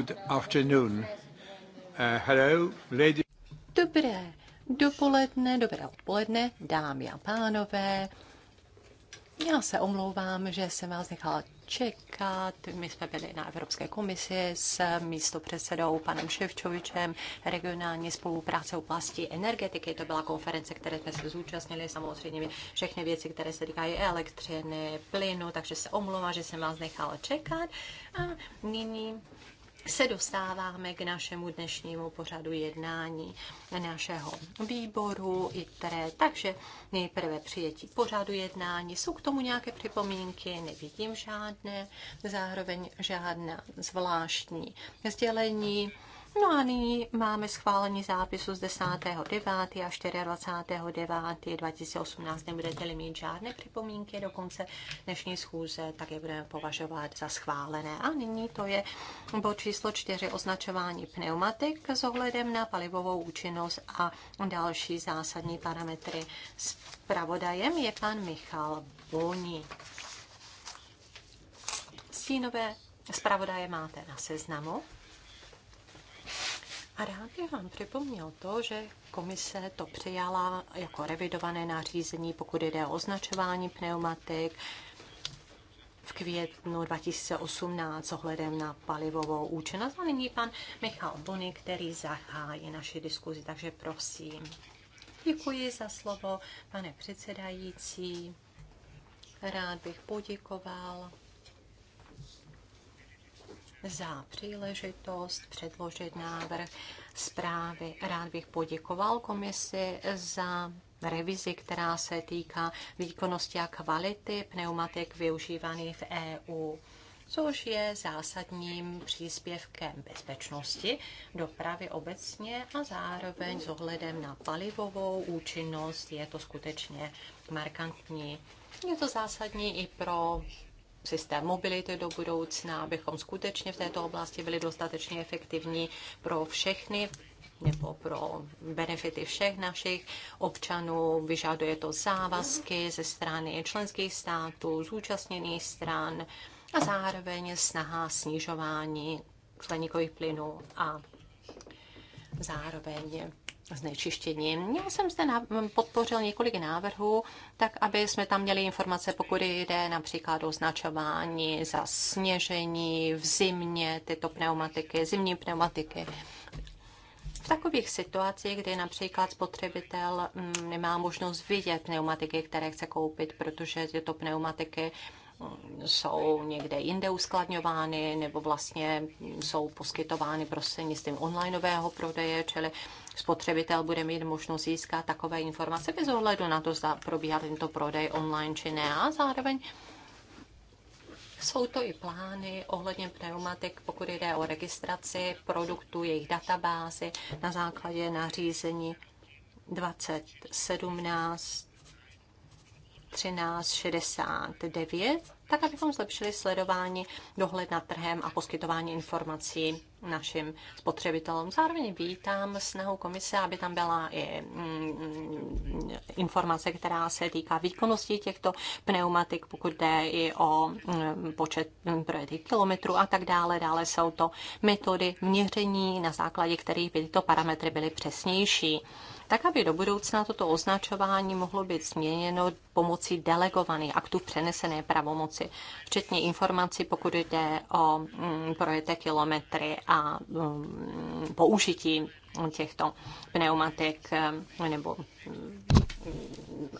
Good afternoon. Uh, hello, lady. Dobré dopoledne, dobré odpoledne, dámy a pánové. Já se omlouvám, že jsem vás nechala čekat. My jsme byli na Evropské komisi s místopředsedou panem Ševčovičem regionální spolupráce oblasti energetiky. To byla konference, které jsme se zúčastnili. Samozřejmě všechny věci, které se týkají elektřiny, plynu, takže se omlouvám, že jsem vás nechala čekat. A nyní se dostáváme k našemu dnešnímu pořadu jednání našeho výboru které, Takže nejprve přijetí pořadu jednání. Jsou k tomu nějaké připomínky? Nevidím žádné. Zároveň žádná zvláštní sdělení. No a nyní máme schválení zápisu z 10.9. a 24.9. 2018. Nebudete-li mít žádné připomínky do konce dnešní schůze, tak je budeme považovat za schválené. A nyní to je bod číslo 4 označování pneumatik s ohledem na palivovou účinnost a další zásadní parametry. Spravodajem je pan Michal Boni. Stínové zpravodaje máte na seznamu. A rád bych vám připomněl to, že komise to přijala jako revidované nařízení, pokud jde o označování pneumatik v květnu 2018 ohledem na palivovou účinnost. A nyní pan Michal Bony, který zahájí naši diskuzi, takže prosím. Děkuji za slovo, pane předsedající. Rád bych poděkoval za příležitost předložit návrh zprávy. Rád bych poděkoval komisi za revizi, která se týká výkonnosti a kvality pneumatik využívaných v EU což je zásadním příspěvkem bezpečnosti dopravy obecně a zároveň s ohledem na palivovou účinnost je to skutečně markantní. Je to zásadní i pro systém mobility do budoucna, abychom skutečně v této oblasti byli dostatečně efektivní pro všechny nebo pro benefity všech našich občanů. Vyžaduje to závazky ze strany členských států, zúčastněných stran a zároveň snaha snižování skleníkových plynů a zároveň znečištěním. Já jsem zde podpořil několik návrhů, tak aby jsme tam měli informace, pokud jde například o označování za sněžení v zimě, tyto pneumatiky, zimní pneumatiky. V takových situacích, kdy například spotřebitel mm, nemá možnost vidět pneumatiky, které chce koupit, protože tyto pneumatiky jsou někde jinde uskladňovány nebo vlastně jsou poskytovány prostřednictvím onlineového prodeje, čili spotřebitel bude mít možnost získat takové informace bez ohledu na to, zda probíhá tento prodej online či ne. A zároveň jsou to i plány ohledně pneumatik, pokud jde o registraci produktů, jejich databázy na základě nařízení 2017 1369, tak abychom zlepšili sledování, dohled nad trhem a poskytování informací našim spotřebitelům. Zároveň vítám snahu komise, aby tam byla i mm, informace, která se týká výkonnosti těchto pneumatik, pokud jde i o mm, počet mm, projetých kilometrů a tak dále. Dále jsou to metody měření, na základě kterých by tyto parametry byly přesnější tak aby do budoucna toto označování mohlo být změněno pomocí delegovaných aktů přenesené pravomoci, včetně informací, pokud jde o mm, projete kilometry a mm, použití těchto pneumatik mm, nebo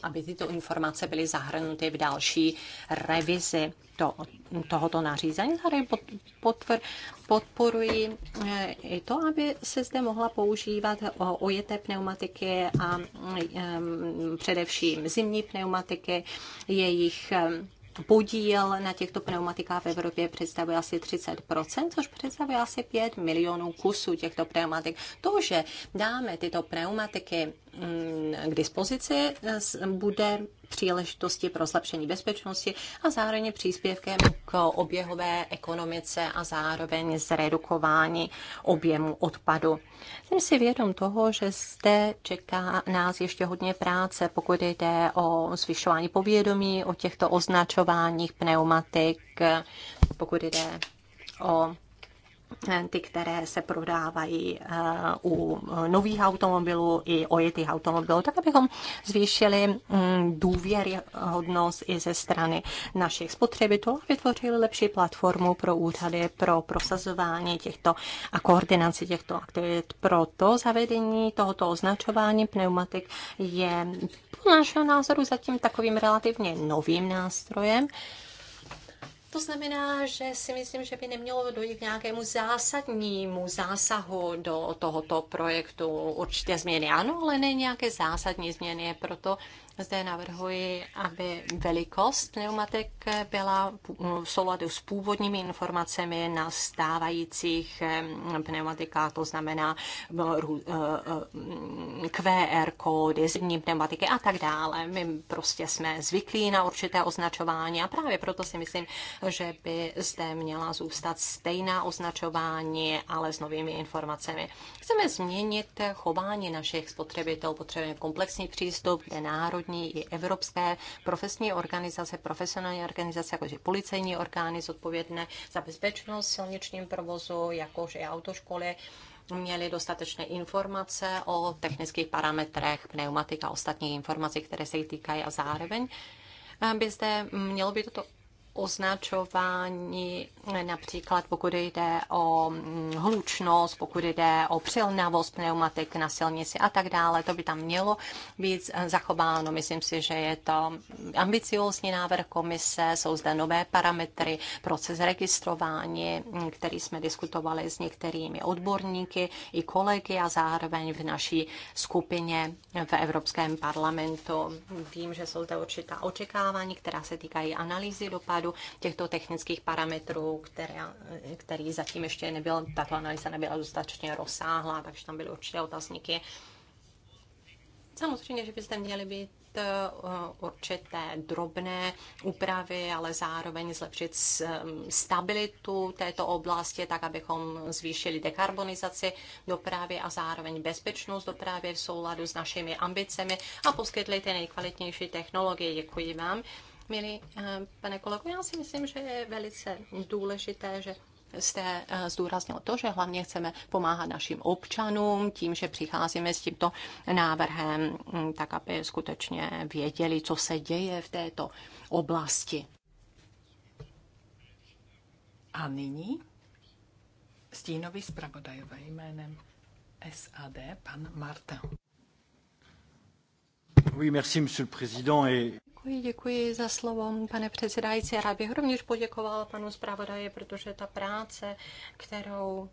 aby tyto informace byly zahrnuty v další revizi to, tohoto nařízení. Tady potvr, podporuji eh, i to, aby se zde mohla používat ojeté pneumatiky a eh, především zimní pneumatiky, jejich eh, podíl na těchto pneumatikách v Evropě představuje asi 30%, což představuje asi 5 milionů kusů těchto pneumatik. To, že dáme tyto pneumatiky mm, k dispozici, eh, bude příležitosti pro zlepšení bezpečnosti a zároveň příspěvkem k oběhové ekonomice a zároveň zredukování objemu odpadu. Jsem si vědom toho, že zde čeká nás ještě hodně práce, pokud jde o zvyšování povědomí o těchto označováních pneumatik, pokud jde o ty, které se prodávají eh, u nových automobilů i ojetých automobilů, tak abychom zvýšili mm, důvěryhodnost i ze strany našich spotřebitelů a vytvořili lepší platformu pro úřady pro prosazování těchto a koordinaci těchto aktivit. Proto zavedení tohoto označování pneumatik je po našeho názoru zatím takovým relativně novým nástrojem, to znamená, že si myslím, že by nemělo dojít k nějakému zásadnímu zásahu do tohoto projektu. Určitě změny ano, ale ne nějaké zásadní změny. Proto zde navrhuji, aby velikost pneumatik byla v souladu s původními informacemi na stávajících pneumatikách, to znamená QR kódy, zimní pneumatiky a tak dále. My prostě jsme zvyklí na určité označování a právě proto si myslím, že by zde měla zůstat stejná označování, ale s novými informacemi. Chceme změnit chování našich spotřebitelů, potřebujeme komplexní přístup, kde národní i evropské profesní organizace, profesionální organizace, jakože policejní orgány zodpovědné za bezpečnost silničním provozu, jakože i autoškoly, měli dostatečné informace o technických parametrech pneumatik a ostatních informací, které se jich týkají a zároveň by zde mělo být toto označování, například pokud jde o mm, hlučnost, pokud jde o přilnavost pneumatik na silnici a tak dále. To by tam mělo být zachováno. Myslím si, že je to ambiciózní návrh komise, jsou zde nové parametry, proces registrování, který jsme diskutovali s některými odborníky i kolegy a zároveň v naší skupině v Evropském parlamentu. Vím, že jsou zde určitá očekávání, která se týkají analýzy dopadů pohledu těchto technických parametrů, které, který zatím ještě nebyl, tato analýza nebyla dostatečně rozsáhlá, takže tam byly určité otazníky. Samozřejmě, že byste měli být eh, určité drobné úpravy, ale zároveň zlepšit mm, stabilitu této oblasti, tak abychom zvýšili dekarbonizaci dopravy a zároveň bezpečnost dopravy v souladu s našimi ambicemi a poskytli ty nejkvalitnější technologie. Děkuji vám. Milí eh, pane kolego, já si myslím, že je velice důležité, že jste eh, zdůraznil to, že hlavně chceme pomáhat našim občanům tím, že přicházíme s tímto návrhem, mm, tak aby skutečně věděli, co se děje v této oblasti. A nyní stínový zpravodajové jménem SAD, pan Marta. Oui, merci, monsieur le président. Et... Děkuji, děkuji za slovo, pane předsedající. Rád bych rovněž poděkovala panu zpravodaji, protože ta práce, kterou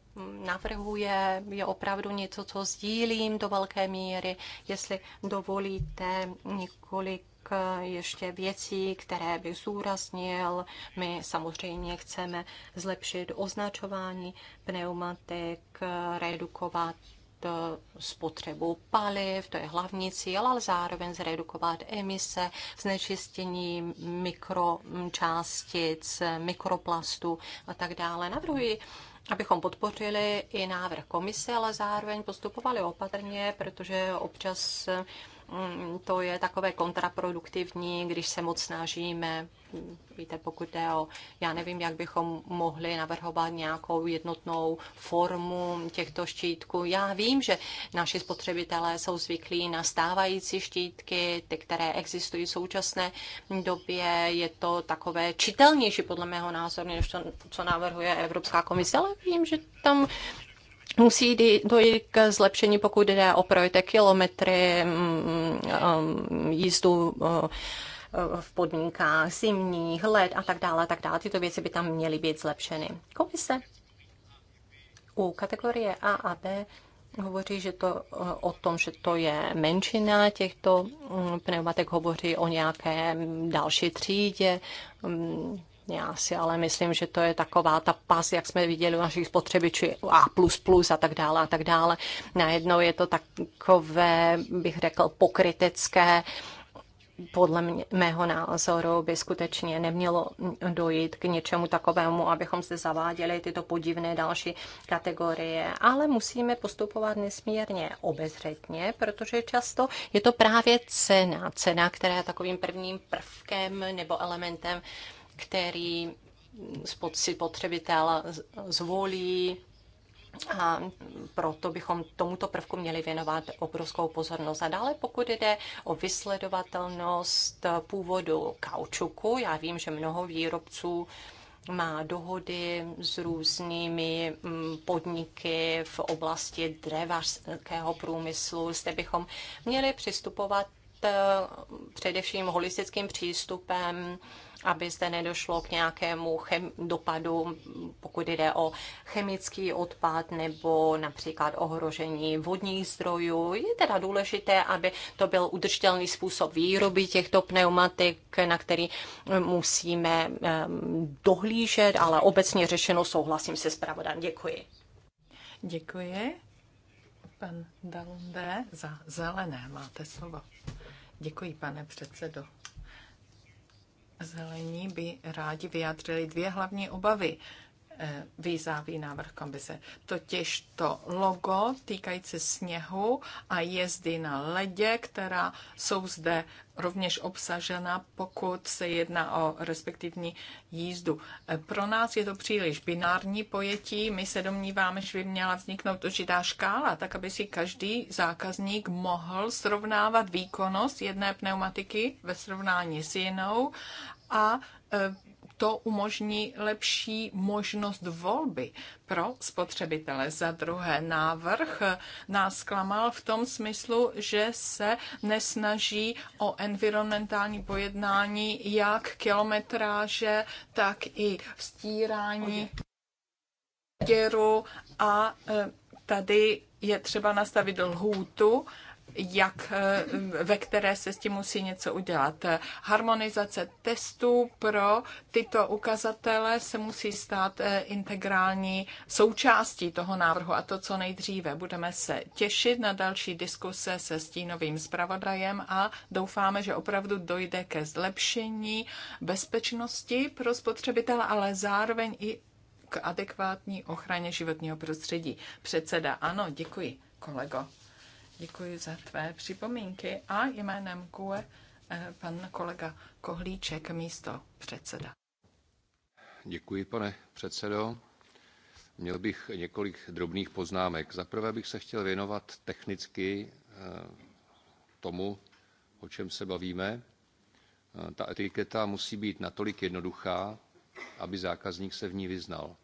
navrhuje, je opravdu něco, co sdílím do velké míry. Jestli dovolíte několik ještě věcí, které bych zúraznil. My samozřejmě chceme zlepšit označování pneumatik, redukovat Eh, spotřebu paliv, to je hlavní cíl, ale zároveň zredukovat emise, znečistění mikročástic, mm, mikroplastu a tak dále. Navrhuji abychom podpořili i návrh komise, ale zároveň postupovali opatrně, protože občas Mm, to je takové kontraproduktivní, když se moc snažíme. Víte, pokud jde o, já nevím, jak bychom mohli navrhovat nějakou jednotnou formu těchto štítků. Já vím, že naši spotřebitelé jsou zvyklí na stávající štítky, ty, které existují v současné době. Je to takové čitelnější, podle mého názoru, než to, co navrhuje Evropská komise, ale vím, že tam Musí dojít k zlepšení, pokud jde o projekty, kilometry, mm, mm, mm, jízdu eh, eh, v podmínkách zimních, let a tak dále, tak dále. Tyto věci by tam měly být zlepšeny. Komise u kategorie A a B hovoří, že to eh, o tom, že to je menšina těchto pneumatek, hovoří o nějaké další třídě, já vlastně si ale myslím, že to je taková ta pas, jak jsme viděli u našich spotřebičů A++ a tak dále a tak dále. Najednou je to takové, bych řekl, pokrytecké, podle mě, mého názoru by skutečně nemělo dojít k něčemu takovému, abychom se zaváděli tyto podivné další kategorie, ale musíme postupovat nesmírně obezřetně, protože často je to právě cena, cena, která je takovým prvním prvkem nebo elementem, který si potřebitel zvolí a proto bychom tomuto prvku měli věnovat obrovskou pozornost. A dále, pokud jde o vysledovatelnost původu kaučuku, já vím, že mnoho výrobců má dohody s různými mm, podniky v oblasti dřevařského průmyslu. Zde bychom měli přistupovat eh, především holistickým přístupem aby zde nedošlo k nějakému chem- dopadu, pokud jde o chemický odpad nebo například ohrožení vodních zdrojů. Je teda důležité, aby to byl udržitelný způsob výroby těchto pneumatik, na který eh, musíme eh, dohlížet, ale obecně řešeno souhlasím se zpravodem. Děkuji. Děkuji. Pan Dalunde za zelené máte slovo. Děkuji, pane předsedo zelení by rádi vyjádřili dvě hlavní obavy Eh, výzávý návrh komise. Totiž to logo týkající sněhu a jezdy na ledě, která jsou zde rovněž obsažena, pokud se jedná o respektivní jízdu. Eh, pro nás je to příliš binární pojetí. My se domníváme, že by měla vzniknout určitá škála, tak aby si každý zákazník mohl srovnávat výkonnost jedné pneumatiky ve srovnání s jinou a eh, to umožní lepší možnost volby pro spotřebitele. Za druhé, návrh nás klamal v tom smyslu, že se nesnaží o environmentální pojednání jak kilometráže, tak i stírání děru a e, tady je třeba nastavit lhůtu jak, eh, ve které se s tím musí něco udělat. Harmonizace testů pro tyto ukazatele se musí stát eh, integrální součástí toho návrhu a to, co nejdříve. Budeme se těšit na další diskuse se stínovým zpravodajem a doufáme, že opravdu dojde ke zlepšení bezpečnosti pro spotřebitele, ale zároveň i k adekvátní ochraně životního prostředí. Předseda, ano, děkuji, kolego. Děkuji za tvé připomínky a jménem KUE eh, pan kolega Kohlíček, místo předseda. Děkuji, pane předsedo. Měl bych několik drobných poznámek. Za prvé bych se chtěl věnovat technicky eh, tomu, o čem se bavíme. Eh, ta etiketa musí být natolik jednoduchá, aby zákazník se v ní vyznal.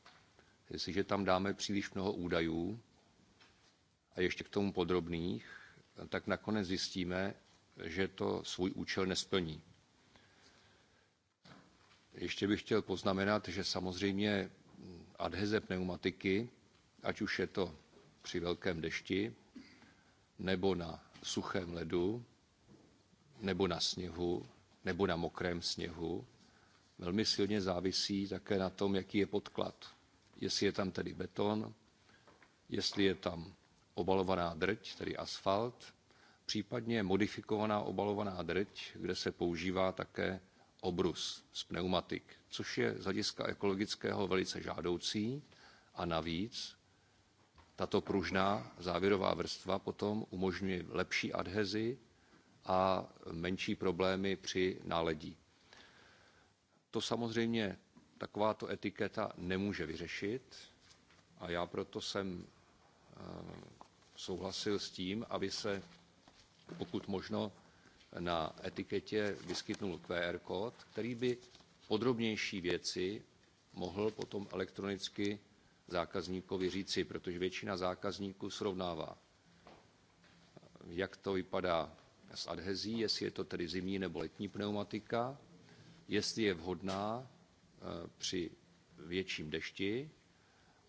Jestliže tam dáme příliš mnoho údajů, a ještě k tomu podrobných, tak nakonec zjistíme, že to svůj účel nesplní. Ještě bych chtěl poznamenat, že samozřejmě adheze pneumatiky, ať už je to při velkém dešti, nebo na suchém ledu, nebo na sněhu, nebo na mokrém sněhu, velmi silně závisí také na tom, jaký je podklad. Jestli je tam tedy beton, jestli je tam obalovaná drť, tedy asfalt, případně modifikovaná obalovaná drť, kde se používá také obrus z pneumatik, což je z hlediska ekologického velice žádoucí a navíc tato pružná závěrová vrstva potom umožňuje lepší adhezi a menší problémy při náledí. To samozřejmě takováto etiketa nemůže vyřešit a já proto jsem eh, souhlasil s tím, aby se pokud možno na etiketě vyskytnul QR kód, který by podrobnější věci mohl potom elektronicky zákazníkovi říci, protože většina zákazníků srovnává, jak to vypadá s adhezí, jestli je to tedy zimní nebo letní pneumatika, jestli je vhodná eh, při větším dešti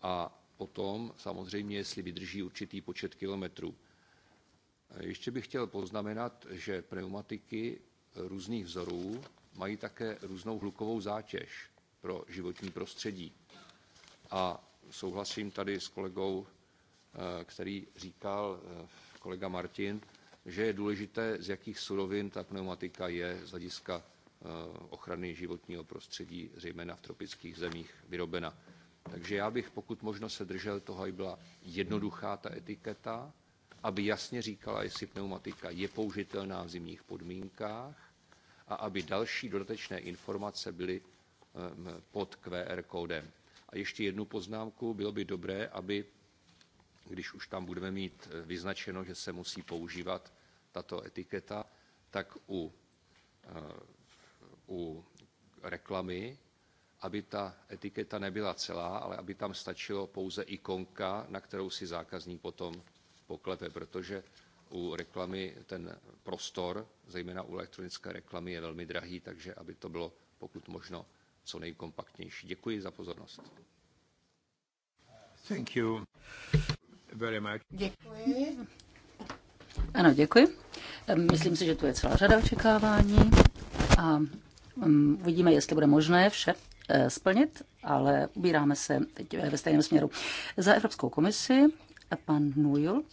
a o tom, samozřejmě, jestli vydrží určitý počet kilometrů. E, ještě bych chtěl poznamenat, že pneumatiky různých vzorů mají také různou hlukovou zátěž pro životní prostředí. A souhlasím tady s kolegou, e, který říkal, e, kolega Martin, že je důležité, z jakých surovin ta pneumatika je z hlediska ochrany životního prostředí, zejména v tropických zemích, vyrobena. Takže já bych pokud možno se držel toho, aby byla jednoduchá ta etiketa, aby jasně říkala, jestli pneumatika je použitelná v zimních podmínkách a aby další dodatečné informace byly ehm, pod QR kódem. A ještě jednu poznámku. Bylo by dobré, aby, když už tam budeme mít eh, vyznačeno, že se musí používat tato etiketa, tak u, eh, u reklamy aby ta etiketa nebyla celá, ale aby tam stačilo pouze ikonka, na kterou si zákazník potom poklepe, protože u reklamy ten prostor, zejména u elektronické reklamy, je velmi drahý, takže aby to bylo pokud možno co nejkompaktnější. Děkuji za pozornost. Thank you very much. Děkuji. Ano, děkuji. Myslím si, že tu je celá řada očekávání a uvidíme, jestli bude možné vše Eh, splnit, ale ubíráme se teď ve stejném směru. Za Evropskou komisi pan Nujl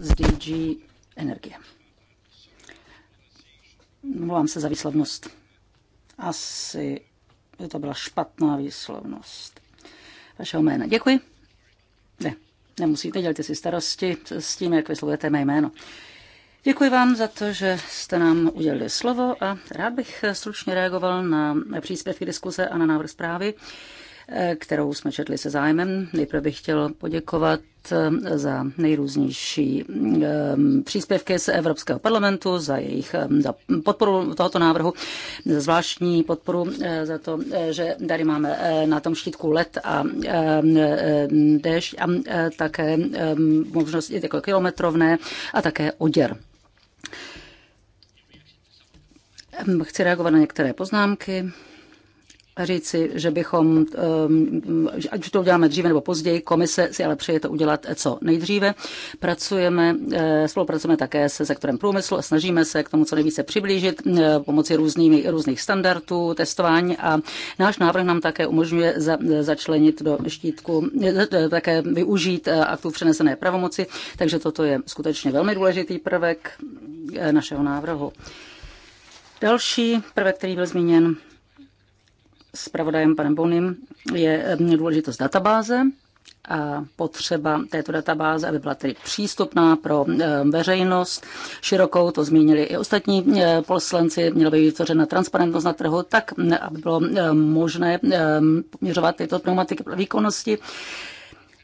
z DG Energie. Mluvám se za výslovnost. Asi by to byla špatná výslovnost vašeho jména. Děkuji. Ne, nemusíte, dělat si starosti s tím, jak vyslovujete mé jméno. Uh, Děkuji vám za to, že jste nám udělili slovo a rád bych stručně reagoval na příspěvky diskuze a na návrh zprávy eh, kterou jsme četli se zájmem. Nejprve bych chtěl poděkovat eh, za nejrůznější ehm, příspěvky z Evropského parlamentu, za jejich ehm, za podporu tohoto návrhu, za zvláštní podporu eh, za to, že tady máme na tom štítku let a ehm, déšť a také možnosti jako kilometrovné a také oděr. Ehm, chci reagovat na některé poznámky říci, že bychom, ehm, ať to uděláme dříve nebo později, komise si ale přeje to udělat co nejdříve. Pracujeme, eh, spolupracujeme také se sektorem průmyslu a snažíme se k tomu co nejvíce přiblížit eh, pomocí různými, různých standardů, testování a náš návrh nám také umožňuje za, začlenit do štítku, eh, také využít aktů přenesené pravomoci, takže toto je skutečně velmi důležitý prvek našeho návrhu. Další prvek, který byl zmíněn s pravodajem panem Bonim, je eh, důležitost databáze a potřeba této databáze, aby byla tedy přístupná pro eh, veřejnost širokou, to zmínili i ostatní eh, poslanci, měla by být vytvořena transparentnost na trhu tak, aby bylo možné poměřovat tyto pneumatiky pro výkonnosti.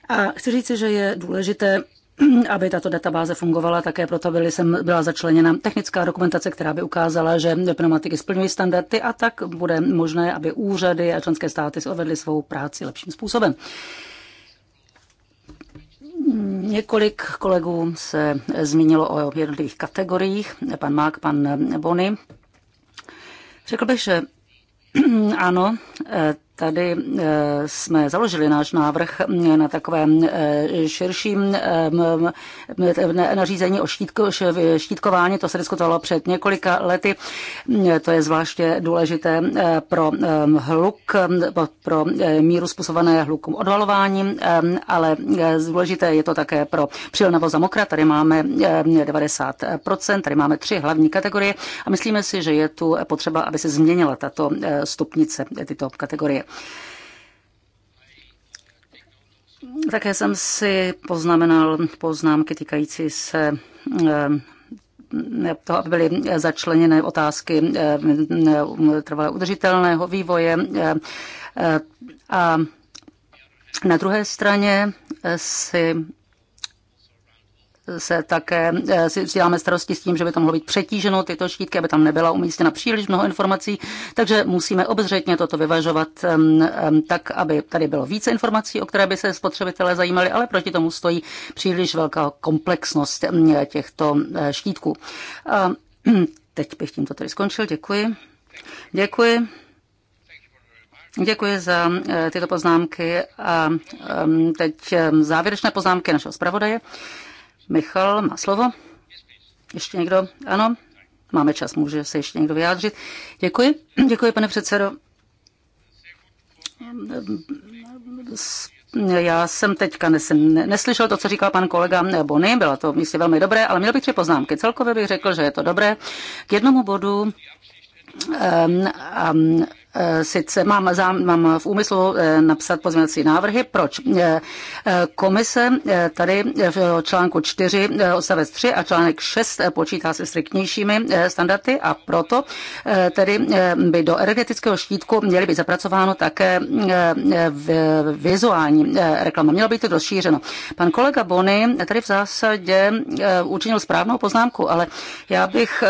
A chci říci, že je důležité aby tato databáze fungovala, také proto byly sem, byla začleněna technická dokumentace, která by ukázala, že pneumatiky splňují standardy a tak bude možné, aby úřady a členské státy odvedly svou práci lepším způsobem. Několik kolegů se zmínilo o jednotlivých kategoriích, pan Mák, pan Bony. Řekl bych, že ano, eh, Tady eh, jsme založili náš návrh eh, na takovém eh, širším nařízení o štítkování. To se diskutovalo před několika lety. To je zvláště důležité pro hluk, pro míru způsobené hlukům odvalováním, ale důležité je to také pro přilnavo zamokra. Tady máme 90%, tady máme tři hlavní kategorie a myslíme si, že je tu potřeba, aby se změnila tato stupnice, tyto kategorie. Také jsem si poznamenal poznámky týkající se eh, toho, aby byly začleněné otázky eh, trvalé udržitelného vývoje. Eh, a na druhé straně si se také eh, si děláme starosti s tím, že by to mohlo být přetíženo, tyto štítky, aby tam nebyla umístěna příliš mnoho informací, takže musíme obezřetně toto vyvažovat tak, aby tady bylo více informací, o které by se spotřebitelé zajímali, ale proti tomu stojí příliš velká komplexnost těchto eh, štítků. A teď bych tímto tady skončil, děkuji. Děkuji. Děkuji za eh, tyto poznámky a teď závěrečné poznámky našeho zpravodaje. Michal má slovo. Ještě někdo? Ano, máme čas, může se ještě někdo vyjádřit. Děkuji, děkuji, pane předsedo. Já jsem teďka neslyšel to, co říkal pan kolega Bony, bylo to myslím velmi dobré, ale měl bych tři poznámky. Celkově bych řekl, že je to dobré. K jednomu bodu um, um, Eh, sice mám, mám v úmyslu eh, napsat pozměňovací návrhy. Proč? Eh, komise tady v článku 4 odstavec 3 a článek 6 počítá se striktnějšími standardy a proto tedy by do energetického štítku měly být zapracováno také vizuální reklama. Mělo by to rozšířeno. Pan kolega Bony tady v zásadě učinil správnou poznámku, ale já bych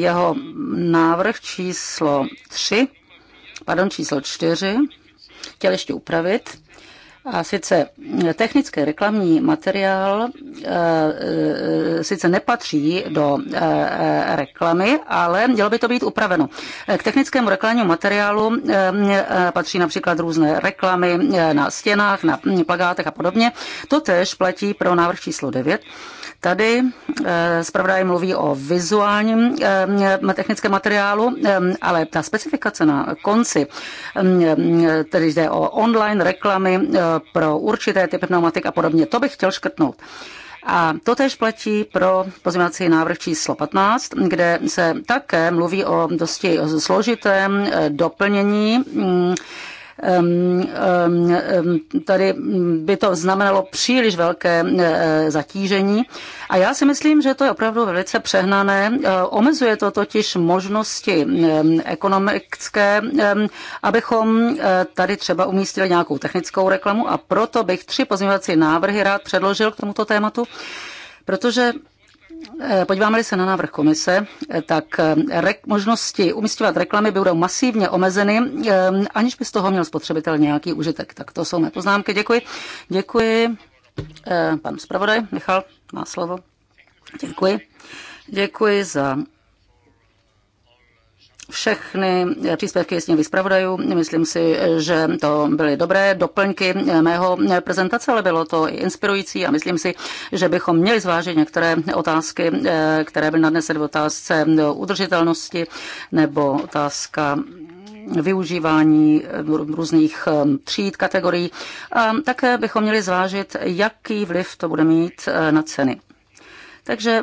jeho návrh číslo 3 pardon, číslo čtyři, chtěl ještě upravit. A sice technický reklamní materiál eh, eh, sice nepatří do eh, reklamy, ale mělo by to být upraveno. K technickému reklamnímu materiálu patří například různé reklamy na stěnách, na plagátech a podobně. To tež platí pro návrh číslo 9. Tady eh, zpravodaj mluví o vizuálním eh, technickém materiálu, eh, ale ta specifikace na konci, tedy jde o online reklamy pro určité typy pneumatik a podobně, to bych chtěl škrtnout. A to tež platí pro pozměňovací návrh číslo 15, kde se také mluví o dosti složitém doplnění mm, Ehm, ehm, ehm, tady by to znamenalo příliš velké eh, zatížení a já si myslím, že to je opravdu velice přehnané. Eh, omezuje to totiž možnosti ekonomické, abychom eh, tady třeba umístili nějakou technickou reklamu a proto bych tři pozměňovací návrhy rád předložil k tomuto tématu, protože Eh, podíváme-li se na návrh komise, eh, tak eh, možnosti umistovat reklamy budou masivně omezeny, aniž by z toho měl spotřebitel nějaký užitek. Tak to jsou mé poznámky. Děkuji. Děkuji. Pan zpravodaj Michal má slovo. Děkuji. Děkuji za všechny příspěvky sněmových zpravodajů. Myslím si, že to byly dobré doplňky mého prezentace, ale bylo to i inspirující a myslím si, že bychom měli zvážit některé otázky, eh, které byly nadneseny v otázce udržitelnosti nebo otázka využívání různých eh, tříd, kategorií. A také bychom měli zvážit, jaký vliv to bude mít eh, na ceny. Takže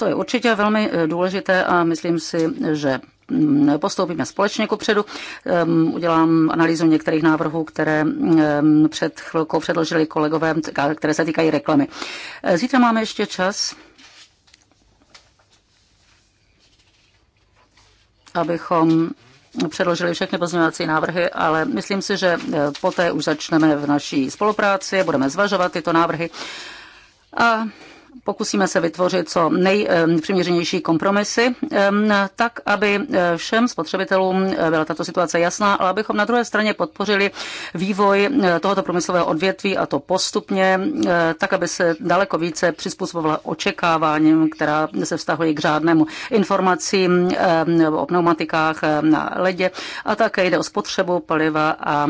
to je určitě velmi eh, důležité a myslím si, že mm, postoupíme společně ku předu. Ehm, udělám analýzu některých návrhů, které ehm, před chvilkou předložili kolegové, které se týkají reklamy. Eh, zítra máme ještě čas, abychom předložili všechny pozměňovací návrhy, ale myslím si, že eh, poté už začneme v naší spolupráci, budeme zvažovat tyto návrhy. A Pokusíme se vytvořit co nejpřiměřenější eh, kompromisy, eh, tak aby eh, všem spotřebitelům byla tato situace jasná, ale abychom na druhé straně podpořili vývoj tohoto průmyslového odvětví a to postupně, tak aby se daleko více přizpůsobovala očekáváním, která se vztahují k řádnému informacím o pneumatikách na ledě a také jde o spotřebu paliva a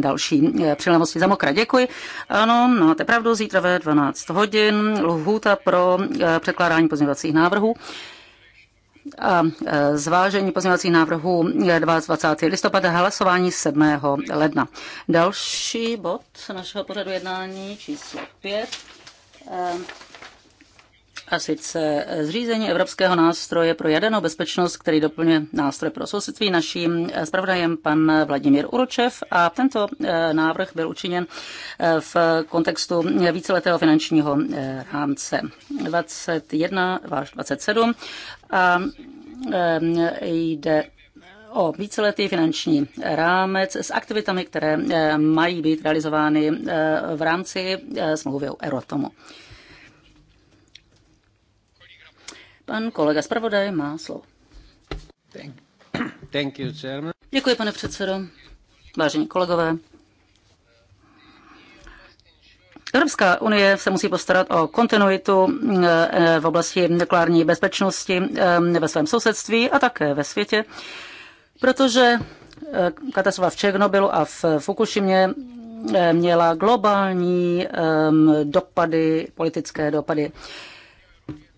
další přilnavosti zamokra. Děkuji. Ano, máte pravdu, zítra ve 12 hodin lhůta pro eh, překládání pozměňovacích návrhů a eh, zvážení pozměňovacích návrhů 22. Eh, listopada, hlasování 7. ledna. Další bod našeho pořadu jednání číslo 5 a sice zřízení Evropského nástroje pro jadernou bezpečnost, který doplňuje nástroj pro sousedství. Naším zpravodajem pan Vladimír Uročev a tento eh, návrh byl učiněn eh, v kontextu víceletého finančního eh, rámce 21 až 27 a jde o víceletý finanční rámec s aktivitami, které mají být realizovány v rámci smlouvy o Erotomu. Pan kolega zpravodaj má slovo. Thank you, Děkuji, pane předsedo. Vážení kolegové, Evropská unie se musí postarat o kontinuitu eh, v oblasti nukleární bezpečnosti eh, ve svém sousedství a také ve světě, protože eh, katastrofa v Černobylu a v Fukushimě měla globální dopady, politické dopady.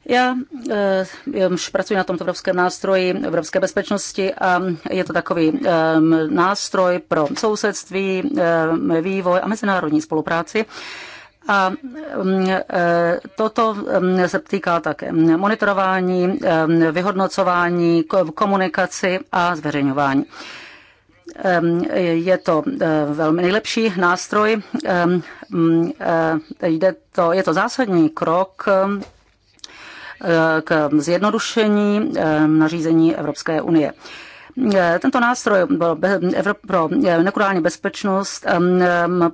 Eh, já už pracuji na tomto evropském nástroji evropské bezpečnosti a je to takový ehm, nástroj pro sousedství, ehm, vývoj a mezinárodní spolupráci. A ehm, eh, toto se týká také monitorování, vyhodnocování, komunikaci a zveřejňování. Je to eh, velmi nejlepší nástroj. Mm, jde to, je to zásadní krok k zjednodušení eh, nařízení Evropské unie. Eh, tento nástroj pro eh, nekurální bezpečnost ehm,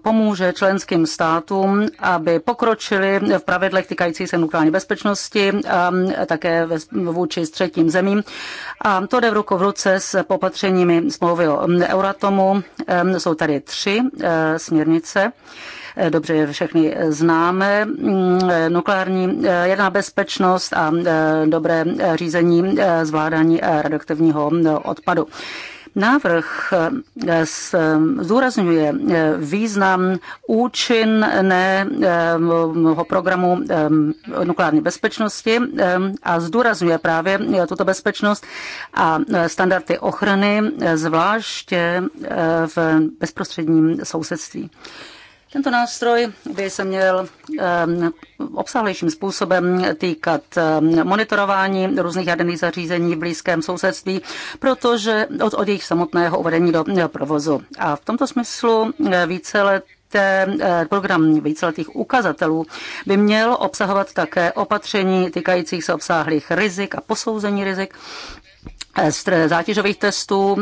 pomůže členským státům, aby pokročili v pravidlech týkající se nukleární bezpečnosti, ehm, také vůči třetím zemím. A to jde v ruku v ruce s popatřeními smlouvy o ehm, Euratomu. Jsou tady tři směrnice dobře všechny známe. Mm, nukleární eh, jedná bezpečnost a eh, dobré eh, řízení zvládání radioaktivního odpadu. Návrh zdůrazňuje význam účinného programu nukleární bezpečnosti a zdůrazňuje právě tuto bezpečnost a standardy ochrany, zvláště v bezprostředním sousedství. Tento nástroj by se měl obsahlejším způsobem týkat monitorování různých jaderných zařízení v blízkém sousedství, protože od, od jejich samotného uvedení do provozu. A v tomto smyslu více let program víceletých ukazatelů by měl obsahovat také opatření týkajících se obsáhlých rizik a posouzení rizik zátěžových testů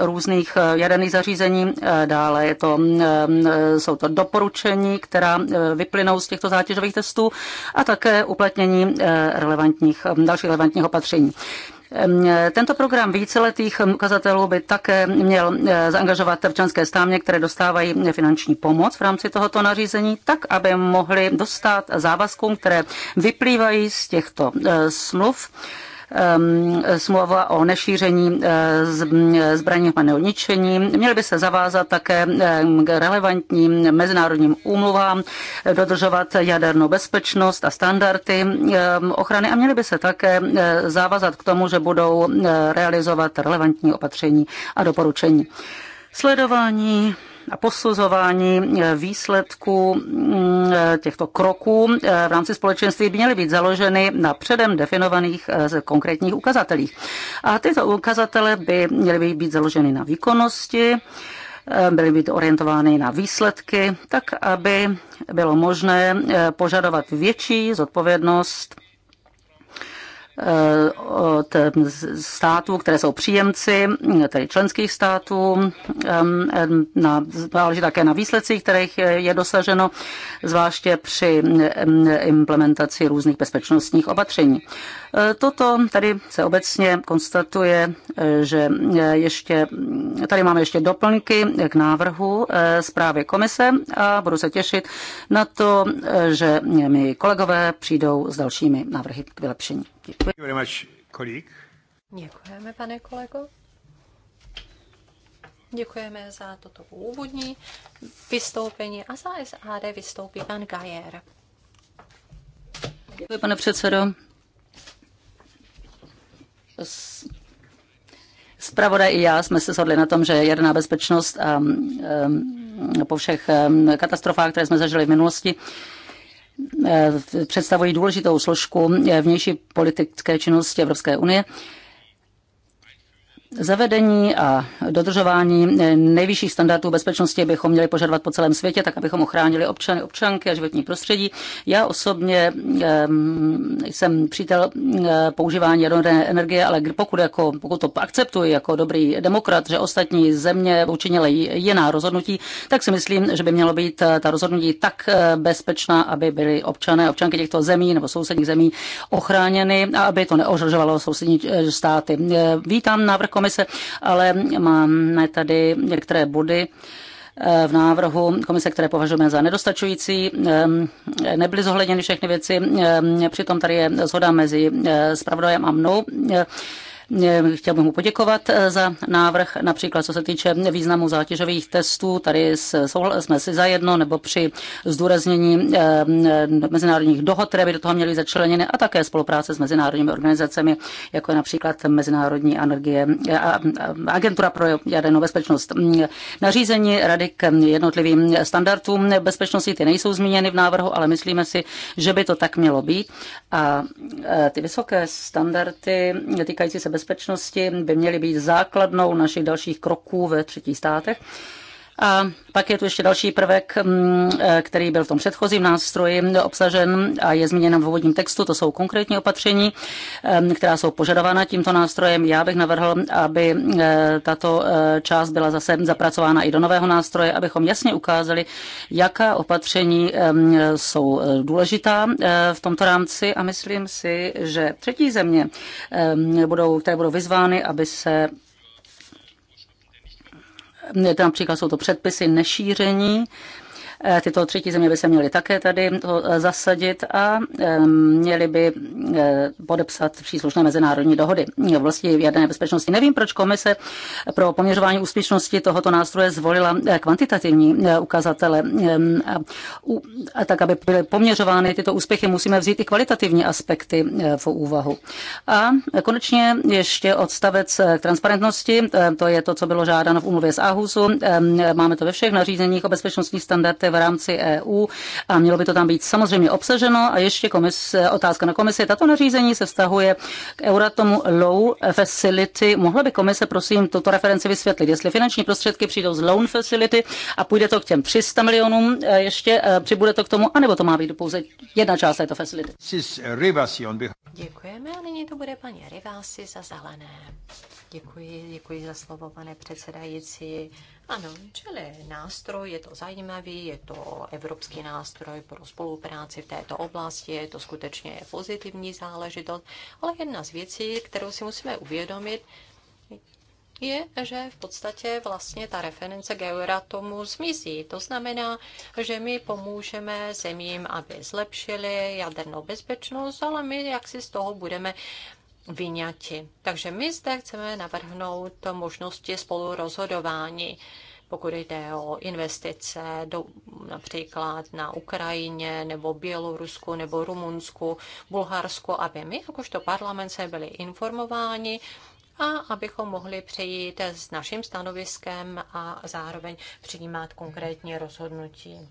různých eh, jaderných zařízení. Eh, dále je to, eh, jsou to doporučení, která vyplynou z těchto zátěžových testů a také uplatnění relevantních, dalších relevantních opatření. Tento program víceletých ukazatelů by také měl zaangažovat občanské stámě, které dostávají finanční pomoc v rámci tohoto nařízení, tak, aby mohli dostat závazkům, které vyplývají z těchto smluv Ehm, smlouva o nešíření eh, mm, zbraní hmaného ničení. Měly by se zavázat také ehm, k relevantním mezinárodním úmluvám, dodržovat jadernou bezpečnost a standardy ehm, ochrany a měly by se také eh, zavázat k tomu, že budou eh, realizovat relevantní opatření a doporučení. Sledování a posuzování eh, výsledků mm, eh, těchto kroků eh, v rámci společenství by měly být založeny na předem definovaných konkrétních ukazatelích. A tyto ukazatele by měly být založeny na výkonnosti, byly být orientovány na výsledky, tak aby bylo možné požadovat větší zodpovědnost Eh, od eh, států, které jsou příjemci, eh, tedy členských států, záleží také na výsledcích, kterých je dosaženo, zvláště při implementaci různých bezpečnostních opatření. Toto tady se obecně konstatuje, že ještě, tady máme ještě doplňky k návrhu zprávy komise a budu se těšit na to, že mi kolegové přijdou s dalšími návrhy k vylepšení. Děkuji. Děkujeme, pane kolego. Děkujeme za toto úvodní vystoupení a za SAD vystoupí pan Gajer. Děkuji, pane předsedo. Spravodaj i já jsme se shodli na tom, že jaderná bezpečnost a um, a, um, po všech um, katastrofách, které jsme zažili v minulosti, Eh, představují důležitou složku vnější politické činnosti Evropské unie. Zavedení a dodržování eh, nejvyšších standardů bezpečnosti bychom měli požadovat po celém světě, tak abychom ochránili občany, občanky a životní prostředí. Já osobně ehm, jsem přítel eh, používání jaderné energie, ale pokud, jako, pokud to akceptuji jako dobrý demokrat, že ostatní země učinily jiná rozhodnutí, tak si myslím, že by mělo být eh, ta rozhodnutí tak bezpečná, aby byly občané, občanky těchto zemí nebo sousedních zemí ochráněny a aby to neohrožovalo sousední státy. Vítám návrh komise, ale máme tady některé body eh, v návrhu komise, které považujeme za nedostačující. Ehm, nebyly zohledněny všechny věci, ehm, přitom tady je zhoda mezi spravodajem eh, a mnou Chtěl bych mu poděkovat eh, za návrh, například co se týče významu zátěžových testů. Tady jsme si zajedno, nebo při zdůraznění eh, mezinárodních dohod, které by do toho měly začleněny, a také spolupráce s mezinárodními organizacemi, jako je například Mezinárodní energie, eh, agentura pro jadernou bezpečnost. Mm, nařízení rady k jednotlivým standardům bezpečnosti, ty nejsou zmíněny v návrhu, ale myslíme si, že by to tak mělo být. A ty vysoké standardy týkající se bezpečnosti, bezpečnosti by měly být základnou našich dalších kroků ve třetích státech. A pak je tu ještě další prvek, mm, e, který byl v tom předchozím nástroji obsažen a je zmíněn v úvodním textu. To jsou konkrétní opatření, která jsou požadována tímto nástrojem. Já bych navrhl, aby e, tato e, část byla zase zapracována i do nového nástroje, abychom jasně ukázali, jaká opatření jsou důležitá v tomto rámci a myslím si, že třetí země, budou, které budou vyzvány, aby se například jsou to předpisy nešíření, Eh, tyto třetí země by se měly také tady to eh, zasadit a měly by eh, podepsat příslušné mezinárodní dohody. Vlastně jaderné bezpečnosti. Nevím, proč komise pro poměřování úspěšnosti tohoto nástroje zvolila kvantitativní ukazatele. A tak, aby byly poměřovány tyto úspěchy, musíme vzít i kvalitativní aspekty v úvahu. A konečně ještě odstavec k transparentnosti, to je to, co bylo žádáno v úmluvě z Ahusu. Máme to ve všech nařízeních o bezpečnostních standardech v rámci EU a mělo by to tam být samozřejmě obsaženo. A ještě komis, otázka na komisi. Tato nařízení se vztahuje k Euratomu Low Facility. Mohla by komise, prosím, tuto referenci vysvětlit, jestli finanční prostředky přijdou z Loan Facility a půjde to k těm 300 milionům eh, ještě, eh, přibude to k tomu, anebo to má být pouze jedna část této facility. Děkujeme a nyní to bude paní Rivasi za zelené. Děkuji, děkuji za slovo, pane předsedající. Ano, čili nástroj, je to zajímavý, je to evropský nástroj pro spolupráci v této oblasti, je to skutečně pozitivní záležitost, ale jedna z věcí, kterou si musíme uvědomit, je, že v podstatě vlastně ta reference tomu zmizí. To znamená, že my pomůžeme zemím, aby zlepšili jadernou bezpečnost, ale my jak si z toho budeme vyňati. Takže my zde chceme navrhnout možnosti spolurozhodování, pokud jde o investice do, například na Ukrajině, nebo Bělorusku, nebo Rumunsku, Bulharsku, aby my jakožto parlament se byli informováni a abychom mohli přejít s naším stanoviskem a zároveň přijímat konkrétní rozhodnutí.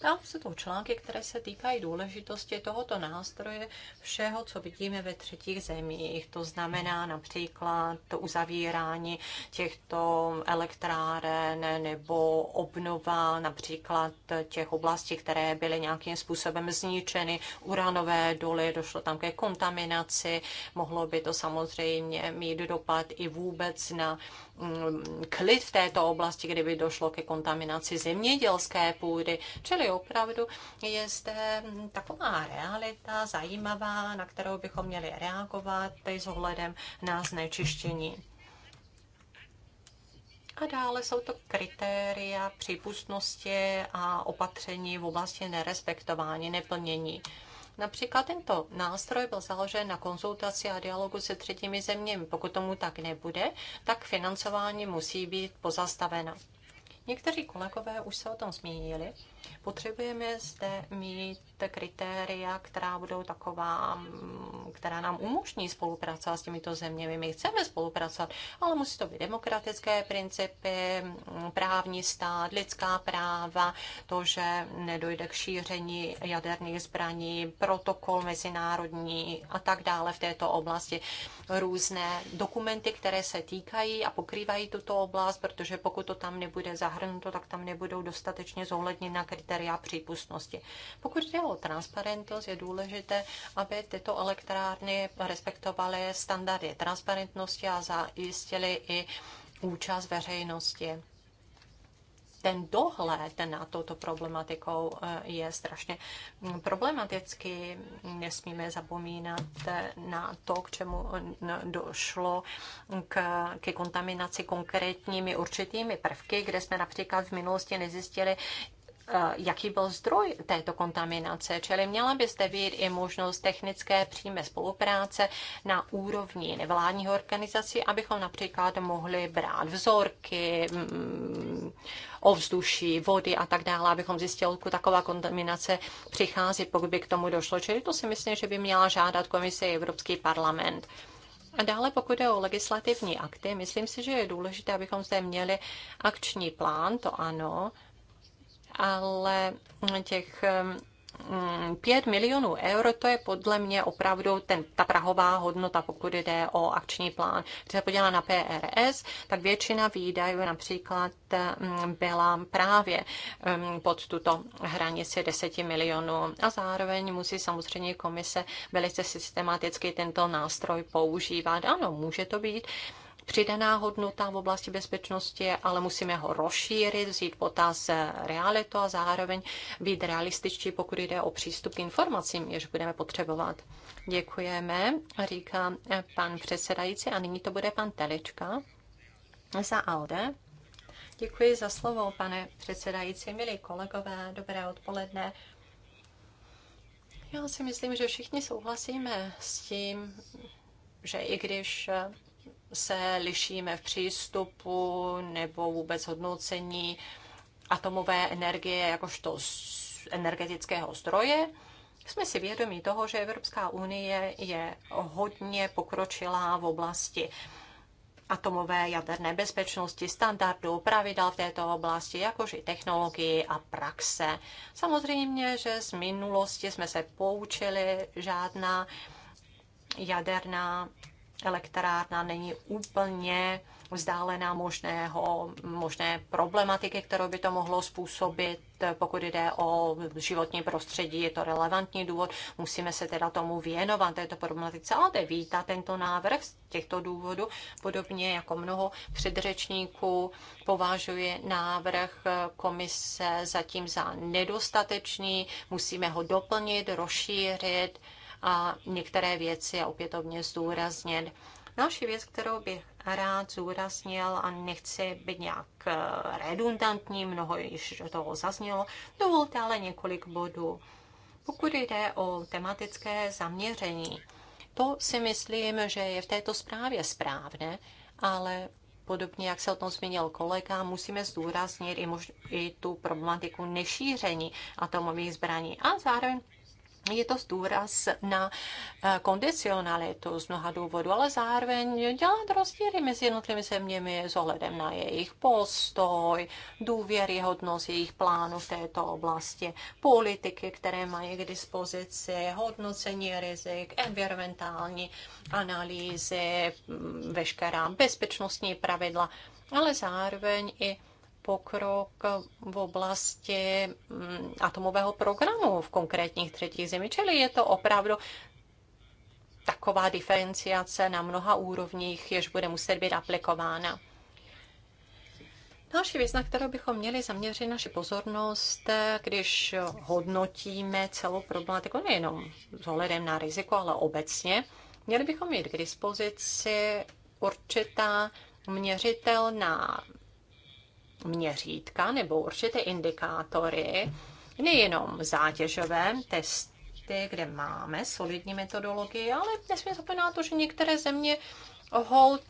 Tam jsou to články, které se týkají důležitosti tohoto nástroje všeho, co vidíme ve třetích zemích. To znamená například to uzavírání těchto elektráren nebo obnova například těch oblastí, které byly nějakým způsobem zničeny, uranové doly, došlo tam ke kontaminaci, mohlo by to samozřejmě mít dopad i vůbec na Mm, klid v této oblasti, kdyby došlo ke kontaminaci zemědělské půdy. Čili opravdu je zde taková realita zajímavá, na kterou bychom měli reagovat i s ohledem na znečištění. A dále jsou to kritéria přípustnosti a opatření v oblasti nerespektování, neplnění. Například tento nástroj byl založen na konzultaci a dialogu se třetími zeměmi. Pokud tomu tak nebude, tak financování musí být pozastaveno. Někteří kolegové už se o tom zmínili Potřebujeme zde mít kritéria, která budou taková, mm, která nám umožní spolupracovat s těmito zeměmi. My chceme spolupracovat, ale musí to být demokratické principy, mm, právní stát, lidská práva, to, že nedojde k šíření jaderných zbraní, protokol mezinárodní a tak dále v této oblasti. Různé dokumenty, které se týkají a pokrývají tuto oblast, protože pokud to tam nebude zahrnuto, tak tam nebudou dostatečně zohledněna kritéria přípustnosti. Pokud jde o transparentnost, je důležité, aby tyto elektrárny respektovaly standardy transparentnosti a zajistily i účast veřejnosti ten dohled na touto problematikou eh, je strašně problematický. Nesmíme zapomínat eh, na to, k čemu eh, došlo k, k kontaminaci konkrétními určitými prvky, kde jsme například v minulosti nezjistili Eh, jaký byl zdroj této kontaminace, čili měla byste být i možnost technické přímé spolupráce na úrovni nevládních organizací, abychom například mohli brát vzorky, mm, ovzduší, vody a tak dále, abychom zjistili, odkud taková kontaminace přichází, pokud by k tomu došlo. Čili to si myslím, že by měla žádat komise Evropský parlament. A dále, pokud jde o legislativní akty, myslím si, že je důležité, abychom zde měli akční plán, to ano, ale těch 5 mm, milionů euro to je podle mě opravdu ten, ta prahová hodnota, pokud jde o akční plán. Když se podívá na PRS, tak většina výdajů například mm, byla právě mm, pod tuto hranici 10 milionů. A zároveň musí samozřejmě komise velice systematicky tento nástroj používat. Ano, může to být přidaná hodnota v oblasti bezpečnosti, ale musíme ho rozšířit, vzít potaz realitu a zároveň být realističtí, pokud jde o přístup k informacím, jež budeme potřebovat. Děkujeme, říká pan předsedající. A nyní to bude pan Telička za ALDE. Děkuji za slovo, pane předsedající, milí kolegové, dobré odpoledne. Já si myslím, že všichni souhlasíme s tím, že i když se lišíme v přístupu nebo vůbec hodnocení atomové energie jakožto energetického zdroje. Jsme si vědomí toho, že Evropská unie je hodně pokročilá v oblasti atomové jaderné bezpečnosti, standardů, pravidel v této oblasti, jakož i technologii a praxe. Samozřejmě, že z minulosti jsme se poučili, žádná jaderná elektrárna není úplně vzdálená možného, možné problematiky, kterou by to mohlo způsobit. Pokud jde o životní prostředí, je to relevantní důvod. Musíme se teda tomu věnovat, této problematice. Ale to vítá tento návrh z těchto důvodů. Podobně jako mnoho předřečníků považuje návrh komise zatím za nedostatečný. Musíme ho doplnit, rozšířit a některé věci a opětovně zdůraznit. Další věc, kterou bych rád zúraznil a nechci být nějak eh, redundantní, mnoho již toho zaznělo, dovolte ale několik bodů. Pokud jde o tematické zaměření, to si myslím, že je v této zprávě správné, ale podobně, jak se o tom zmínil kolega, musíme zdůraznit i, mož- i tu problematiku nešíření atomových zbraní a zároveň je to důraz na eh, kondicionalitu z mnoha důvodů, ale zároveň dělat rozdíly mezi jednotlivými zeměmi s ohledem na jejich postoj, důvěryhodnost jejich plánů v této oblasti, politiky, které mají k dispozici, hodnocení rizik, environmentální analýzy, mm, veškerá bezpečnostní pravidla, ale zároveň i pokrok v oblasti mm, atomového programu v konkrétních třetích zemích. Čili je to opravdu taková diferenciace na mnoha úrovních, jež bude muset být aplikována. Další věc, na kterou bychom měli zaměřit naši pozornost, když hodnotíme celou problematiku, nejenom s ohledem na riziko, ale obecně, měli bychom mít k dispozici určitá měřitelná měřítka nebo určité indikátory, nejenom zátěžové testy, kde máme solidní metodologii, ale nesmíme zapomínat to, že některé země hold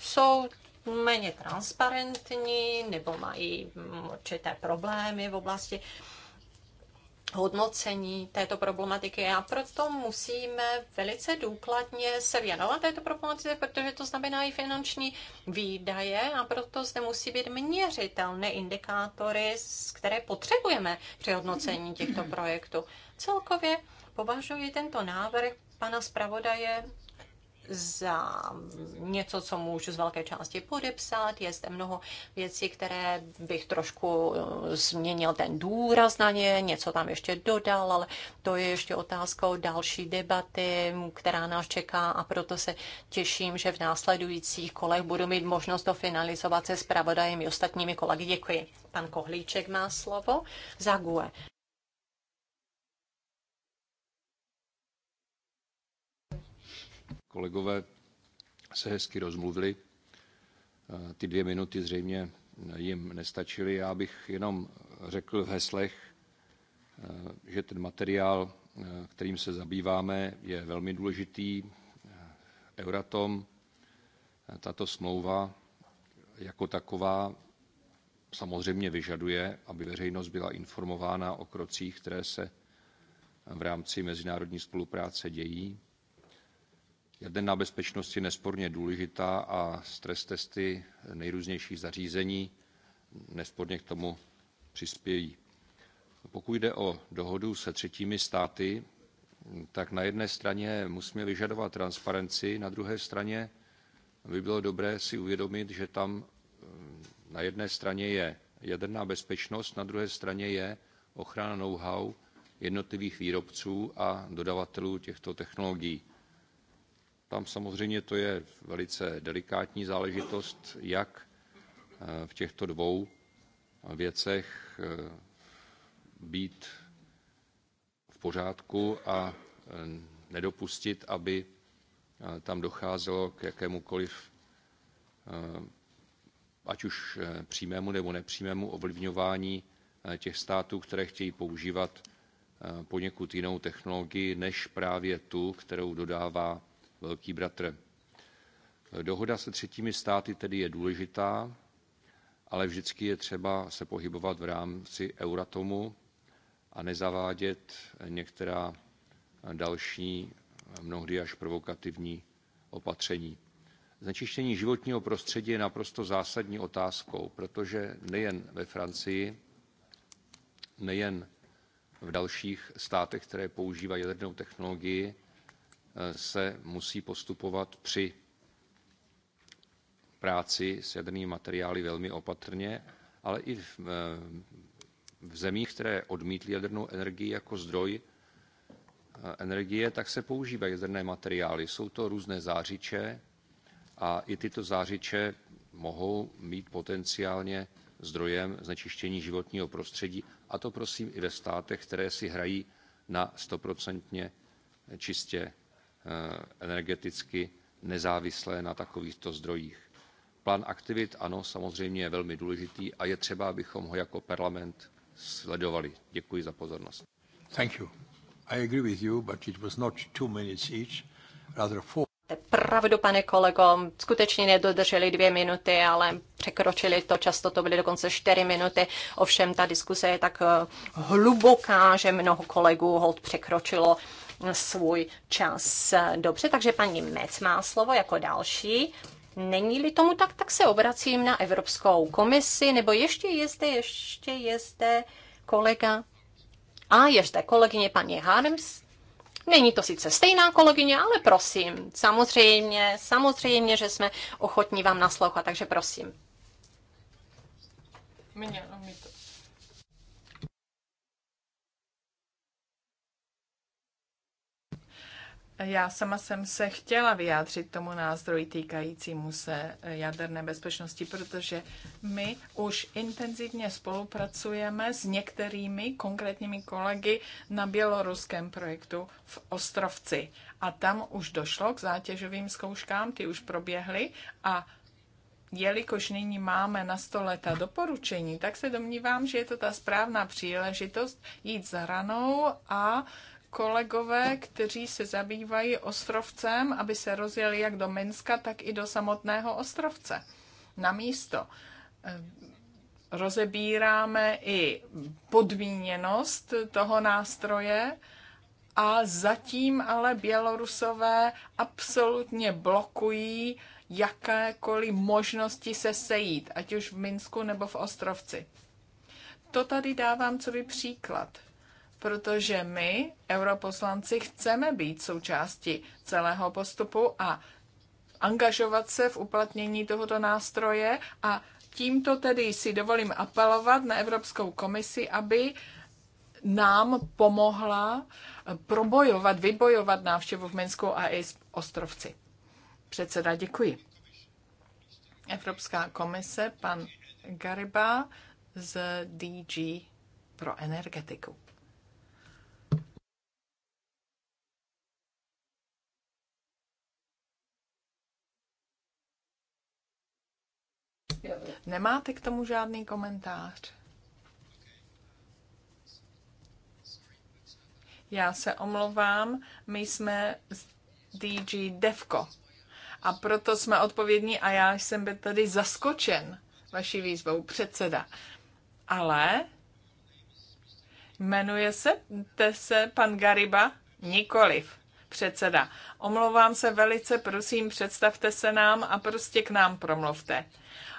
jsou méně transparentní nebo mají určité problémy v oblasti hodnocení této problematiky a proto musíme velice důkladně se věnovat této problematice, protože to znamená i finanční výdaje a proto zde musí být měřitelné indikátory, které potřebujeme při hodnocení těchto projektů. Celkově považuji tento návrh pana zpravodaje za něco, co můžu z velké části podepsat. Je zde mnoho věcí, které bych trošku eh, změnil ten důraz na ně, něco tam ještě dodal, ale to je ještě otázkou další debaty, která nás čeká a proto se těším, že v následujících kolech budu mít možnost to finalizovat se pravodajem i ostatními kolegy. Děkuji. Pan Kohlíček má slovo. za gue. Kolegové se hezky rozmluvili. Eh, ty dvě minuty zřejmě jim nestačily. Já bych jenom řekl v heslech, eh, že ten materiál, eh, kterým se zabýváme, je velmi důležitý. Euratom, tato smlouva jako taková samozřejmě vyžaduje, aby veřejnost byla informována o krocích, které se v rámci mezinárodní spolupráce dějí. Jaderná bezpečnost je nesporně důležitá a stres testy nejrůznějších zařízení nesporně k tomu přispějí. Pokud jde o dohodu se třetími státy, tak na jedné straně musíme vyžadovat transparenci, na druhé straně by bylo dobré si uvědomit, že tam eh, na jedné straně je jaderná bezpečnost, na druhé straně je ochrana know-how jednotlivých výrobců a dodavatelů těchto technologií. Tam samozřejmě to je velice delikátní záležitost, jak eh, v těchto dvou věcech eh, být v pořádku a eh, nedopustit, aby tam docházelo k jakémukoliv ať už přímému nebo nepřímému ovlivňování těch států, které chtějí používat poněkud jinou technologii než právě tu, kterou dodává velký bratr. Dohoda se třetími státy tedy je důležitá, ale vždycky je třeba se pohybovat v rámci Euratomu a nezavádět některá další, mnohdy až provokativní opatření. Znečištění životního prostředí je naprosto zásadní otázkou, protože nejen ve Francii, nejen v dalších státech, které používají jadernou technologii, Eh, se musí postupovat při práci s jadernými materiály velmi opatrně, ale i v, eh, v zemích, které odmítly jadernou energii jako zdroj eh, energie, tak se používají jaderné materiály. Jsou to různé zářiče a i tyto zářiče mohou mít potenciálně zdrojem znečištění životního prostředí, a to prosím i ve státech, které si hrají na stoprocentně čistě Eh, energeticky nezávislé na takovýchto zdrojích. Plán aktivit, ano, samozřejmě je velmi důležitý a je třeba, abychom ho jako parlament sledovali. Děkuji za pozornost. Thank you. I agree with you, but it was not two minutes each, rather four. Pravdu, pane kolego, skutečně nedodrželi dvě minuty, ale překročili to, často to byly dokonce čtyři minuty. Ovšem ta diskuse je tak eh, hluboká, že mnoho kolegů hold překročilo svůj čas. Dobře, takže paní Mec má slovo jako další. Není-li tomu tak, tak se obracím na Evropskou komisi, nebo ještě je zde, ještě je zde kolega. A je zde kolegyně paní Harms. Není to sice stejná kolegyně, ale prosím, samozřejmě, samozřejmě, že jsme ochotní vám naslouchat, takže prosím. Mě, mě to. Já sama jsem se chtěla vyjádřit tomu nástroji týkajícímu se eh, jaderné bezpečnosti, protože my už intenzivně spolupracujeme s některými konkrétními kolegy na běloruském projektu v Ostrovci. A tam už došlo k zátěžovým zkouškám, ty už proběhly a jelikož nyní máme na stole ta doporučení, tak se domnívám, že je to ta správná příležitost jít za ranou a kolegové, kteří se zabývají ostrovcem, aby se rozjeli jak do Minska, tak i do samotného ostrovce na místo. Eh, rozebíráme i podmíněnost toho nástroje a zatím ale Bělorusové absolutně blokují jakékoliv možnosti se sejít, ať už v Minsku nebo v Ostrovci. To tady dávám co by příklad protože my, europoslanci, chceme být součástí celého postupu a angažovat se v uplatnění tohoto nástroje a tímto tedy si dovolím apelovat na Evropskou komisi, aby nám pomohla probojovat, vybojovat návštěvu v Minsku a i z ostrovci. Předseda, děkuji. Evropská komise, pan Gariba z DG pro energetiku. Nemáte k tomu žádný komentář? Já se omlouvám, my jsme z DG Devco a proto jsme odpovědní a já jsem byl tady zaskočen vaší výzvou předseda. Ale jmenuje se, te se pan Gariba? Nikoliv předseda. Omlouvám se velice, prosím, představte se nám a prostě k nám promluvte.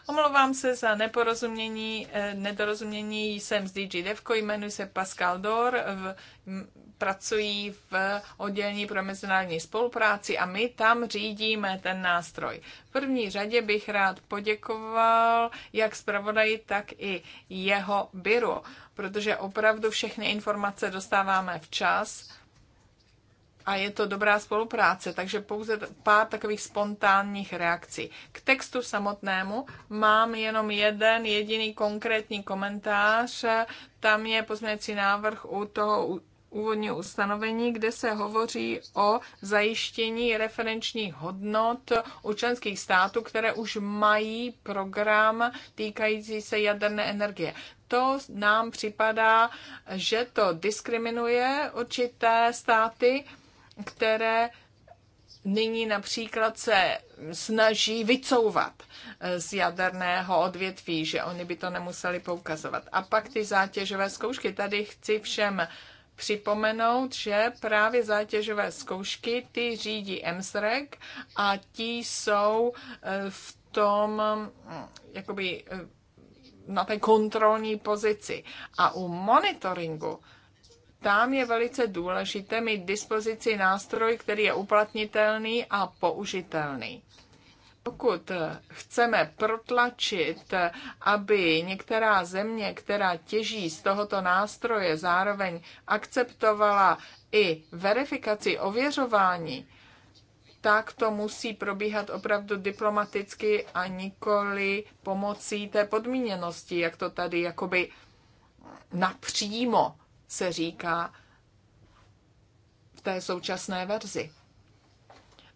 Omlouvám se za neporozumění, eh, nedorozumění, jsem z DG Devko, jmenuji se Pascal Dor, v, m, pracuji v oddělení pro mezinárodní spolupráci a my tam řídíme ten nástroj. V první řadě bych rád poděkoval jak zpravodaji, tak i jeho byru, protože opravdu všechny informace dostáváme včas a je to dobrá spolupráce, takže pouze pár takových spontánních reakcí. K textu samotnému mám jenom jeden jediný konkrétní komentář. Tam je pozměňovací návrh u toho úvodního ustanovení, kde se hovoří o zajištění referenčních hodnot u členských států, které už mají program týkající se jaderné energie. To nám připadá, že to diskriminuje určité státy, které nyní například se snaží vycouvat eh, z jaderného odvětví, že oni by to nemuseli poukazovat. A pak ty zátěžové zkoušky. Tady chci všem připomenout, že právě zátěžové zkoušky ty řídí MSREG a ti jsou eh, v tom mm, jakoby eh, na té kontrolní pozici. A u monitoringu tam je velice důležité mít dispozici nástroj, který je uplatnitelný a použitelný. Pokud chceme protlačit, aby některá země, která těží z tohoto nástroje, zároveň akceptovala i verifikaci ověřování, tak to musí probíhat opravdu diplomaticky a nikoli pomocí té podmíněnosti, jak to tady jakoby napřímo se říká v té současné verzi.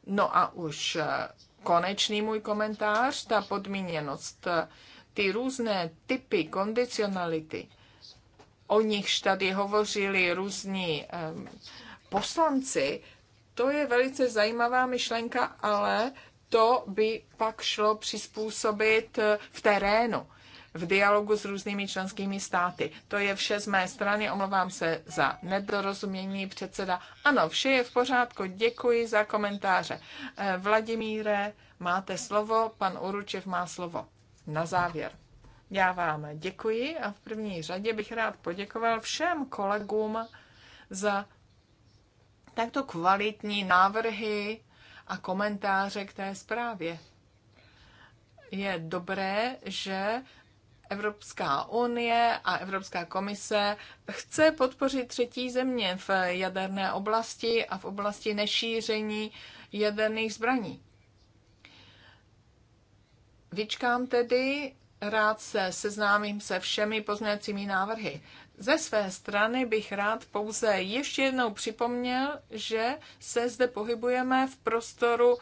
No a už eh, konečný můj komentář, ta podmíněnost, eh, ty různé typy kondicionality, o nichž tady hovořili různí eh, poslanci, to je velice zajímavá myšlenka, ale to by pak šlo přizpůsobit v terénu v dialogu s různými členskými státy. To je vše z mé strany, omlouvám se za nedorozumění předseda. Ano, vše je v pořádku, děkuji za komentáře. Eh, Vladimíre, máte slovo, pan Uručev má slovo. Na závěr. Já vám děkuji a v první řadě bych rád poděkoval všem kolegům za takto kvalitní návrhy a komentáře k té zprávě. Je dobré, že Evropská unie a Evropská komise chce podpořit třetí země v jaderné oblasti a v oblasti nešíření jaderných zbraní. Vyčkám tedy, rád se seznámím se všemi pozměňovacími návrhy. Ze své strany bych rád pouze ještě jednou připomněl, že se zde pohybujeme v prostoru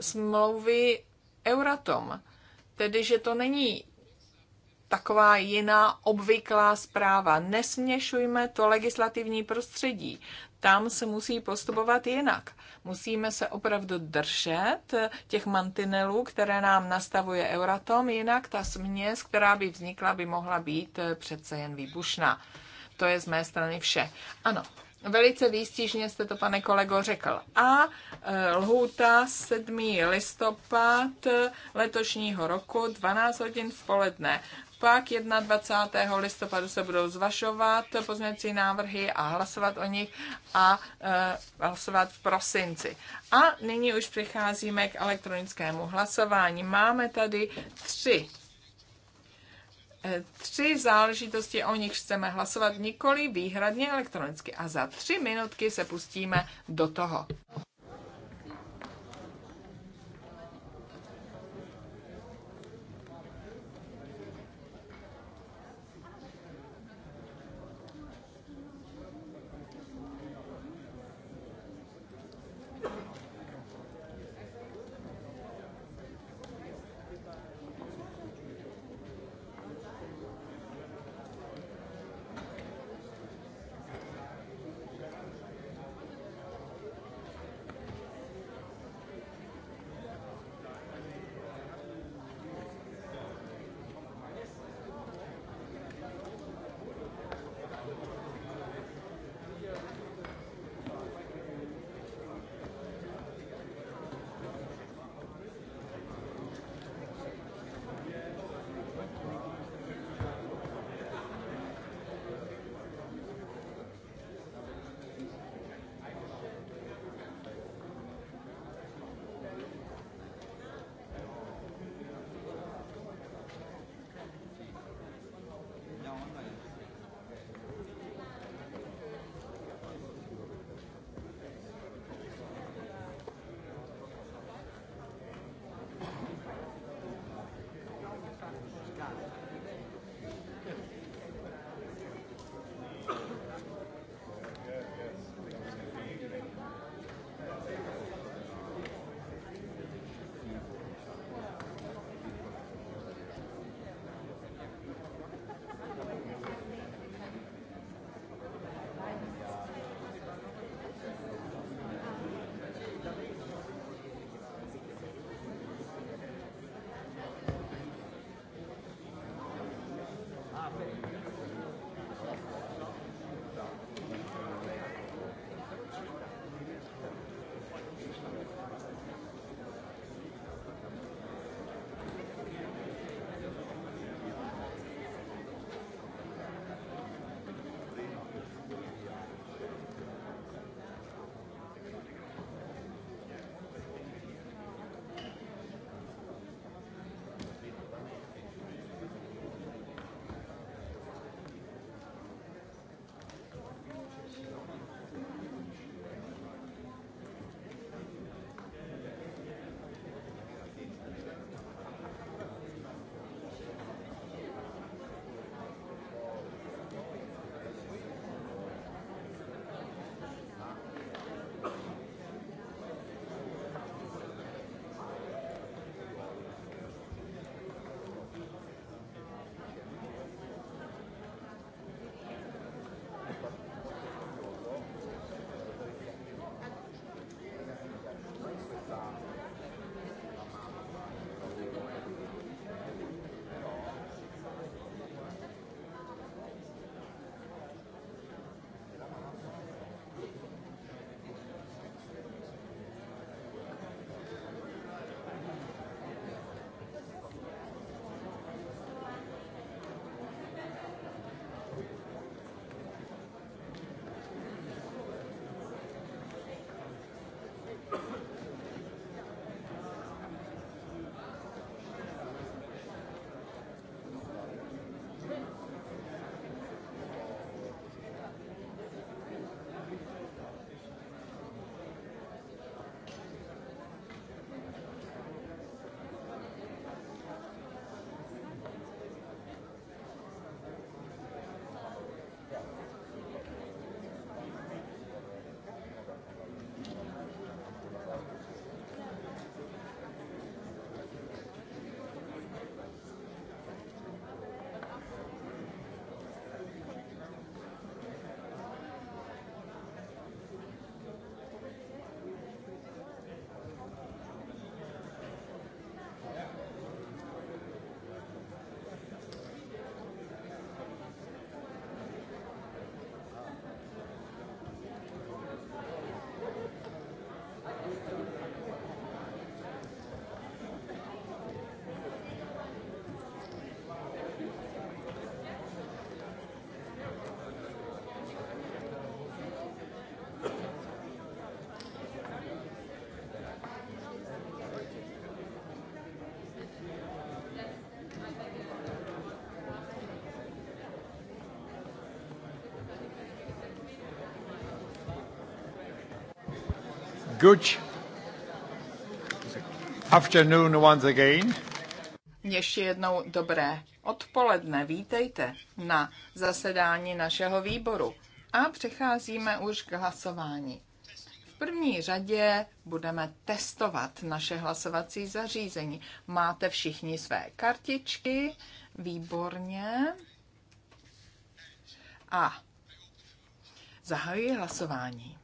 smlouvy Euratom. Tedy, že to není taková jiná obvyklá zpráva. Nesměšujme to legislativní prostředí. Tam se musí postupovat jinak. Musíme se opravdu držet těch mantinelů, které nám nastavuje Euratom, jinak ta směs, která by vznikla, by mohla být eh, přece jen výbušná. To je z mé strany vše. Ano, Velice výstižně jste to, pane kolego, řekl. A eh, lhůta 7. listopad eh, letošního roku, 12 hodin v poledne. Pak 21. listopadu se budou zvažovat pozměňovací návrhy a hlasovat o nich a uh, hlasovat v prosinci. A nyní už přicházíme k elektronickému hlasování. Máme tady tři e, tři záležitosti, o nich chceme hlasovat nikoli výhradně elektronicky. A za tři minutky se pustíme do toho. Good afternoon once again. Ještě jednou dobré odpoledne. Vítejte na zasedání našeho výboru. A přecházíme už k hlasování. V první řadě budeme testovat naše hlasovací zařízení. Máte všichni své kartičky? Výborně. A zahajuji hlasování.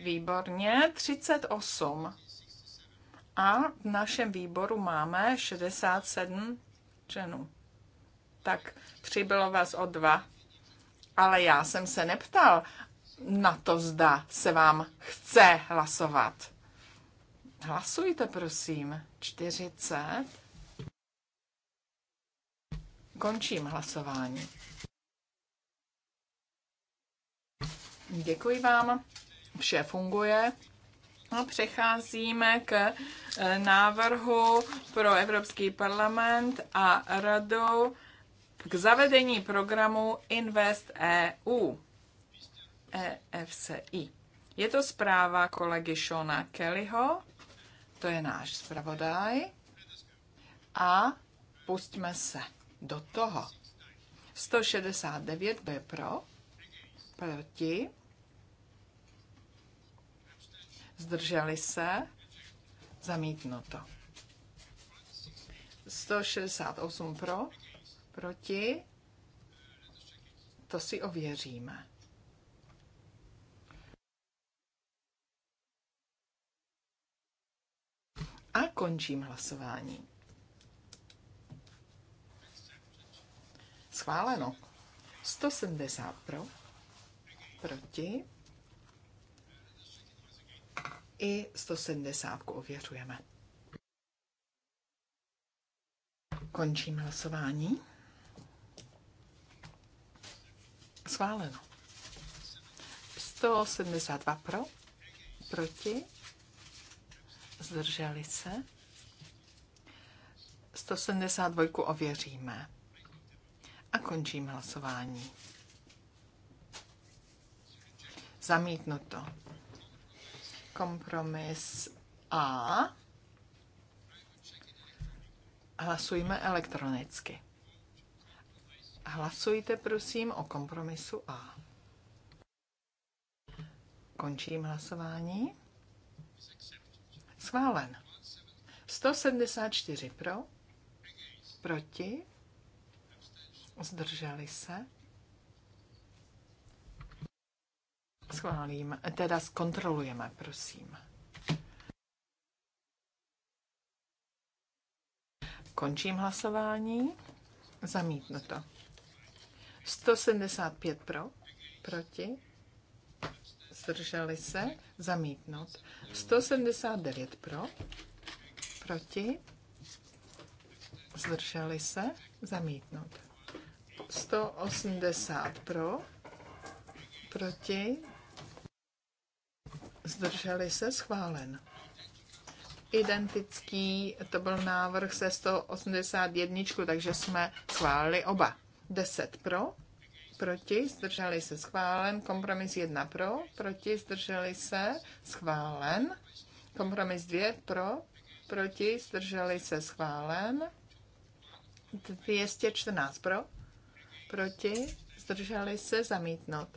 Výborně, 38. A v našem výboru máme 67 členů. Tak přibylo vás o dva. Ale já jsem se neptal na to, zda se vám chce hlasovat. Hlasujte, prosím. 40. Končím hlasování. Děkuji vám vše funguje. No, přecházíme k eh, návrhu pro Evropský parlament a radu k zavedení programu Invest EU, EFCI. Je to zpráva kolegy Shona Kellyho, to je náš zpravodaj. A pustíme se do toho. 169 B pro, proti, zdrželi se, zamítnuto. 168 pro, proti, to si ověříme. A končím hlasování. Schváleno. 170 pro, proti, i 170 ověřujeme. Končím hlasování. Schváleno. 172 pro, proti, zdrželi se. 172 ověříme. A končím hlasování. Zamítnuto. Kompromis A. Hlasujme elektronicky. Hlasujte prosím o kompromisu A. Končím hlasování. Schválen. 174 pro, proti, zdrželi se schválím, teda zkontrolujeme, prosím. Končím hlasování. to. 175 pro, proti, zdrželi se, zamítnout. 179 pro, proti, zdrželi se, zamítnout. 180 pro, proti, zdrželi se, schválen. Identický, to byl návrh se 181, takže jsme schválili oba. 10 pro, proti, zdrželi se, schválen. Kompromis 1 pro, proti, zdrželi se, schválen. Kompromis 2 pro, proti, zdrželi se, schválen. 214 pro, proti, zdrželi se, zamítnout.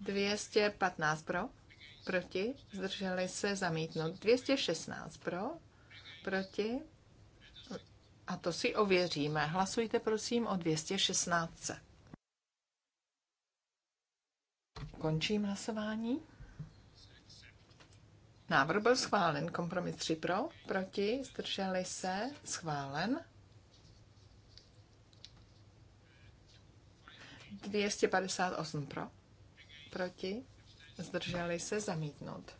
215 pro, proti, zdrželi se zamítnout. 216 pro, proti, a to si ověříme. Hlasujte prosím o 216. Končím hlasování. Návrh byl schválen. Kompromis 3 pro, proti, zdrželi se, schválen. 258 pro, proti, zdrželi se zamítnout.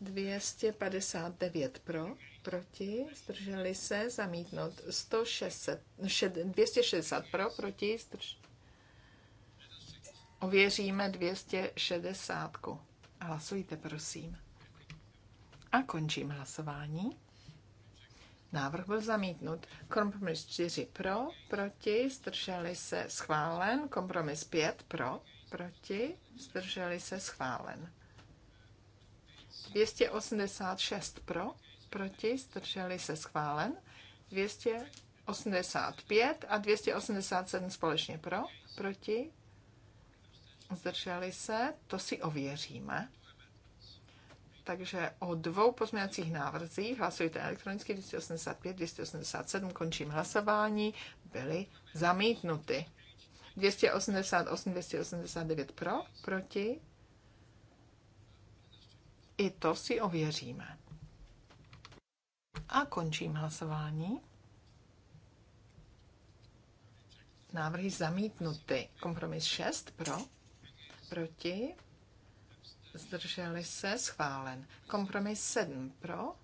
259 pro, proti, zdrželi se zamítnout. 160, 260 pro, proti, zdrž... Ověříme 260. Hlasujte, prosím. A končím hlasování. Návrh byl zamítnut. Kompromis 4 pro, proti, zdrželi se schválen. Kompromis 5 pro, proti, zdrželi se schválen. 286 pro, proti, zdrželi se schválen. 285 a 287 společně pro, proti, zdrželi se, to si ověříme. Takže o dvou pozměňovacích návrzích hlasujte elektronicky 285, 287, končím hlasování, byly zamítnuty. 288, 289 pro, proti. I to si ověříme. A končím hlasování. Návrhy zamítnuty. Kompromis 6 pro, proti, zdrželi se, schválen. Kompromis 7 pro,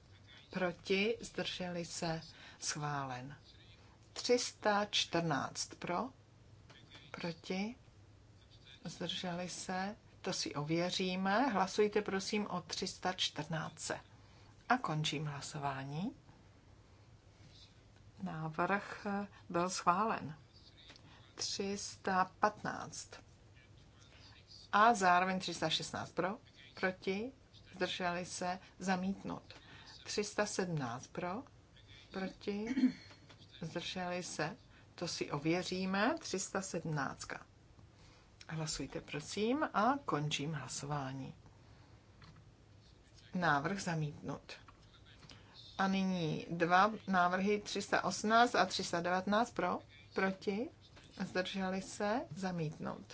proti, zdrželi se, schválen. 314 pro, Proti? Zdrželi se? To si ověříme. Hlasujte prosím o 314. A končím hlasování. Návrh byl schválen. 315. A zároveň 316 pro, proti, zdrželi se, zamítnut. 317 pro, proti, zdrželi se, to si ověříme. 317. Hlasujte, prosím, a končím hlasování. Návrh zamítnut. A nyní dva návrhy 318 a 319 pro, proti, zdrželi se, zamítnout.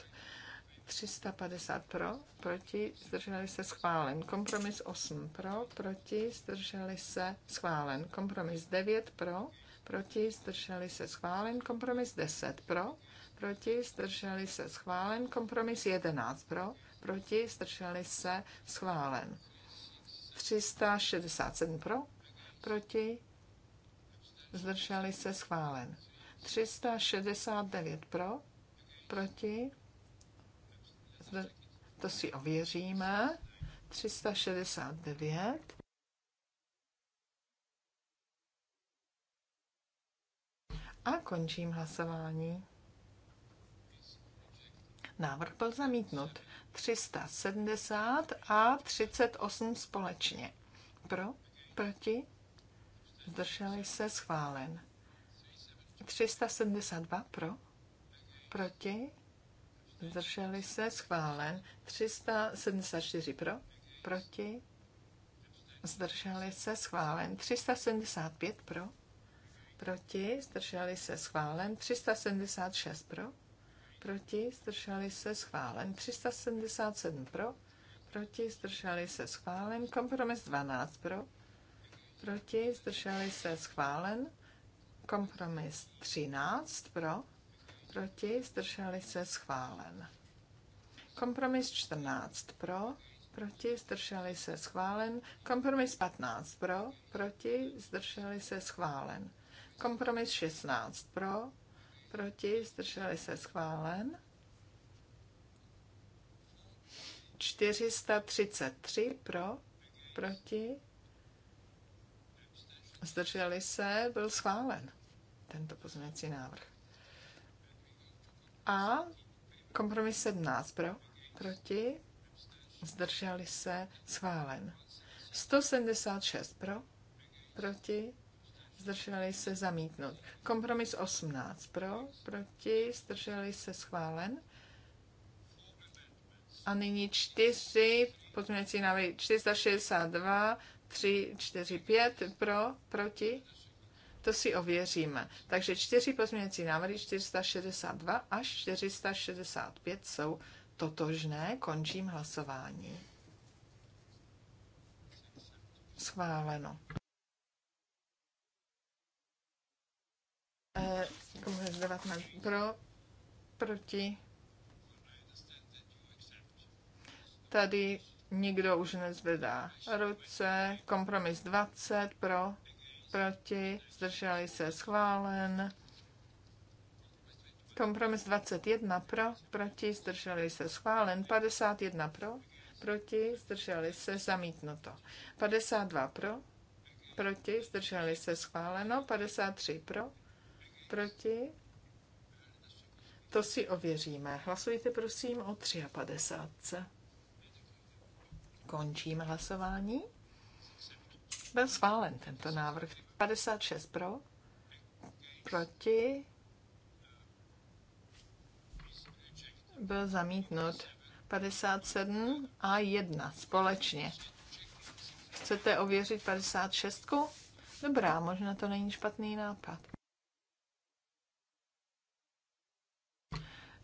350 pro, proti, zdrželi se, schválen. Kompromis 8 pro, proti, zdrželi se, schválen. Kompromis 9 pro, proti, zdrželi se schválen kompromis 10 pro, proti, zdrželi se schválen kompromis 11 pro, proti, zdrželi se schválen 367 pro, proti, zdrželi se schválen 369 pro, proti, to si ověříme, 369 A končím hlasování. Návrh byl zamítnut. 370 a 38 společně. Pro, proti, zdrželi se schválen. 372 pro, proti, zdrželi se schválen. 374 pro, proti, zdrželi se schválen. 375 pro, proti, zdrželi se schválen, 376 pro, proti, zdrželi se schválen, 377 pro, proti, zdrželi se schválen, kompromis 12 pro, proti, zdrželi se schválen, kompromis 13 pro, proti, zdrželi se schválen. Kompromis 14 pro, proti, zdrželi se schválen. Kompromis 15 pro, proti, zdrželi se schválen. Kompromis 16 pro, proti, zdrželi se schválen. 433 pro, proti, zdrželi se, byl schválen tento pozměňovací návrh. A kompromis 17 pro, proti, zdrželi se, schválen. 176 pro, proti, zdrželi se zamítnout. Kompromis 18 pro, proti, zdrželi se schválen. A nyní čtyři pozměňovací návrhy 462, 3, 4, 5 pro, proti. To si ověříme. Takže čtyři pozměňovací návrhy 462 až 465 jsou totožné. Končím hlasování. Schváleno. Eh, Kompromis 19 pro, proti. Tady nikdo už nezvedá ruce. Kompromis 20 pro, proti. Zdrželi se schválen. Kompromis 21 pro, proti, zdrželi se schválen. 51 pro, proti, zdrželi se zamítnuto. 52 pro, proti, zdrželi se schváleno. 53 pro, Proti? To si ověříme. Hlasujte prosím o 53. Končím hlasování. Byl schválen tento návrh. 56 pro, proti, byl zamítnut. 57 a 1 společně. Chcete ověřit 56? Dobrá, možná to není špatný nápad.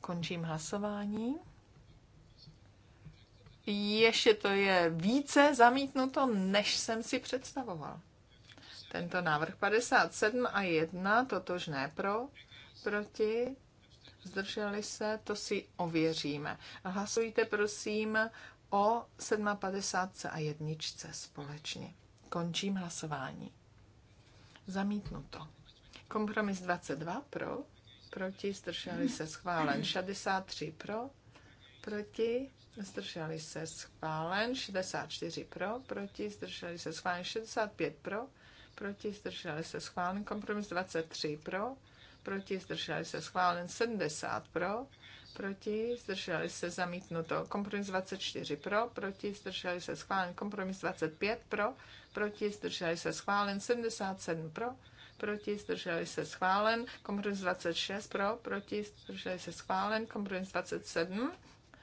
Končím hlasování. Ještě to je více zamítnuto, než jsem si představoval. Tento návrh 57 a 1, totožné pro, proti, zdrželi se, to si ověříme. Hlasujte prosím o 57 a 1 společně. Končím hlasování. Zamítnuto. Kompromis 22 pro, proti, zdrželi se schválen. 63 pro, proti, zdrželi se schválen. 64 pro, proti, zdrželi se schválen. 65 pro, proti, zdrželi se schválen. Kompromis 23 pro, proti, zdrželi se schválen. 70 pro, proti, zdrželi se zamítnuto. Kompromis 24 pro, proti, zdrželi se schválen. Kompromis 25 pro, proti, zdrželi se schválen. 77 pro, proti, zdrželi se schválen. Kompromis 26 pro, proti, zdrželi se schválen. Kompromis 27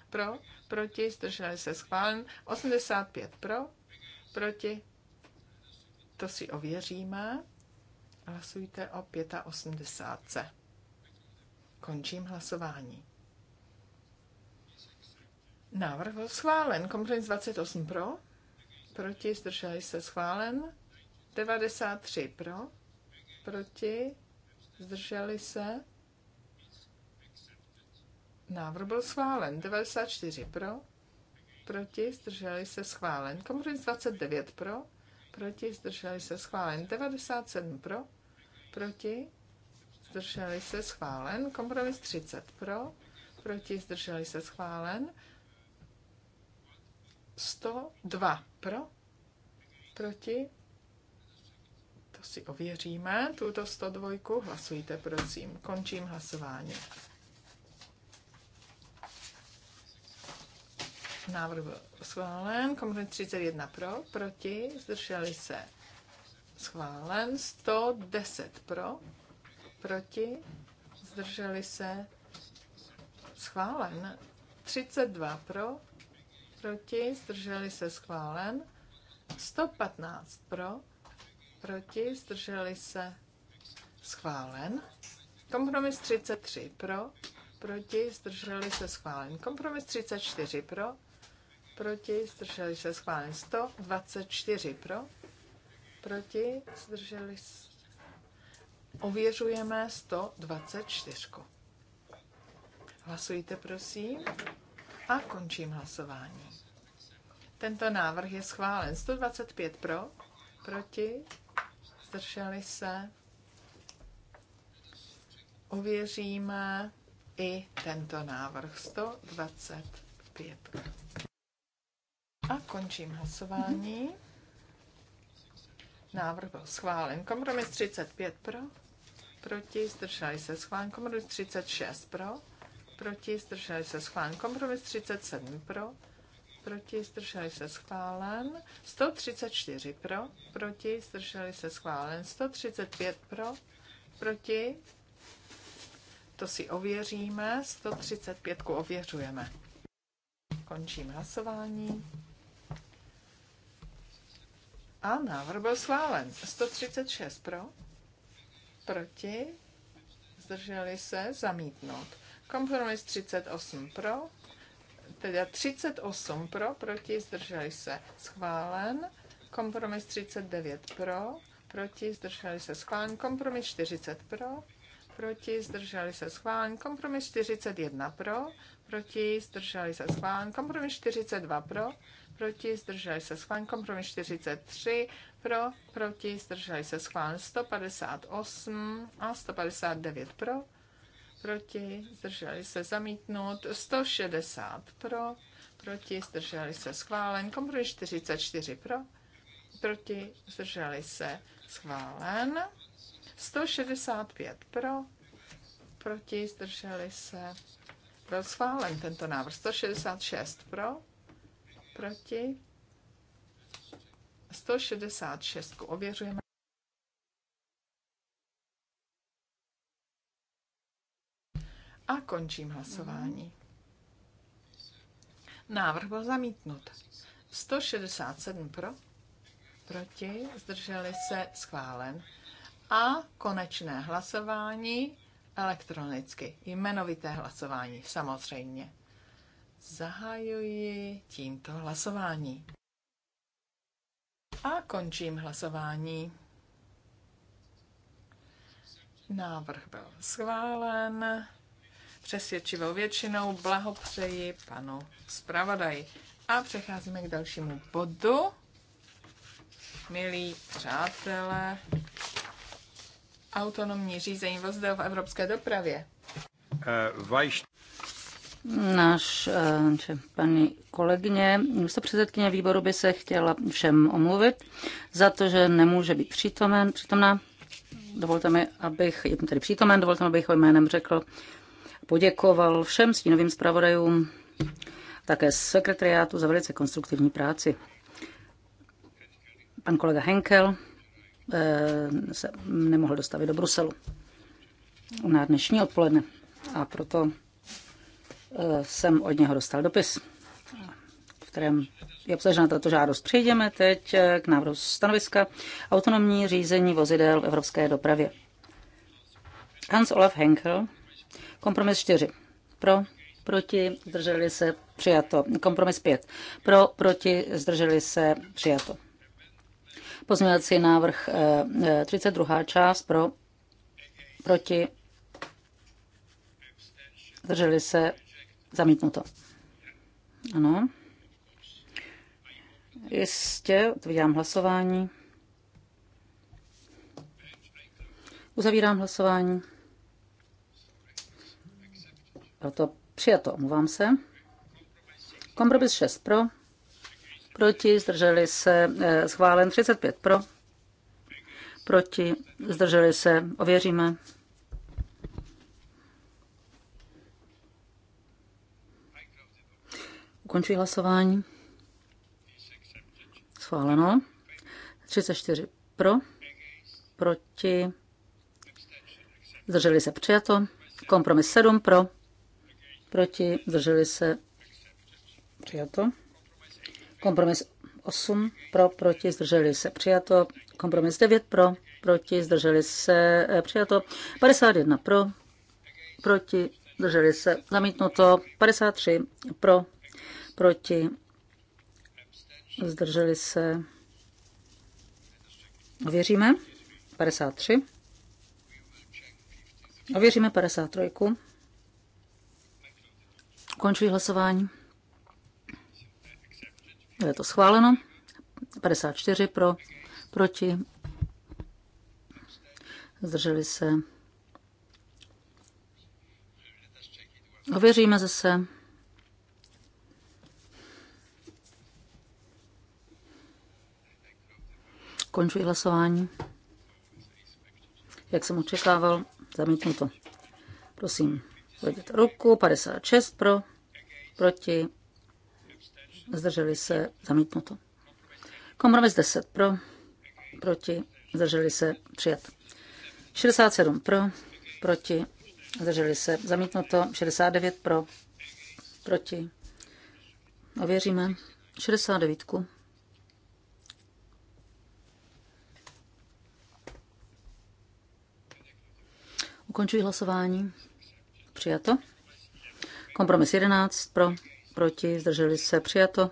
pro, proti, zdrželi se schválen. 85 pro, proti, to si ověříme. Hlasujte o 85. Končím hlasování. Návrh byl schválen. Kompromis 28 pro, proti, zdrželi se schválen. 93 pro, proti, zdrželi se. Návrh byl schválen. 94 pro, proti, zdrželi se schválen. Kompromis 29 pro, proti, zdrželi se schválen. 97 pro, proti, zdrželi se schválen. Kompromis 30 pro, proti, zdrželi se schválen. 102 pro, proti, to si ověříme, tuto 102. Hlasujte, prosím. Končím hlasování. Návrh byl schválen. Komunit 31 pro, proti, zdrželi se. Schválen. 110 pro, proti, zdrželi se. Schválen. 32 pro, proti, zdrželi se. Schválen. 115 pro, proti, zdrželi se, schválen. Kompromis 33 pro, proti, zdrželi se, schválen. Kompromis 34 pro, proti, zdrželi se, schválen. 124 pro, proti, zdrželi se. Ověřujeme 124. Hlasujte, prosím. A končím hlasování. Tento návrh je schválen. 125 pro, proti, zdrželi se. Ověříme i tento návrh 125. A končím hlasování. Návrh byl schválen. Kompromis 35 pro, proti, zdrželi se schválen. Kompromis 36 pro, proti, zdrželi se schválen. Kompromis 37 pro, proti, zdrželi se schválen. 134 pro, proti, zdrželi se schválen. 135 pro, proti, to si ověříme. 135 ověřujeme. Končím hlasování. A návrh byl schválen. 136 pro, proti, zdrželi se, zamítnout. Kompromis 38 pro, Teda 38 pro, proti, zdrželi se. Schválen. Kompromis 39 pro, proti, zdrželi se. Schválen. Kompromis 40 pro, proti, zdrželi se. Schválen. Kompromis 41 pro, proti, zdrželi se. Schválen. Kompromis 42 pro, proti, zdrželi se. Schválen. Kompromis 43 pro, proti, zdrželi se. Schválen. 158 a 159 pro, proti, zdrželi se zamítnout, 160 pro, proti, zdrželi se schválen, kompromis 44 pro, proti, zdrželi se schválen, 165 pro, proti, zdrželi se, byl schválen tento návrh, 166 pro, proti, 166 ověřujeme. A končím hlasování. Návrh byl zamítnut. 167 pro, proti, zdrželi se, schválen. A konečné hlasování elektronicky, jmenovité hlasování samozřejmě. Zahajuji tímto hlasování. A končím hlasování. Návrh byl schválen přesvědčivou většinou. Blahopřeji panu zpravodaji. A přecházíme k dalšímu bodu. Milí přátelé, autonomní řízení vozidel v evropské dopravě. Eh, vajš. Náš uh, eh, paní kolegyně, předsedkyně výboru by se chtěla všem omluvit za to, že nemůže být přítomen, přítomná. Dovolte mi, abych, je tady přítomen, dovolte mi, abych ho jménem řekl poděkoval všem stínovým zpravodajům, také sekretariátu za velice konstruktivní práci. Pan kolega Henkel eh, se nemohl dostavit do Bruselu na dnešní odpoledne a proto eh, jsem od něho dostal dopis, v kterém je obsažena tato žádost. Přejdeme teď eh, k návrhu stanoviska autonomní řízení vozidel v evropské dopravě. Hans Olaf Henkel Kompromis 4. Pro, proti, zdrželi se, přijato. Kompromis 5. Pro, proti, zdrželi se, přijato. Pozměňovací návrh 32. Eh, eh, část pro, proti, zdrželi se, zamítnuto. Ano. Jistě, otvírám hlasování. Uzavírám hlasování. Proto přijato, omluvám se. Kompromis 6 pro, proti, zdrželi se, eh, schválen 35 pro, proti, zdrželi se, ověříme. Ukončuji hlasování. Schváleno. 34 pro, proti, zdrželi se přijato. Kompromis 7 pro, proti, drželi se, přijato. Kompromis 8 pro, proti, zdrželi se, přijato. Kompromis 9 pro, proti, zdrželi se, eh, přijato. 51 pro, proti, zdrželi se, zamítnuto. 53 pro, proti, zdrželi se. Ověříme 53. Ověříme 53. Končuji hlasování. Je to schváleno. 54 pro, proti. Zdrželi se. Ověříme zase. Končuji hlasování. Jak jsem očekával, zamítnu to. Prosím. Vedete ruku, 56 pro, proti, zdrželi se, zamítnuto. Kompromis 10 pro, proti, zdrželi se, přijat. 67 pro, proti, zdrželi se, zamítnuto. 69 pro, proti, ověříme. 69. -ku. Ukončuji hlasování. Přijato. Kompromis 11 pro, proti, zdrželi se, přijato.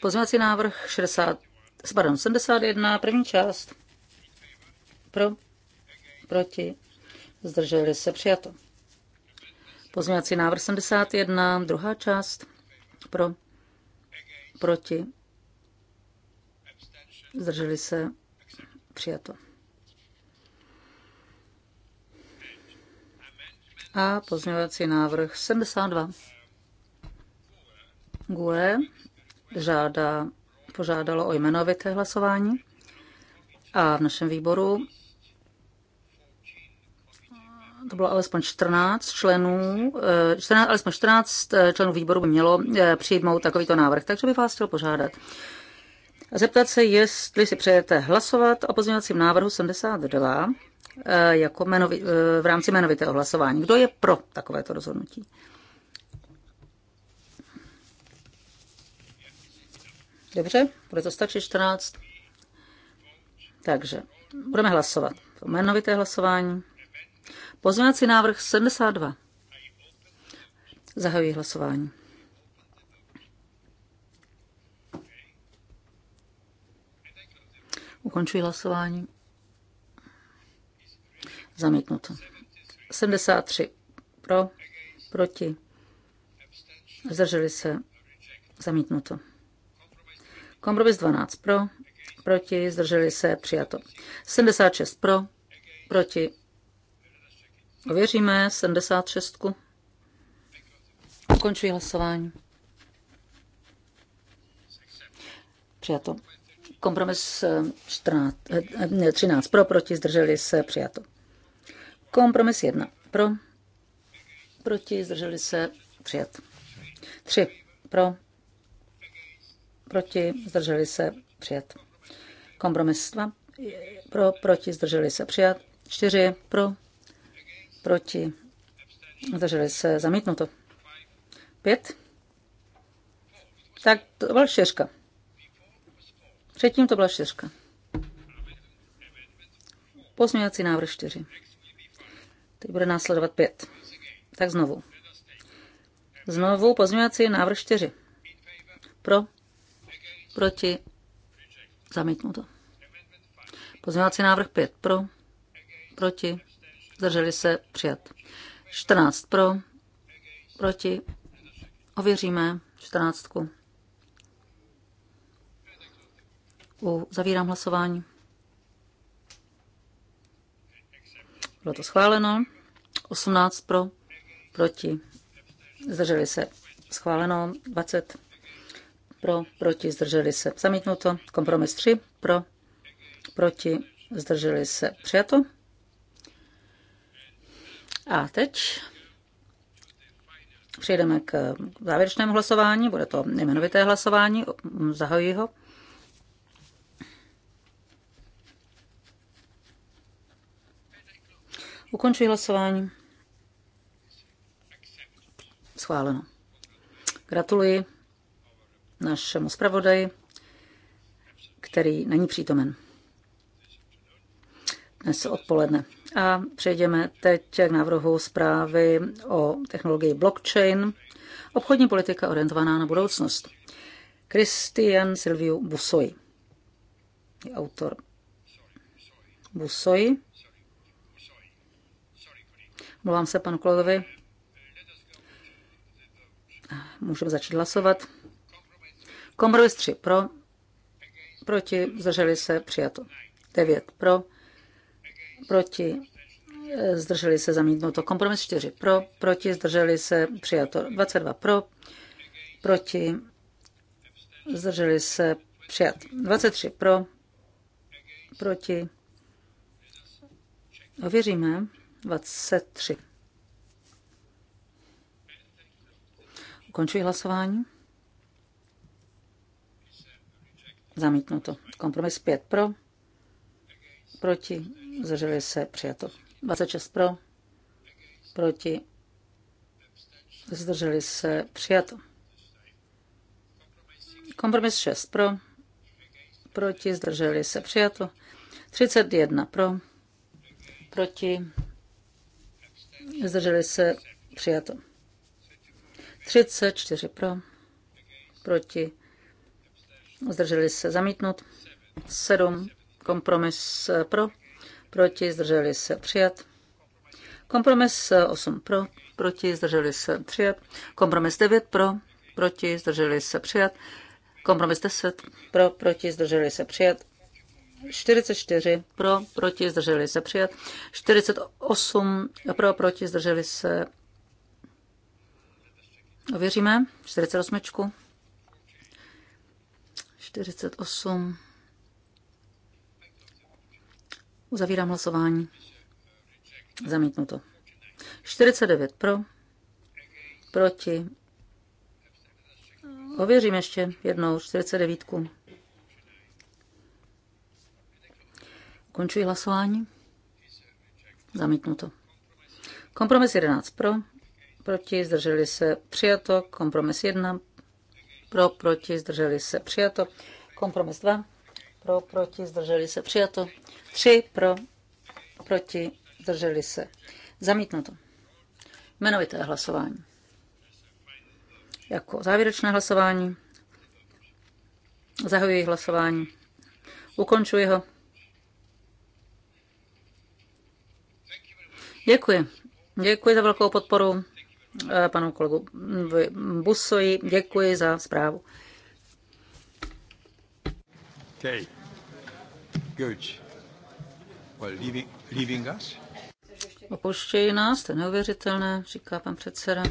Pozměňovací návrh 60, pardon, 71, první část. Pro, proti, zdrželi se, přijato. Pozměňovací návrh 71, druhá část. Pro, proti, zdrželi se, přijato. A pozměňovací návrh 72. GUE žádá, požádalo o jmenovité hlasování a v našem výboru to bylo alespoň 14 členů, 14, eh, alespoň 14 eh, členů výboru by mělo eh, přijmout takovýto návrh, takže bych vás chtěl požádat. Zeptat se, jestli si přejete hlasovat o pozměňovacím návrhu 72 Eh, jako jmenovi, eh, v rámci jmenovitého hlasování. Kdo je pro takovéto rozhodnutí? Dobře, bude to stačit 14. Takže budeme hlasovat. Jmenovité hlasování. Pozměňovací návrh 72. Zahajuji hlasování. Ukončuji hlasování. Zamítnuto. 73 pro, proti, zdrželi se, zamítnuto. Kompromis 12 pro, proti, zdrželi se, přijato. 76 pro, proti, ověříme 76. Ukončuji hlasování. Přijato. Kompromis 14, eh, 13 eh, eh, pro, proti, zdrželi se, přijato. Kompromis jedna Pro. Proti. Zdrželi se. Přijat. Tři Pro. Proti. Zdrželi se. Přijat. Kompromis dva. Pro. Proti. Zdrželi se. Přijat. čtyři Pro. Proti. Zdrželi se. Zamítnuto. Pět. Tak to byla čtyřka. Předtím to byla čtyřka. Pozměňovací návrh čtyři. Teď bude následovat pět. Tak znovu. Znovu pozměňovací návrh čtyři. Pro, proti, to. Pozměňovací návrh pět. Pro, proti, zdrželi se, přijat. 14. Pro, proti, ověříme 14. U, zavírám hlasování. Bylo to schváleno. 18 pro, proti, zdrželi se. Schváleno 20 pro, proti, zdrželi se. Zamítnuto. Kompromis 3 pro, proti, zdrželi se. Přijato. A teď přejdeme k závěrečnému hlasování. Bude to jmenovité hlasování. Zahajuji ho. Ukončuji hlasování. Schváleno. Gratuluji našemu zpravodaji, který není přítomen dnes odpoledne. A přejdeme teď k návrhu zprávy o technologii blockchain, obchodní politika orientovaná na budoucnost. Christian Silviu Busoy. je autor. Busoy. Mluvám se panu kolegovi. Můžeme začít hlasovat. Kompromis 3 pro, proti, zdrželi se, přijato. 9 pro, proti, zdrželi se, zamítnuto. Kompromis 4 pro, proti, zdrželi se, přijato. 22 pro, proti, zdrželi se, přijat. 23 pro, proti, ověříme. No, 23. Ukončuji hlasování. Zamítnuto. Kompromis 5 pro. Proti. Zdrželi se. Přijato. 26 pro. Proti. Zdrželi se. Přijato. Kompromis 6 pro. Proti. Zdrželi se. Přijato. 31 pro. Proti zdrželi se, přijato. 34 pro, proti, zdrželi se, zamítnut. 7 kompromis eh, pro, proti, zdrželi se, přijat. Kompromis 8 eh, pro, proti, zdrželi se, přijat. Kompromis 9 pro, proti, zdrželi se, přijat. Kompromis 10 pro, proti, zdrželi se, přijat. 44 pro, proti, zdrželi se přijat. 48 pro, proti, zdrželi se. Ověříme 48. 48. Uzavírám hlasování. Zamítnuto. 49 pro, proti. Ověřím ještě jednou 49. Končuji hlasování. Zamítnuto. Kompromis 11 pro, proti, zdrželi se, přijato. Kompromis 1 pro, proti, zdrželi se, přijato. Kompromis 2 pro, proti, zdrželi se, přijato. 3 pro, proti, zdrželi se. Zamítnuto. Jmenovité hlasování. Jako závěrečné hlasování. Zahajuji hlasování. Ukončuji ho. Děkuji. Děkuji za velkou podporu eh, panu kolegu Busoji. Děkuji za zprávu. Okay. Good. Well, leaving, leaving us? Opouštějí nás, to je neuvěřitelné, říká pan předseda.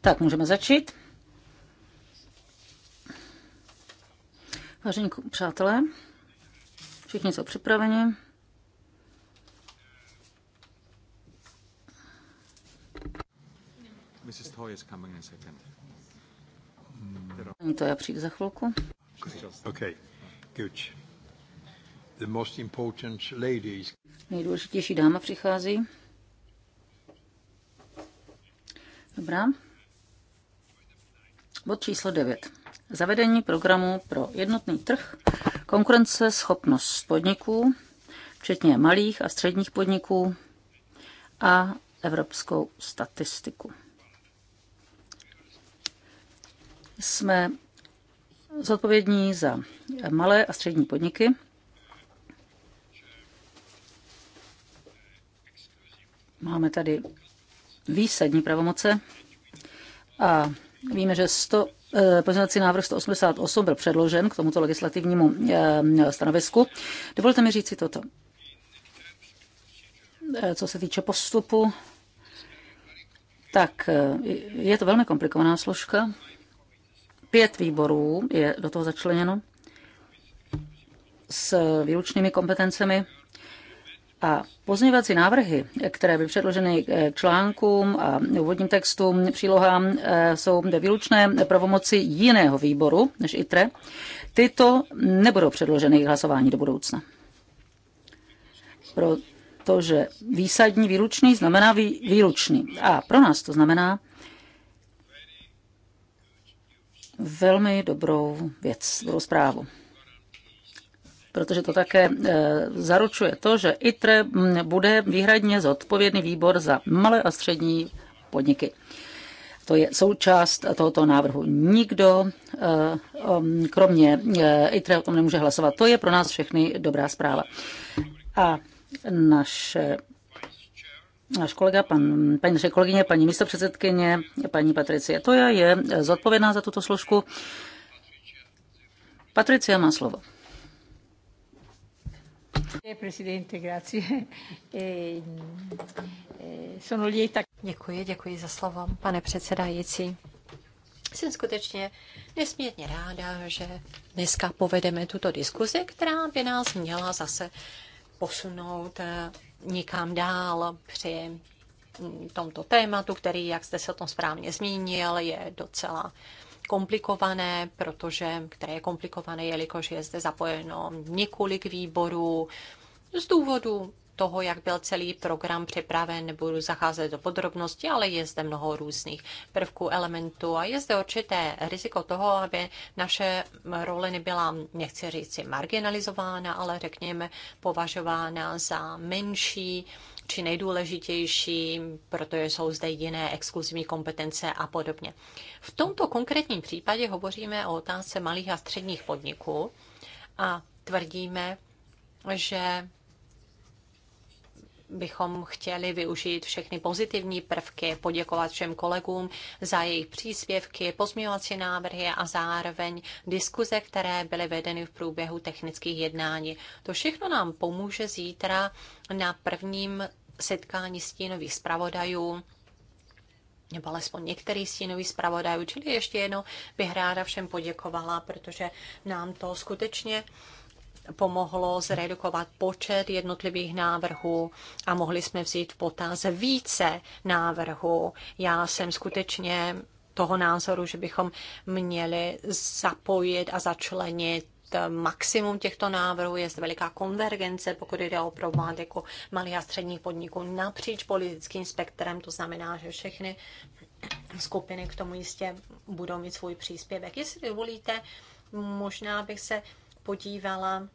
Tak můžeme začít. Vážení přátelé, všichni jsou připraveni. Mrs. Toy is coming in a second. Ani to já přijdu za chvilku. Okay. Good. The most important ladies. Nejdůležitější dáma přichází. Dobrá. Bod číslo 9. Zavedení programu pro jednotný trh, konkurence, schopnost podniků, včetně malých a středních podniků a evropskou statistiku. Jsme zodpovědní za malé a střední podniky. Máme tady výsadní pravomoce a víme, že 100 eh, Pozměňovací návrh 188 byl předložen k tomuto legislativnímu eh, stanovisku. Dovolte mi říct si toto. Eh, co se týče postupu, tak je to velmi komplikovaná složka. Pět výborů je do toho začleněno s výlučnými kompetencemi a pozměňovací návrhy, které byly předloženy k eh, článkům a úvodním textům, přílohám, eh, jsou ve výlučné pravomoci jiného výboru než ITRE. Tyto nebudou předloženy k hlasování do budoucna. Protože výsadní výlučný znamená vý, výlučný. A pro nás to znamená velmi dobrou věc, dobrou zprávu protože to také eh, zaručuje to, že ITRE mm, bude výhradně zodpovědný výbor za malé a střední podniky. To je součást tohoto návrhu. Nikdo, eh, kromě eh, ITRE, o tom nemůže hlasovat. To je pro nás všechny dobrá zpráva. A naše náš kolega, pan, paní naše kolegyně, paní místopředsedkyně, paní Patricie Toja je zodpovědná za tuto složku. Patricia má slovo. Eh, eh, eh, děkuji, děkuji za slovo, pane předsedající. Jsem skutečně nesmírně ráda, že dneska povedeme tuto diskuzi, která by nás měla zase posunout někam dál při mm, tomto tématu, který, jak jste se o tom správně zmínil, je docela uh, komplikované, protože, které je komplikované, jelikož je zde zapojeno několik výborů z důvodu toho, jak byl celý program připraven, nebudu zacházet do podrobností, ale je zde mnoho různých prvků, elementů a je zde určité riziko toho, aby naše role nebyla, nechci říct, marginalizována, ale řekněme považována za menší, či nejdůležitější, protože jsou zde jiné exkluzivní kompetence a podobně. V tomto konkrétním případě hovoříme o otázce malých a středních podniků a tvrdíme, že bychom chtěli využít všechny pozitivní prvky, poděkovat všem kolegům za jejich příspěvky, pozměňovací návrhy a zároveň diskuze, které byly vedeny v průběhu technických jednání. To všechno nám pomůže zítra na prvním setkání stínových zpravodajů nebo alespoň některý stínový zpravodajů. Čili ještě jednou bych ráda všem poděkovala, protože nám to skutečně pomohlo zredukovat počet jednotlivých návrhů a mohli jsme vzít v potaz více návrhů. Já jsem skutečně toho názoru, že bychom měli zapojit a začlenit Eh, maximum těchto návrhů, je veliká konvergence, pokud jde o problematiku malých a středních podniků napříč politickým spektrem, to znamená, že všechny skupiny k tomu jistě budou mít svůj příspěvek. Jestli dovolíte, možná bych se podívala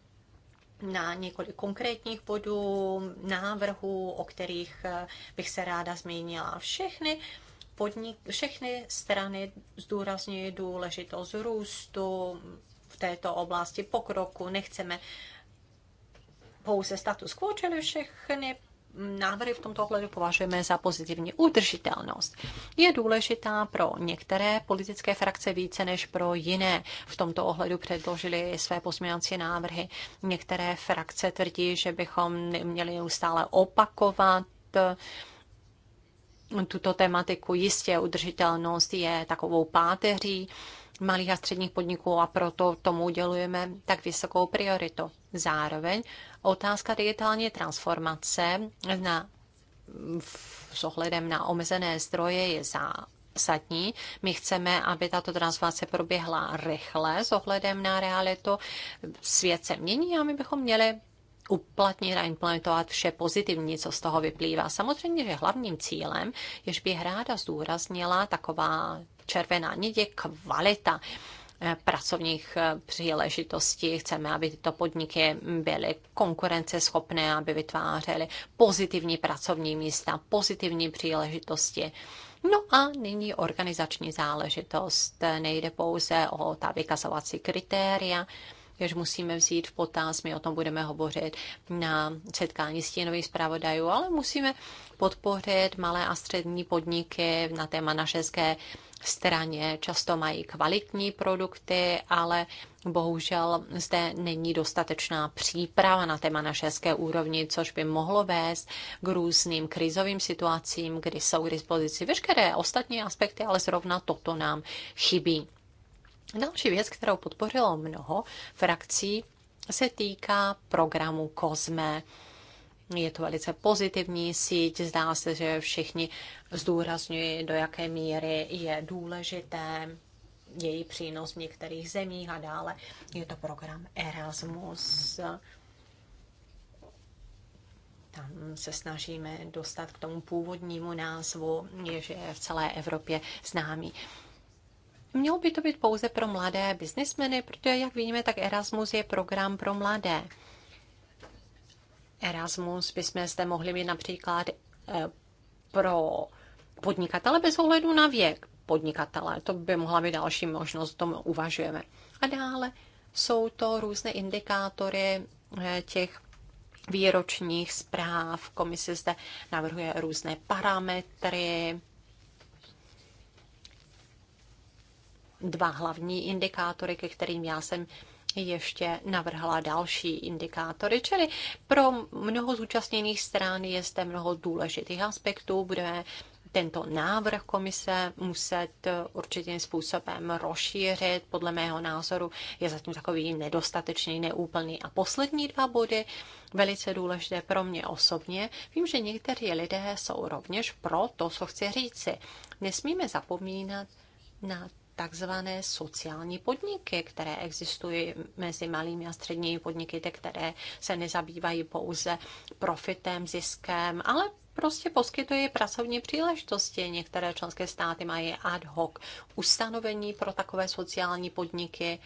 na několik konkrétních bodů, návrhů, o kterých eh, bych se ráda zmínila. Všechny podnik, všechny strany zdůrazňují důležitost růstu, této oblasti pokroku, nechceme pouze status quo, čili všechny návrhy v tomto ohledu považujeme za pozitivní. Udržitelnost je důležitá pro některé politické frakce více než pro jiné. V tomto ohledu předložili své pozměňovací návrhy. Některé frakce tvrdí, že bychom měli neustále opakovat tuto tematiku. Jistě udržitelnost je takovou páteří malých a středních podniků a proto tomu udělujeme tak vysokou prioritu. Zároveň otázka digitální transformace na, s ohledem na omezené zdroje je za, zásadní. My chceme, aby tato transformace proběhla rychle s ohledem na realitu. Svět se mění a my bychom měli uplatnit a implementovat vše pozitivní, co z toho vyplývá. Samozřejmě, že hlavním cílem, jež bych ráda zdůraznila, taková červená nit je kvalita eh, pracovních eh, příležitostí. Chceme, aby tyto podniky byly konkurenceschopné, aby vytvářely pozitivní pracovní místa, pozitivní příležitosti. No a nyní organizační záležitost. Nejde pouze o ta vykazovací kritéria, jež musíme vzít v potaz, my o tom budeme hovořit na setkání stínových zpravodajů, ale musíme podpořit malé a střední podniky na téma na straně. Často mají kvalitní produkty, ale bohužel zde není dostatečná příprava na na manažerské úrovni, což by mohlo vést k různým krizovým situacím, kdy jsou k dispozici veškeré ostatní aspekty, ale zrovna toto nám chybí. Další věc, kterou podpořilo mnoho frakcí, se týká programu COSME. Je to velice pozitivní síť, zdá se, že všichni zdůrazňují, do jaké míry je důležité její přínos v některých zemích a dále. Je to program Erasmus. Tam se snažíme dostat k tomu původnímu názvu, jež je v celé Evropě známý. Mělo by to být pouze pro mladé biznismeny, protože, jak víme, tak Erasmus je program pro mladé. Erasmus bychom zde mohli mít například eh, pro podnikatele bez ohledu na věk podnikatele. To by mohla být další možnost, o tom uvažujeme. A dále jsou to různé indikátory eh, těch výročních zpráv. Komise zde navrhuje různé parametry, dva hlavní indikátory, ke kterým já jsem ještě navrhla další indikátory. Čili pro mnoho zúčastněných stran je zde mnoho důležitých aspektů. Budeme tento návrh komise muset určitým způsobem rozšířit. Podle mého názoru je zatím takový nedostatečný, neúplný. A poslední dva body, velice důležité pro mě osobně, vím, že někteří lidé jsou rovněž pro to, co chci říci. Nesmíme zapomínat na takzvané sociální podniky, které existují mezi malými a středními podniky, ty, které se nezabývají pouze profitem, ziskem, ale prostě poskytují pracovní příležitosti. Některé členské státy mají ad hoc ustanovení pro takové sociální podniky.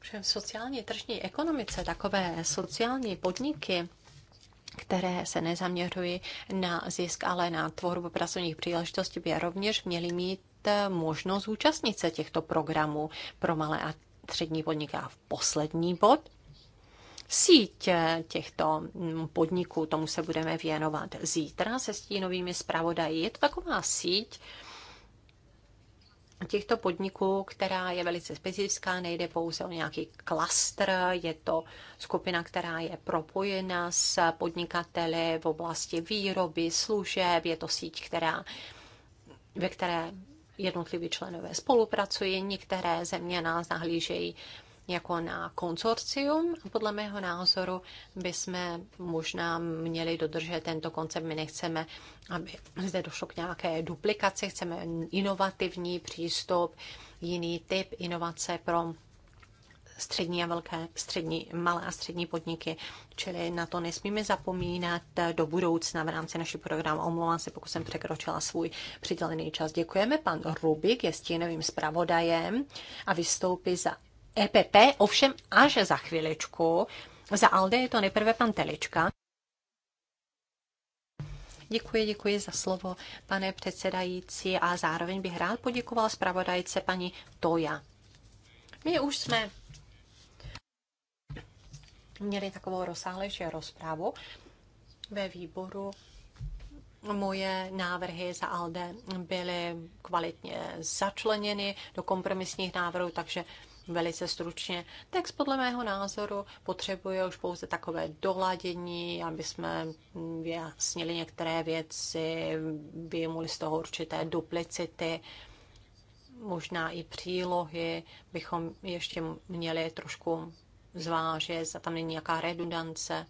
Všem sociální tržní ekonomice takové sociální podniky které se nezaměřují na zisk, ale na tvorbu pracovních příležitostí, by rovněž měly mít Eh, možnost zúčastnit se těchto programů pro malé a střední podniky. A v poslední bod, síť eh, těchto mm, podniků, tomu se budeme věnovat zítra se stínovými zpravodaji. Je to taková síť, těchto podniků, která je velice specifická, nejde pouze o nějaký klastr, je to skupina, která je propojena s podnikateli v oblasti výroby, služeb, je to síť, která, ve které jednotliví členové spolupracují, některé země nás nahlížejí jako na konsorcium. Podle mého názoru bychom možná měli dodržet tento koncept. My nechceme, aby zde došlo k nějaké duplikaci, chceme inovativní přístup, jiný typ inovace pro střední a velké, střední, malé a střední podniky. Čili na to nesmíme zapomínat do budoucna v rámci naší programu. Omlouvám se, pokud jsem překročila svůj přidělený čas. Děkujeme. Pan Rubik je stínovým zpravodajem a vystoupí za EPP, ovšem až za chviličku. Za ALDE je to nejprve pan Telička. Děkuji, děkuji za slovo, pane předsedající, a zároveň bych rád poděkoval zpravodajce paní Toja. My už jsme měli takovou rozsáhlejší rozprávu ve výboru. Moje návrhy za ALDE byly kvalitně začleněny do kompromisních návrhů, takže velice stručně. Text podle mého názoru potřebuje už pouze takové doladění, aby jsme vyjasnili některé věci, vyjmuli z toho určité duplicity, možná i přílohy bychom ještě měli trošku zváže, zda tam není nějaká redundance.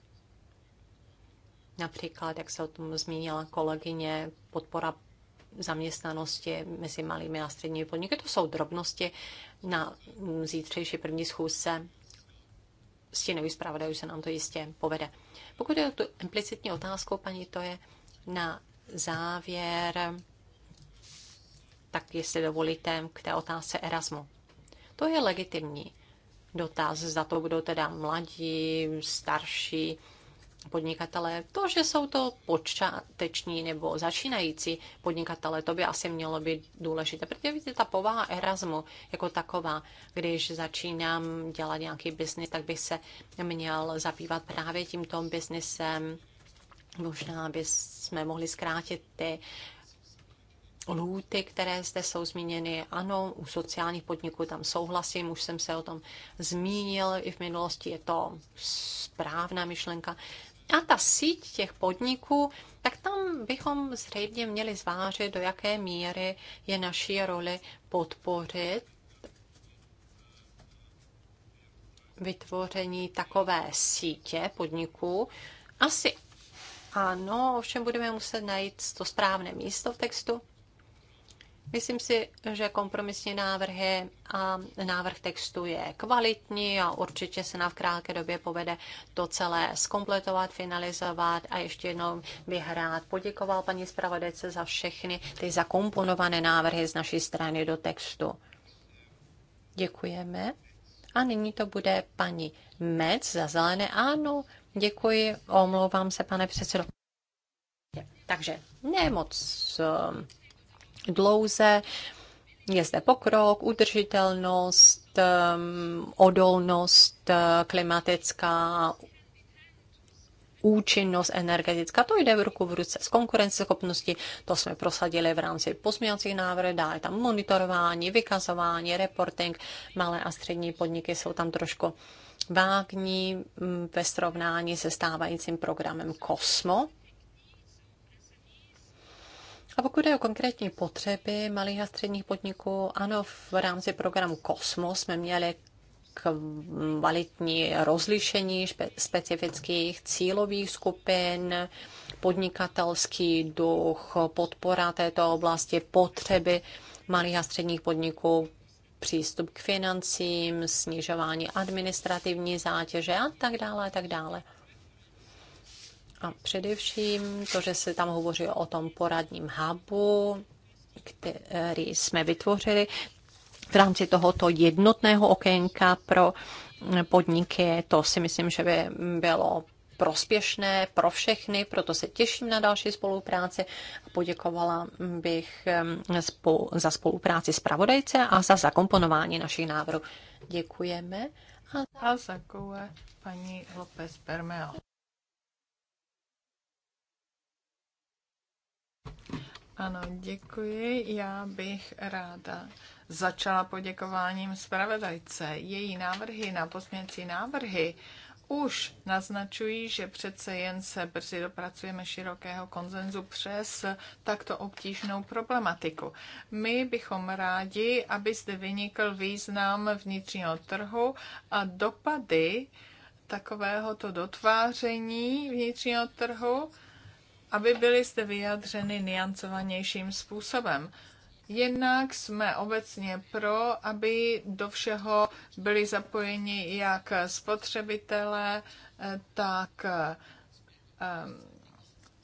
Například, jak se o tom zmínila kolegyně, podpora zaměstnanosti mezi malými a středními podniky. To jsou drobnosti na zítřejší první schůzce. S tím nevyspravodají, se nám to jistě povede. Pokud je tu implicitní otázku, paní, to je na závěr, tak jestli dovolíte, k té otázce Erasmu. To je legitimní dotaz, za to budou teda mladí, starší podnikatelé. To, že jsou to počáteční nebo začínající podnikatelé, to by asi mělo být důležité. Protože víte, ta povaha Erasmu jako taková, když začínám dělat nějaký biznis, tak bych se měl zabývat právě tímto biznisem. Možná by jsme mohli zkrátit ty lhůty, které zde jsou zmíněny. Ano, u sociálních podniků tam souhlasím, už jsem se o tom zmínil i v minulosti, je to správná myšlenka. A ta síť těch podniků, tak tam bychom zřejmě měli zvážit, do jaké míry je naší roli podpořit vytvoření takové sítě podniků. Asi ano, ovšem budeme muset najít to správné místo v textu. Myslím si, že kompromisní návrhy a návrh textu je kvalitní a určitě se nám v krátké době povede to celé skompletovat, finalizovat a ještě jednou bych rád poděkoval paní zpravodajce za všechny ty zakomponované návrhy z naší strany do textu. Děkujeme. A nyní to bude paní Mec za zelené. Ano, děkuji, omlouvám se, pane předsedo. Takže nemoc eh, dlouze. Je zde pokrok, udržitelnost, um, odolnost uh, klimatická, účinnost energetická. To jde v ruku v ruce s konkurenceschopností. To jsme prosadili v rámci pozměňovacích návrhů. Dále tam monitorování, vykazování, reporting. Malé a střední podniky jsou tam trošku vágní mm, ve srovnání se stávajícím programem Kosmo. A pokud je o konkrétní potřeby malých a středních podniků, ano, v rámci programu Kosmos jsme měli kvalitní rozlišení špe- specifických cílových skupin, podnikatelský duch, podpora této oblasti, potřeby malých a středních podniků, přístup k financím, snižování administrativní zátěže a tak dále a tak dále. A především to, že se tam hovoří o tom poradním hubu, který jsme vytvořili v rámci tohoto jednotného okénka pro podniky, to si myslím, že by bylo prospěšné pro všechny, proto se těším na další spolupráci a poděkovala bych za spolupráci s pravodajce a za zakomponování našich návrhů. Děkujeme. A, a za paní López Permeo. Ano, děkuji. Já bych ráda začala poděkováním zpravodajce. Její návrhy na posměcí návrhy už naznačují, že přece jen se brzy dopracujeme širokého konzenzu přes takto obtížnou problematiku. My bychom rádi, aby zde vynikl význam vnitřního trhu a dopady takovéhoto dotváření vnitřního trhu aby byly zde vyjadřeny niancovanějším způsobem. Jednak jsme obecně pro, aby do všeho byli zapojeni jak spotřebitelé, tak ehm,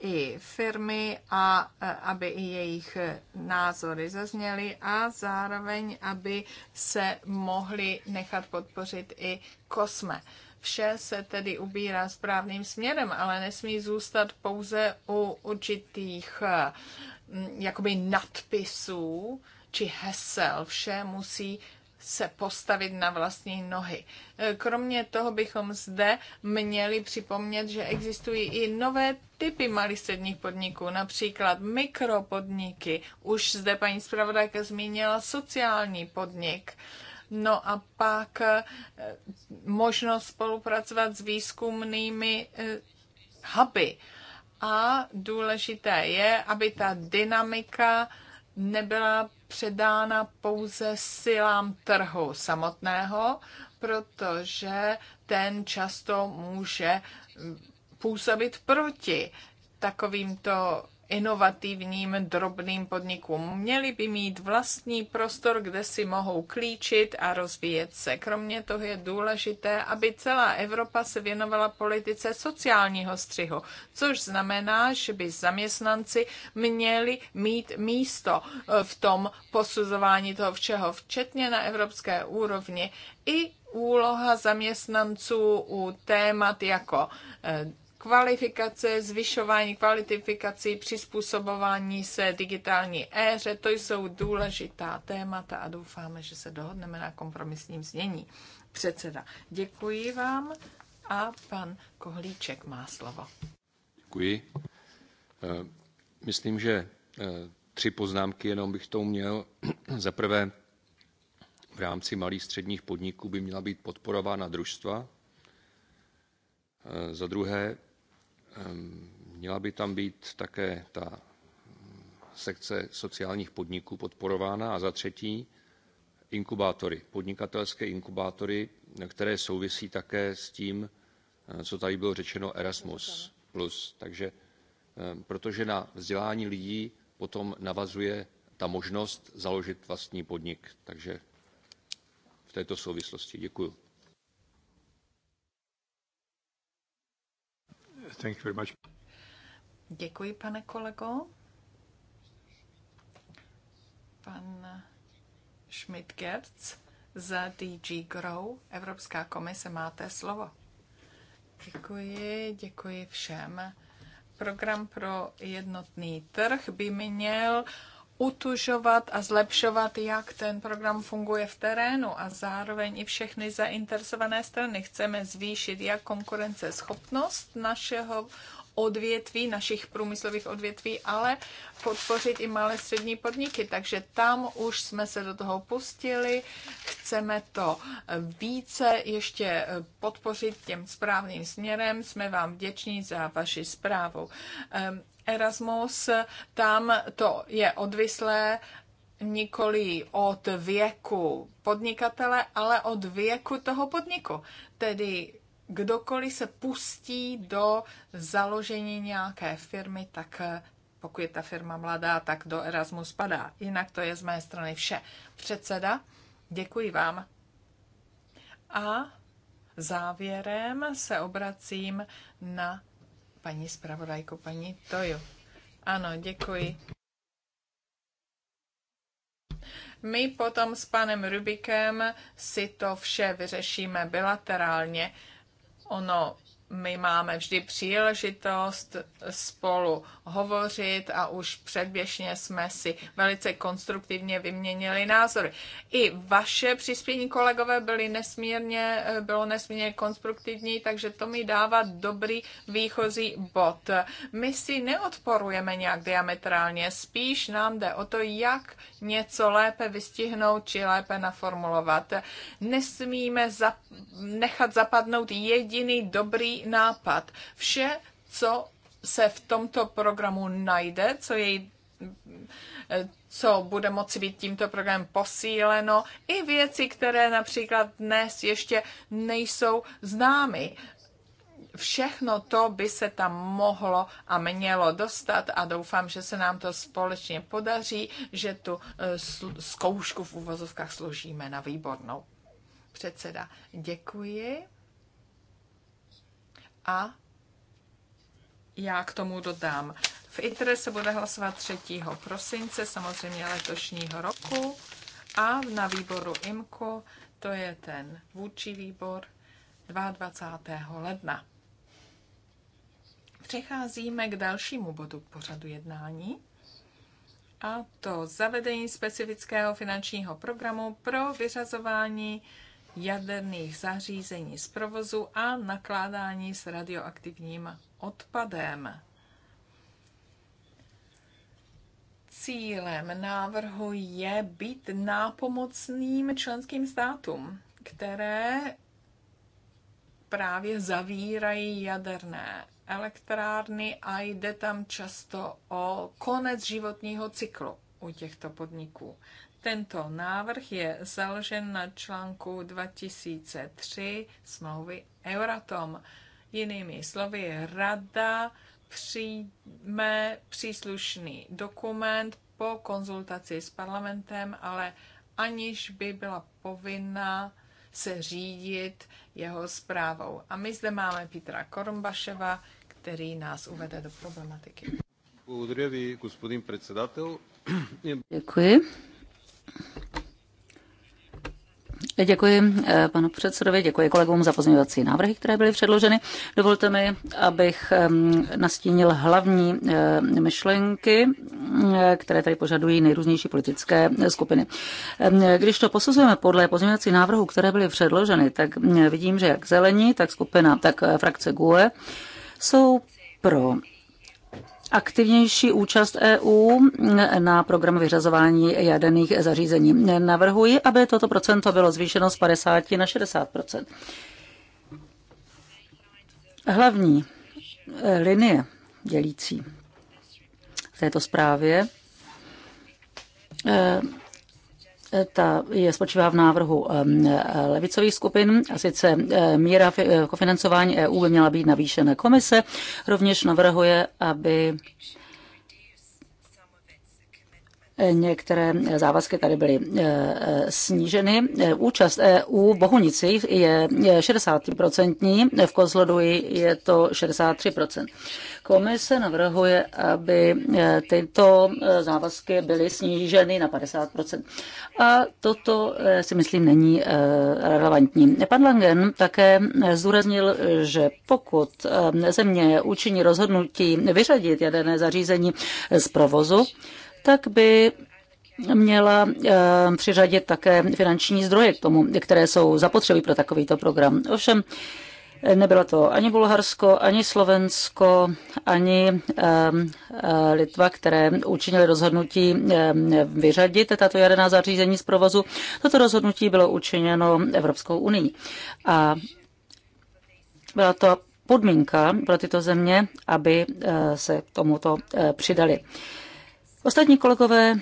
i firmy a e, aby i jejich názory zazněly a zároveň, aby se mohli nechat podpořit i kosme. Vše se tedy ubírá správným směrem, ale nesmí zůstat pouze u určitých mm, jakoby nadpisů či hesel. Vše musí se postavit na vlastní nohy. Kromě toho bychom zde měli připomnět, že existují i nové typy malých středních podniků, například mikropodniky. Už zde paní zpravodajka zmínila sociální podnik. No a pak eh, možnost spolupracovat s výzkumnými eh, huby. A důležité je, aby ta dynamika nebyla předána pouze silám trhu samotného, protože ten často může působit proti takovýmto inovativním drobným podnikům. Měli by mít vlastní prostor, kde si mohou klíčit a rozvíjet se. Kromě toho je důležité, aby celá Evropa se věnovala politice sociálního střihu, což znamená, že by zaměstnanci měli mít místo v tom posuzování toho všeho, včetně na evropské úrovni i úloha zaměstnanců u témat jako eh, kvalifikace, zvyšování kvalifikací, přizpůsobování se digitální éře, to jsou důležitá témata a doufáme, že se dohodneme na kompromisním znění. Předseda, děkuji vám a pan Kohlíček má slovo. Děkuji. Eh, myslím, že eh, tři poznámky jenom bych to měl. Za prvé, v rámci malých středních podniků by měla být podporována družstva. Eh, za druhé, Ehm, měla by tam být také ta sekce sociálních podniků podporována a za třetí inkubátory, podnikatelské inkubátory, které souvisí také s tím, eh, co tady bylo řečeno Erasmus+. Plus. Takže ehm, protože na vzdělání lidí potom navazuje ta možnost založit vlastní podnik. Takže v této souvislosti děkuji. Thank you very much. Děkuji, pane kolego. Pan Schmidt-Gertz za DG Grow, Evropská komise, máte slovo. Děkuji, děkuji všem. Program pro jednotný trh by měl uh, utužovat a zlepšovat, jak ten program funguje v terénu a zároveň i všechny zainteresované strany. Chceme zvýšit jak konkurenceschopnost našeho odvětví, našich průmyslových odvětví, ale podpořit i malé střední podniky. Takže tam už jsme se do toho pustili, chceme to více ještě podpořit těm správným směrem. Jsme vám vděční za vaši zprávu. Erasmus, tam to je odvislé nikoli od věku podnikatele, ale od věku toho podniku. Tedy kdokoliv se pustí do založení nějaké firmy, tak eh, pokud je ta firma mladá, tak do Erasmus padá. Jinak to je z mé strany vše. Předseda, děkuji vám. A závěrem se obracím na paní zpravodajku, paní Toju. Ano, děkuji. My potom s panem Rubikem si to vše vyřešíme bilaterálně. Ono my máme vždy příležitost spolu hovořit a už předběžně jsme si velice konstruktivně vyměnili názory. I vaše přispění kolegové byly nesmírně, bylo nesmírně konstruktivní, takže to mi dává dobrý výchozí bod. My si neodporujeme nějak diametrálně, spíš nám jde o to, jak něco lépe vystihnout či lépe naformulovat. Nesmíme zap- nechat zapadnout jediný dobrý nápad. Vše, co se v tomto programu najde, co jej co bude moci být tímto programem posíleno, i věci, které například dnes ještě nejsou známy. Všechno to by se tam mohlo a mělo dostat a doufám, že se nám to společně podaří, že tu eh, zkoušku v uvozovkách složíme na výbornou. Předseda, děkuji a já k tomu dodám. V ITRE se bude hlasovat 3. prosince, samozřejmě letošního roku, a na výboru IMCO, to je ten vůči výbor, 22. ledna. Přecházíme k dalšímu bodu pořadu jednání, a to zavedení specifického finančního programu pro vyřazování jaderných zařízení z provozu a nakládání s radioaktivním odpadem. Cílem návrhu je být nápomocným členským státům, které právě zavírají jaderné elektrárny a jde tam často o konec životního cyklu u těchto podniků. Tento návrh je založen na článku 2003 smlouvy Euratom. Jinými slovy, rada přijme příslušný dokument po konzultaci s parlamentem, ale aniž by byla povinna se řídit jeho zprávou. A my zde máme Petra Korumbaševa, který nás uvede do problematiky. Děkuji. Děkuji eh, panu předsedovi, děkuji kolegům za pozměňovací návrhy, které byly předloženy. Dovolte mi, abych nastínil hlavní eh, myšlenky, eh, které tady požadují nejrůznější politické skupiny. Když to posuzujeme podle pozměňovacích návrhů, které byly předloženy, tak mm, vidím, že jak zelení, tak skupina, tak frakce GUE jsou pro aktivnější účast EU na program vyřazování jaderných zařízení. Navrhuji, aby toto procento bylo zvýšeno z 50 na 60 Hlavní eh, linie dělící v této zprávě eh, ta je spočívá v návrhu levicových skupin, a sice eh, míra eh, kofinancování EU by měla být navýšena. Komise rovněž navrhuje, aby Některé závazky tady byly eh, eh, sníženy. Účast EU v Bohunici je 60%, v Kozloduji je to 63%. Komise navrhuje, aby eh, tyto závazky byly sníženy na 50%. A toto si myslím není relevantní. Pan Langen také zdůraznil, že pokud země učiní rozhodnutí vyřadit jaderné zařízení z provozu, tak by měla eh, přiřadit také finanční zdroje k tomu, které jsou zapotřebí pro takovýto program. Ovšem, eh, Nebylo to ani Bulharsko, ani Slovensko, ani ehm, eh, Litva, které učinili rozhodnutí ehm, vyřadit tato jaderná zařízení z provozu. Toto rozhodnutí bylo učiněno Evropskou unii. A byla to podmínka pro tyto země, aby se k tomuto přidali. Ostatní kolegové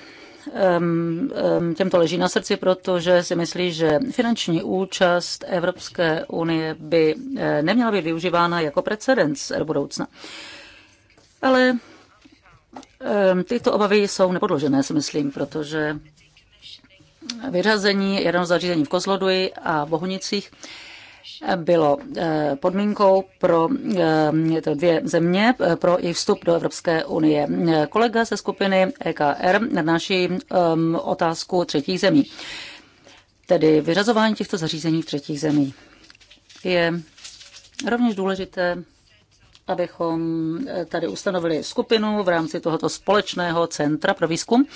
těmto leží na srdci, protože si myslí, že finanční účast Evropské unie by eh, neměla být využívána jako precedens do budoucna. Ale tyto obavy jsou nepodložené, si myslím, protože vyřazení jednoho zařízení v Kozloduji a Bohunicích bylo eh, podmínkou pro eh, to dvě země eh, pro jejich vstup do Evropské unie. Kolega ze skupiny EKR naší otázku třetích zemí, tedy vyřazování těchto zařízení v třetích zemí. Je rovněž důležité abychom tady ustanovili skupinu v rámci tohoto společného centra pro výzkum,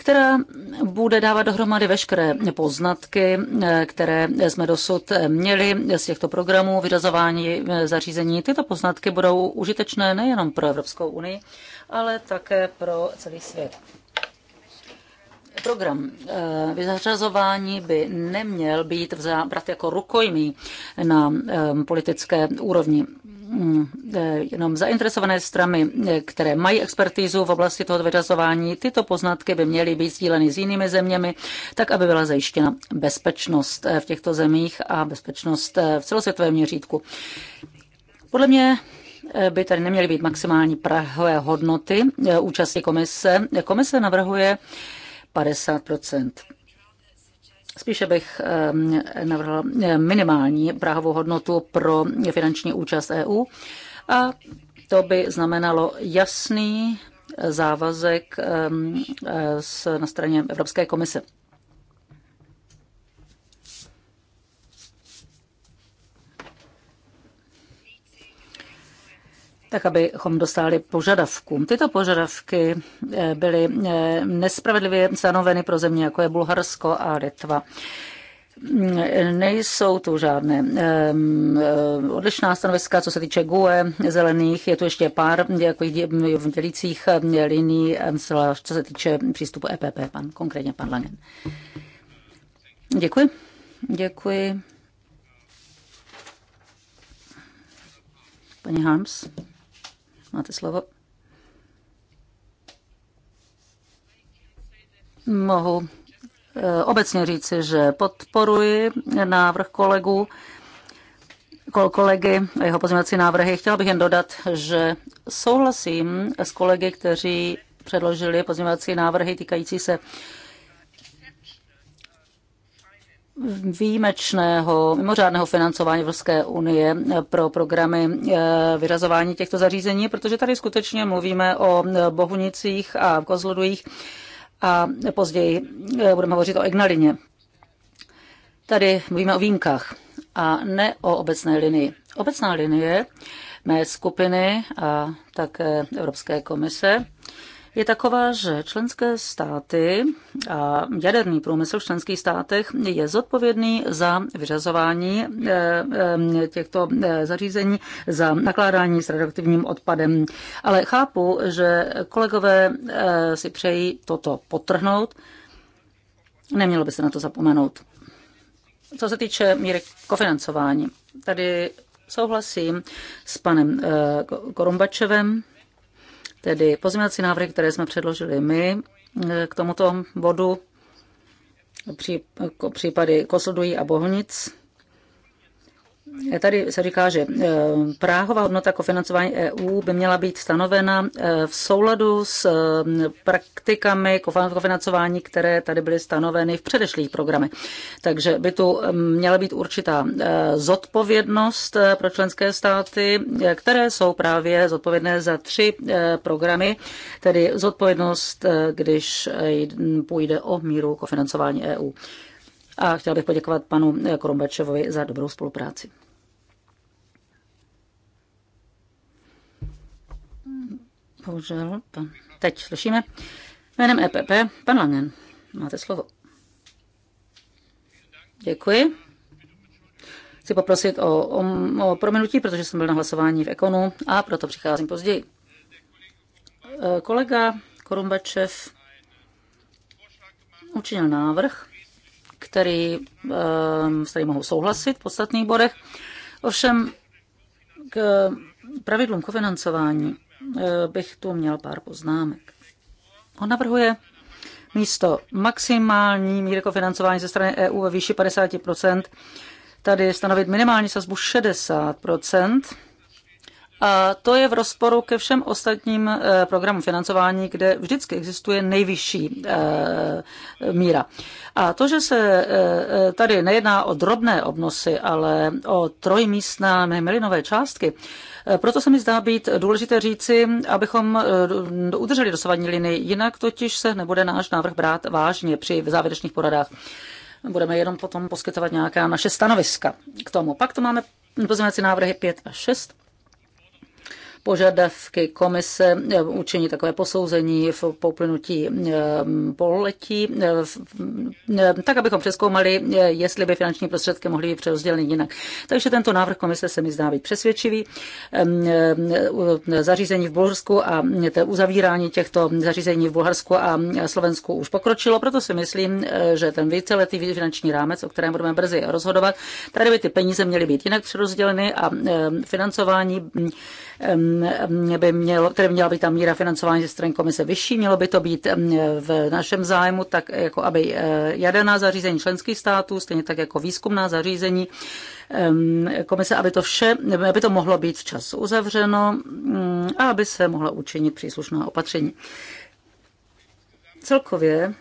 která bude dávat dohromady veškeré poznatky, eh, které jsme dosud eh, měli z těchto programů vyřazování eh, zařízení. Tyto poznatky budou užitečné nejenom pro Evropskou unii, ale také pro celý svět. Program vyzařazování by neměl být brat jako rukojmí na politické úrovni. Mm, e, jenom zainteresované strany, e, které mají expertízu v oblasti tohoto vyřazování, tyto poznatky by měly být sdíleny s jinými zeměmi, tak aby byla zajištěna bezpečnost e, v těchto zemích a bezpečnost v celosvětovém měřítku. Podle mě by tady neměly být maximální prahové hodnoty účasti komise. Komise navrhuje 50 Spíše bych navrhl minimální prahovou hodnotu pro finanční účast EU a to by znamenalo jasný závazek na straně Evropské komise. tak abychom dostali požadavkům. Tyto požadavky eh, byly eh, nespravedlivě stanoveny pro země, jako je Bulharsko a Litva mm, nejsou tu žádné ehm, odlišná stanoviska, co se týče GUE, zelených, je tu ještě pár jako v dělících eh, liní, co se týče přístupu EPP, pan, konkrétně pan Langen. Děkuji. Děkuji. Paní Harms. Máte slovo. Mohu eh, obecně říci, že podporuji návrh kolegů, kolegy a jeho pozměňovací návrhy. Chtěla bych jen dodat, že souhlasím s kolegy, kteří předložili pozměňovací návrhy týkající se výjimečného, mimořádného financování Evropské unie pro programy eh, vyrazování těchto zařízení, protože tady skutečně mluvíme o eh, Bohunicích a Kozlodujích a později eh, budeme hovořit o Ignalině. Tady mluvíme o výjimkách a ne o obecné linii. Obecná linie mé skupiny a také Evropské komise je taková, že členské státy a jaderný průmysl v členských státech je zodpovědný za vyřazování eh, eh, těchto eh, zařízení, za nakládání s radioaktivním odpadem. Ale chápu, že kolegové si přejí toto potrhnout. Nemělo by se na to zapomenout. Co se týče míry kofinancování, tady souhlasím s panem Korumbačevem Tedy pozměňovací návrhy, které jsme předložili my eh, k tomuto bodu, případy Kosodují a Bohnic, Eh, tady se říká, že eh, práhová hodnota kofinancování jako EU by měla být stanovena eh, v souladu s praktikami kofinancování, které tady byly stanoveny v předešlých programech. Takže by tu měla být určitá zodpovědnost pro členské státy, které jsou právě zodpovědné za tři programy, tedy zodpovědnost, když půjde o míru kofinancování EU. A chtěla bych poděkovat panu Korombačevovi za dobrou spolupráci. Bohužel, pan, teď slyšíme. Jménem EPP, pan Langen, máte slovo. Děkuji. Chci poprosit o, o, o prominutí, protože jsem byl na hlasování v Ekonu a proto přicházím později. E, kolega Korumbačev učinil návrh, který, ehm, s kterým mohu souhlasit v podstatných bodech. Ovšem k pravidlům kofinancování Eh, bych tu měl pár poznámek. On navrhuje místo maximální míry kofinancování ze strany EU ve výši 50 tady stanovit minimální sazbu 60 a to je v rozporu ke všem ostatním eh, programům financování, kde vždycky existuje nejvyšší eh, míra. A to, že se tady nejedná o drobné obnosy, ale o trojmístné milinové částky, Eh, proto se mi zdá být důležité říci, abychom eh, udrželi dosavadní linii, jinak totiž se nebude náš návrh brát vážně při závěrečných poradách. Budeme jenom potom poskytovat nějaká naše stanoviska k tomu. Pak to máme pozměňovací návrhy 5 a 6 požadavky komise eh, učinit takové posouzení v poplnutí eh, pololetí, eh, tak abychom přeskoumali, jestli by finanční prostředky mohly být přerozděleny jinak. Takže tento návrh komise se mi zdá být přesvědčivý. Zařízení v Bulharsku a uzavírání těchto zařízení v Bulharsku a Slovensku už pokročilo, proto si myslím, že ten víceletý finanční rámec, o kterém budeme brzy rozhodovat, tady by ty peníze měly být jinak přerozděleny a financování by mělo, tedy měla by tam míra financování ze strany komise vyšší, mělo by to být v našem zájmu, tak jako aby eh, jaderná zařízení členských států, stejně tak jako výzkumná zařízení komise, aby to vše, aby to mohlo být včas uzavřeno mm, a aby se mohla učinit příslušná opatření. Celkově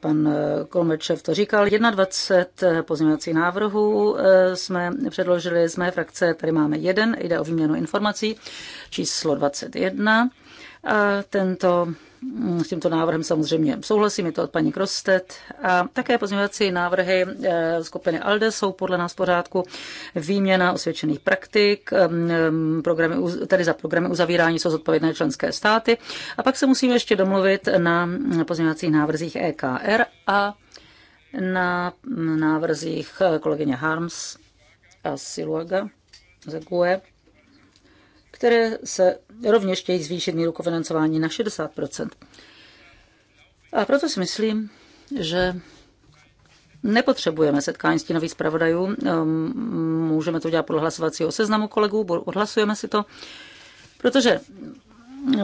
Pan Kolmečev to říkal. 21 pozměňovací návrhů eh, jsme předložili z mé frakce. Tady máme jeden, jde o výměnu informací, číslo 21. A tento Mm, s tímto návrhem samozřejmě souhlasím, je to od paní Krostet. A také pozměňovací návrhy eh, skupiny ALDE jsou podle nás pořádku výměna osvědčených praktik, mm, mm, programy, tedy za programy uzavírání jsou zodpovědné členské státy. A pak se musíme ještě domluvit na pozměňovacích návrzích EKR a na návrzích eh, kolegyně Harms a Siluaga ze GUE které se rovněž chtějí zvýšit míru kofinancování na 60 A proto si myslím, že nepotřebujeme setkání stínových zpravodajů. Můžeme to dělat podle hlasovacího seznamu kolegů, odhlasujeme si to, protože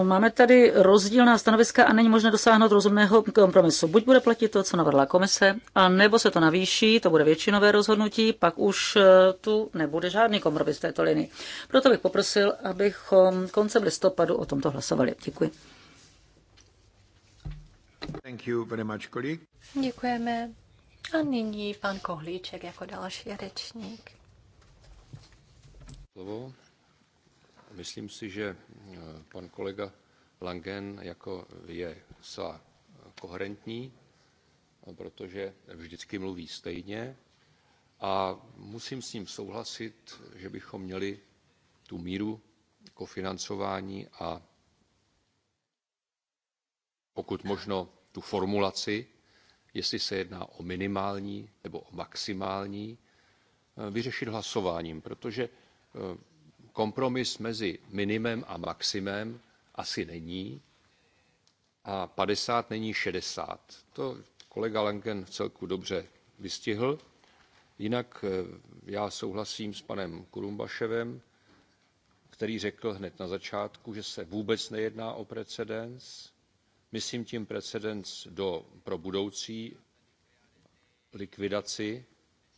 Máme tady rozdílná stanoviska a není možné dosáhnout rozumného kompromisu. Buď bude platit to, co navrhla komise, a nebo se to navýší, to bude většinové rozhodnutí, pak už eh, tu nebude žádný kompromis v této linii. Proto bych poprosil, abychom koncem listopadu o tomto hlasovali. Děkuji. Thank you very much, Děkujeme. A nyní pan Kohlíček jako další řečník. Slovo. Myslím si, že eh, pan kolega Langen jako je celá koherentní, protože vždycky mluví stejně a musím s ním souhlasit, že bychom měli tu míru kofinancování a pokud možno tu formulaci, jestli se jedná o minimální nebo o maximální, eh, vyřešit hlasováním, protože eh, kompromis mezi minimem a maximem asi není a 50 není 60. To kolega Langen celku dobře vystihl. Jinak eh, já souhlasím s panem Kurumbaševem, který řekl hned na začátku, že se vůbec nejedná o precedens. Myslím tím precedens do, pro budoucí likvidaci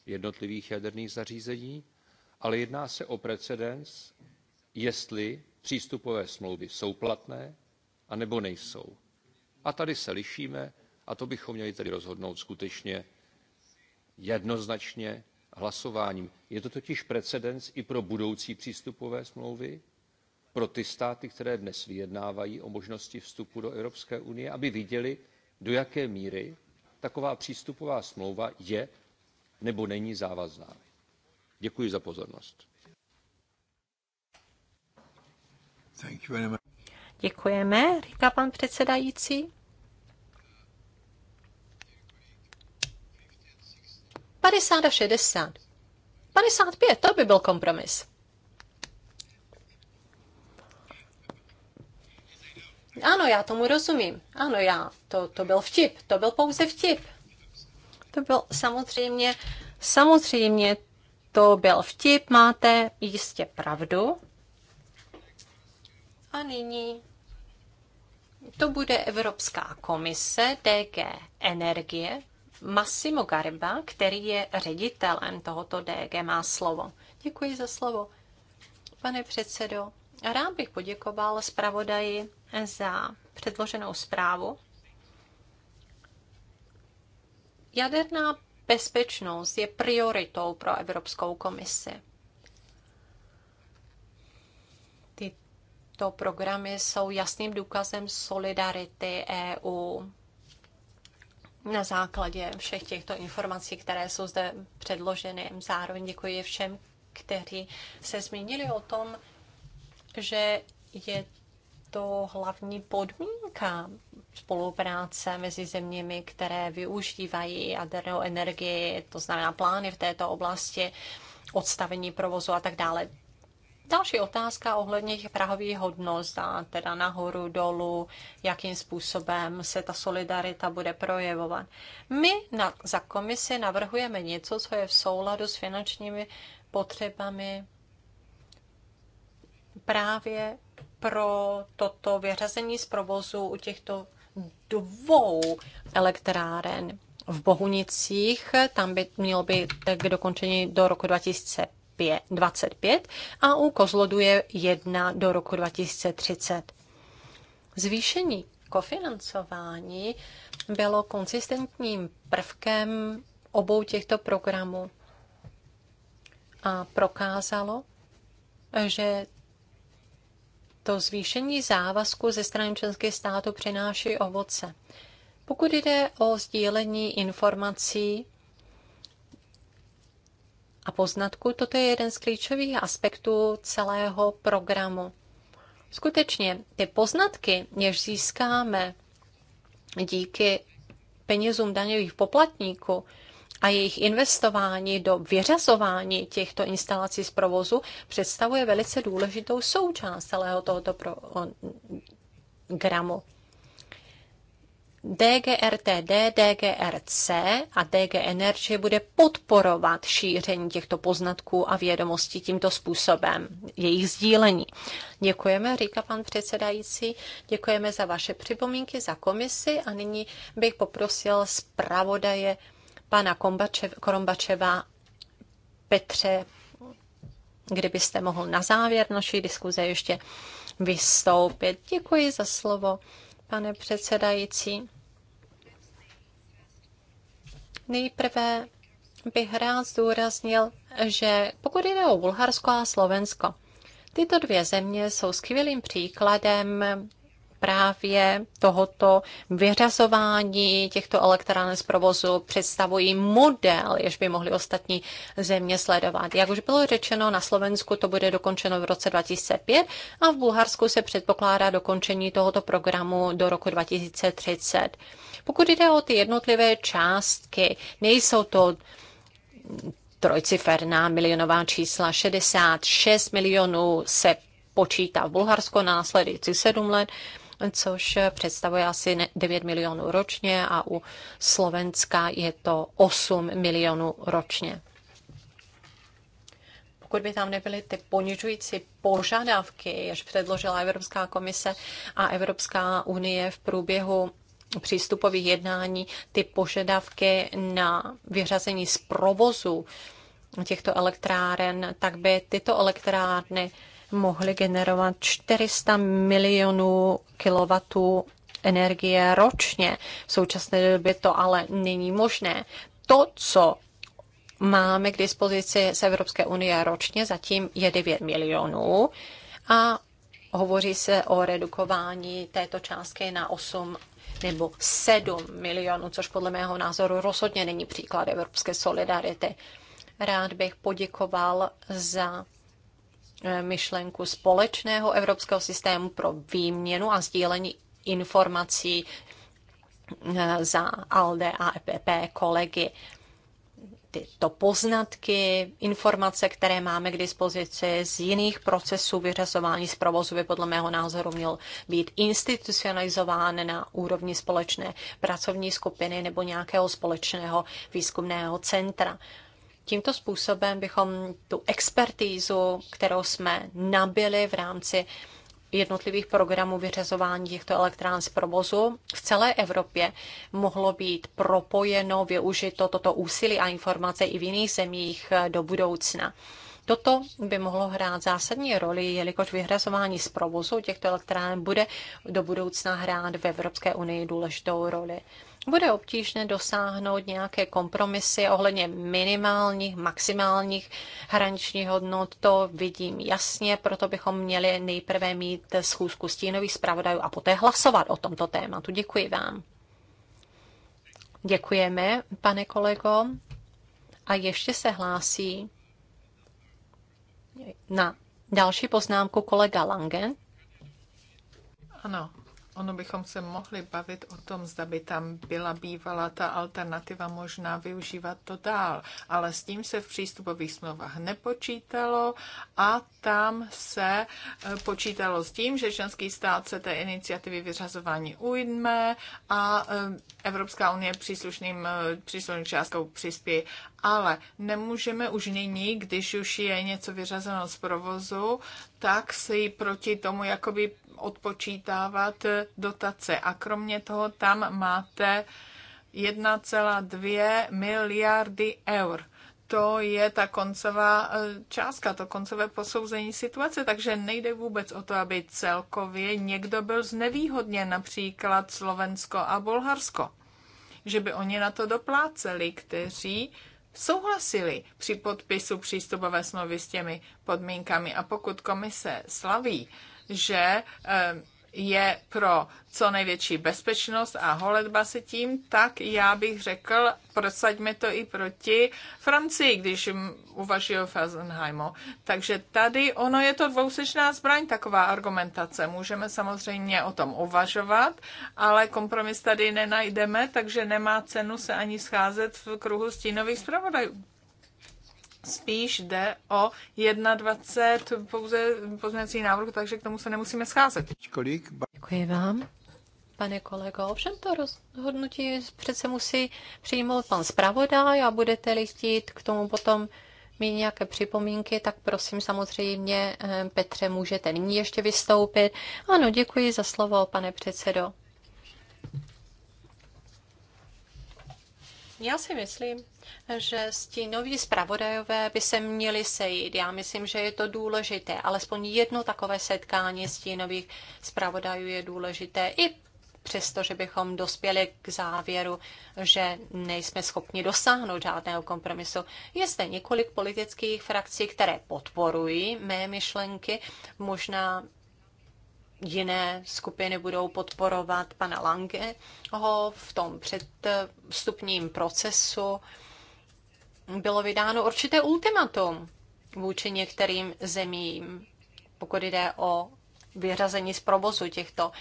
jednotlivých jaderných zařízení ale jedná se o precedens, jestli přístupové smlouvy jsou platné, anebo nejsou. A tady se lišíme a to bychom měli tedy rozhodnout skutečně jednoznačně hlasováním. Je to totiž precedens i pro budoucí přístupové smlouvy, pro ty státy, které dnes vyjednávají o možnosti vstupu do Evropské unie, aby viděli, do jaké míry taková přístupová smlouva je nebo není závazná. Děkuji za pozornost. Děkujeme, říká pan předsedající. Padesát a Padesát pět, to by byl kompromis. Ano, já tomu rozumím. Ano, já. To, to byl vtip. To byl pouze vtip. To byl samozřejmě, samozřejmě to byl vtip, máte jistě pravdu. A nyní to bude Evropská komise DG Energie. Massimo Garba, který je ředitelem tohoto DG, má slovo. Děkuji za slovo. Pane předsedo, rád bych poděkoval zpravodaji za předloženou zprávu. Jaderná bezpečnost je prioritou pro Evropskou komisi. Tyto programy jsou jasným důkazem solidarity EU na základě všech těchto informací, které jsou zde předloženy. Zároveň děkuji všem, kteří se zmínili o tom, že je to hlavní podmínka spolupráce mezi zeměmi, které využívají jadernou energii, to znamená plány v této oblasti, odstavení provozu a tak dále. Další otázka ohledně těch prahových hodnot, a teda nahoru, dolů, jakým způsobem se ta solidarita bude projevovat. My na, za komisi navrhujeme něco, co je v souladu s finančními potřebami právě pro toto vyřazení z provozu u těchto dvou elektráren v Bohunicích, tam by mělo být k dokončení do roku 2025 a u Kozlodu je jedna do roku 2030. Zvýšení kofinancování bylo konsistentním prvkem obou těchto programů a prokázalo, že to zvýšení závazku ze strany členských států přináší ovoce. Pokud jde o sdílení informací a poznatku, toto je jeden z klíčových aspektů celého programu. Skutečně ty poznatky, jež získáme díky penězům daňových poplatníků, a jejich investování do vyřazování těchto instalací z provozu představuje velice důležitou součást celého tohoto programu. DGRTD, DGRC a DG Energy bude podporovat šíření těchto poznatků a vědomostí tímto způsobem, jejich sdílení. Děkujeme, říká pan předsedající, děkujeme za vaše připomínky, za komisi a nyní bych poprosil zpravodaje pana Korombačeva. Petře, kdybyste mohl na závěr naší diskuze ještě vystoupit. Děkuji za slovo, pane předsedající. Nejprve bych rád zdůraznil, že pokud jde o Bulharsko a Slovensko, tyto dvě země jsou skvělým příkladem právě tohoto vyřazování těchto elektráren z provozu představují model, jež by mohli ostatní země sledovat. Jak už bylo řečeno, na Slovensku to bude dokončeno v roce 2005 a v Bulharsku se předpokládá dokončení tohoto programu do roku 2030. Pokud jde o ty jednotlivé částky, nejsou to trojciferná milionová čísla 66 milionů se počítá v Bulharsko následující 7 let, což představuje asi 9 milionů ročně a u Slovenska je to 8 milionů ročně. Pokud by tam nebyly ty ponižující požadavky, jež předložila Evropská komise a Evropská unie v průběhu přístupových jednání, ty požadavky na vyřazení z provozu těchto elektráren, tak by tyto elektrárny mohli generovat 400 milionů kilowatů energie ročně. V současné době to ale není možné. To, co máme k dispozici z Evropské unie ročně, zatím je 9 milionů a hovoří se o redukování této částky na 8 nebo 7 milionů, což podle mého názoru rozhodně není příklad evropské solidarity. Rád bych poděkoval za Eh, myšlenku společného evropského systému pro výměnu a sdílení informací eh, za ALDE a EPP kolegy tyto poznatky, informace, které máme k dispozici z jiných procesů vyřazování z provozu, by podle mého názoru měl být institucionalizován na úrovni společné pracovní skupiny nebo nějakého společného výzkumného centra tímto způsobem bychom tu expertízu, kterou jsme nabili v rámci jednotlivých programů vyřazování těchto elektrán z provozu v celé Evropě mohlo být propojeno, využito toto úsilí a informace i v jiných zemích eh, do budoucna. Toto by mohlo hrát zásadní roli, jelikož vyhrazování z provozu těchto elektrán bude do budoucna hrát v Evropské unii důležitou roli bude obtížné dosáhnout nějaké kompromisy ohledně minimálních, maximálních hraničních hodnot. To vidím jasně, proto bychom měli nejprve mít schůzku stínových zpravodajů a poté hlasovat o tomto tématu. Děkuji vám. Děkujeme, pane kolego. A ještě se hlásí na další poznámku kolega Langen. Ano, Ono bychom se mohli bavit o tom, zda by tam byla bývala ta alternativa možná využívat to dál, ale s tím se v přístupových smlouvách nepočítalo a tam se eh, počítalo s tím, že členský stát se té iniciativy vyřazování ujme a eh, Evropská unie příslušným, eh, příslušným částkou přispěje ale nemůžeme už nyní, když už je něco vyřazeno z provozu, tak si proti tomu jakoby odpočítávat dotace. A kromě toho tam máte 1,2 miliardy eur to je ta koncová eh, částka, to koncové posouzení situace, takže nejde vůbec o to, aby celkově někdo byl znevýhodněn, například Slovensko a Bulharsko, že by oni na to dopláceli, kteří souhlasili při podpisu přístupové smlouvy s těmi podmínkami. A pokud komise slaví, že eh, je pro co největší bezpečnost a holedba se tím, tak já bych řekl, prosaďme to i proti Francii, když uvažují o Felsenheimu. Takže tady ono je to dvousečná zbraň, taková argumentace. Můžeme samozřejmě o tom uvažovat, ale kompromis tady nenajdeme, takže nemá cenu se ani scházet v kruhu stínových zpravodajů spíš jde o 21 pouze pozměnací návrh, takže k tomu se nemusíme scházet. Děkuji vám. Pane kolego, ovšem to rozhodnutí přece musí přijmout pan zpravodaj a budete listit k tomu potom mít nějaké připomínky, tak prosím samozřejmě, eh, Petře, můžete nyní ještě vystoupit. Ano, děkuji za slovo, pane předsedo. Já si myslím, že s noví zpravodajové by se měli sejít. Já myslím, že je to důležité. Alespoň jedno takové setkání s nových zpravodajů je důležité. I přesto, že bychom dospěli k závěru, že nejsme schopni dosáhnout žádného kompromisu. Je zde několik politických frakcí, které podporují mé myšlenky. Možná jiné skupiny budou podporovat pana Langeho v tom předstupním procesu, bylo vydáno určité ultimatum vůči některým zemím, pokud jde o vyřazení z provozu těchto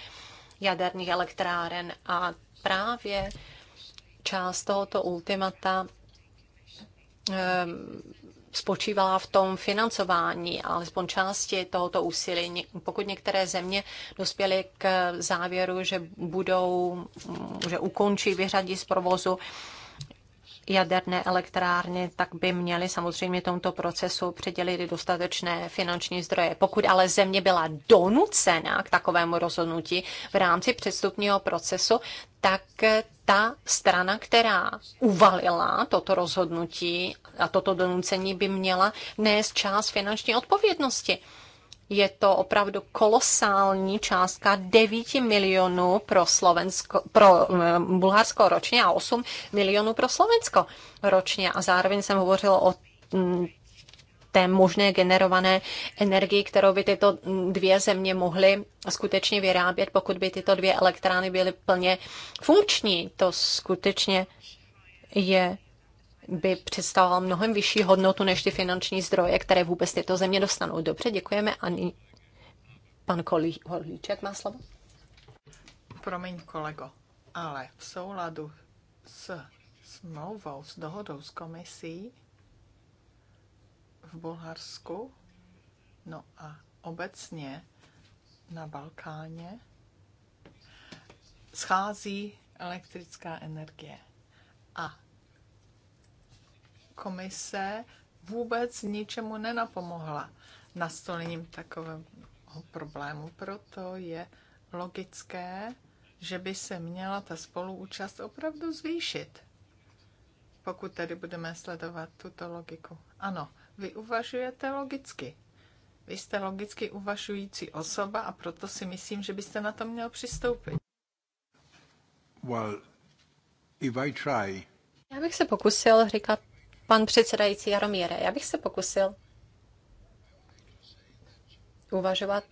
jaderných elektráren. A právě část tohoto ultimata spočívala v tom financování, alespoň části tohoto úsilí. Pokud některé země dospěly k závěru, že budou, že ukončí, vyřadí z provozu jaderné elektrárny, tak by měly samozřejmě tomto procesu předělit dostatečné finanční zdroje. Pokud ale země byla donucena k takovému rozhodnutí v rámci předstupního procesu, tak ta strana, která uvalila toto rozhodnutí a toto donucení, by měla nést část finanční odpovědnosti. Je to opravdu kolosální částka 9 milionů pro, Slovensko, pro eh, Bulharsko ročně a 8 milionů pro Slovensko ročně. A zároveň jsem hovořila o mm, té možné generované energii, kterou by tyto dvě země mohly skutečně vyrábět, pokud by tyto dvě elektrárny byly plně funkční. To skutečně je by představoval mnohem vyšší hodnotu než ty finanční zdroje, které vůbec tyto země dostanou. Dobře, děkujeme. A nyní pan Kolíček má slovo. Promiň, kolego, ale v souladu s smlouvou, s dohodou s komisí, v Bulharsku, no a obecně na Balkáně, schází elektrická energie. A komise vůbec ničemu nenapomohla nastolením takového problému. Proto je logické, že by se měla ta spoluúčast opravdu zvýšit, pokud tady budeme sledovat tuto logiku. Ano, vy uvažujete logicky. Vy jste logicky uvažující osoba a proto si myslím, že byste na to měl přistoupit. Well, if I try... Já bych se pokusil, říká pan předsedající Jaromíre, já bych se pokusil uvažovat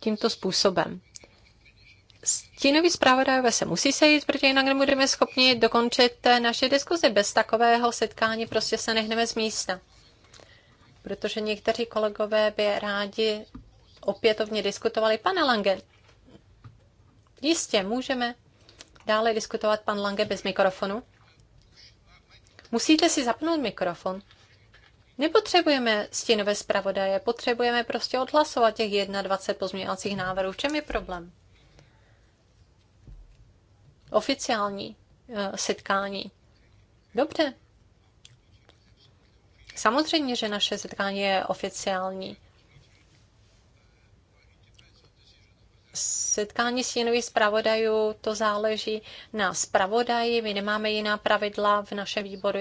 tímto způsobem. Stínoví zpravodajové se musí sejít, protože jinak nebudeme schopni dokončit naše diskuzi. Bez takového setkání prostě se nehneme z místa protože někteří kolegové by rádi opětovně diskutovali. Pane Lange, jistě můžeme dále diskutovat pan Lange bez mikrofonu. Musíte si zapnout mikrofon. Nepotřebujeme stínové zpravodaje, potřebujeme prostě odhlasovat těch 21 pozměňovacích návrhů. V čem je problém? Oficiální eh, setkání. Dobře, Samozřejmě, že naše setkání je oficiální. Setkání s stínových zpravodajů, to záleží na zpravodaji, my nemáme jiná pravidla v našem výboru.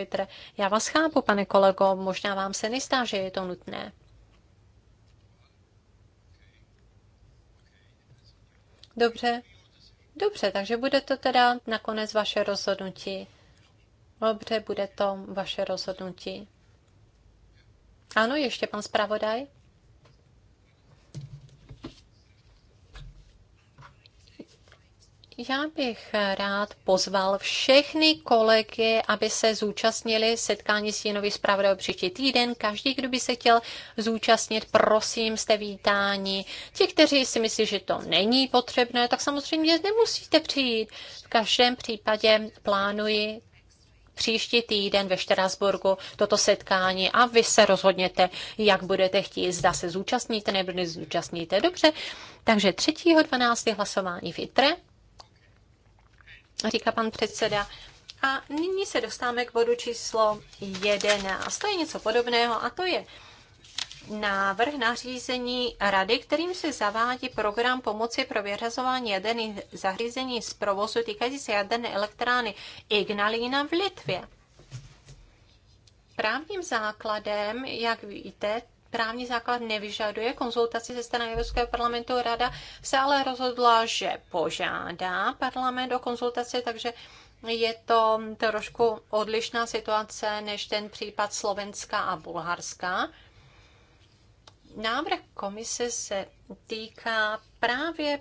Já vás chápu, pane kolego, možná vám se nestá, že je to nutné. Dobře, dobře, takže bude to teda nakonec vaše rozhodnutí. Dobře, bude to vaše rozhodnutí. Ano, ještě pan zpravodaj. Já bych rád pozval všechny kolegy, aby se zúčastnili setkání s jinou zpravodajů příští týden. Každý, kdo by se chtěl zúčastnit, prosím, jste vítání. Ti, kteří si myslí, že to není potřebné, tak samozřejmě nemusíte přijít. V každém případě plánuji příští týden ve Štrasburgu toto setkání a vy se rozhodněte, jak budete chtít, zda se zúčastníte nebo nezúčastníte. Dobře, takže 3.12. hlasování v ITRE, říká pan předseda. A nyní se dostáváme k bodu číslo 11. To je něco podobného a to je návrh nařízení Rady, kterým se zavádí program pomoci pro vyřazování jaderných zařízení z provozu týkající se jaderné elektrárny Ignalina v Litvě. Právním základem, jak víte, právní základ nevyžaduje konzultaci ze strany Evropského parlamentu. Rada se ale rozhodla, že požádá parlament o konzultaci, takže je to trošku odlišná situace než ten případ Slovenska a Bulharska. Návrh komise se týká právě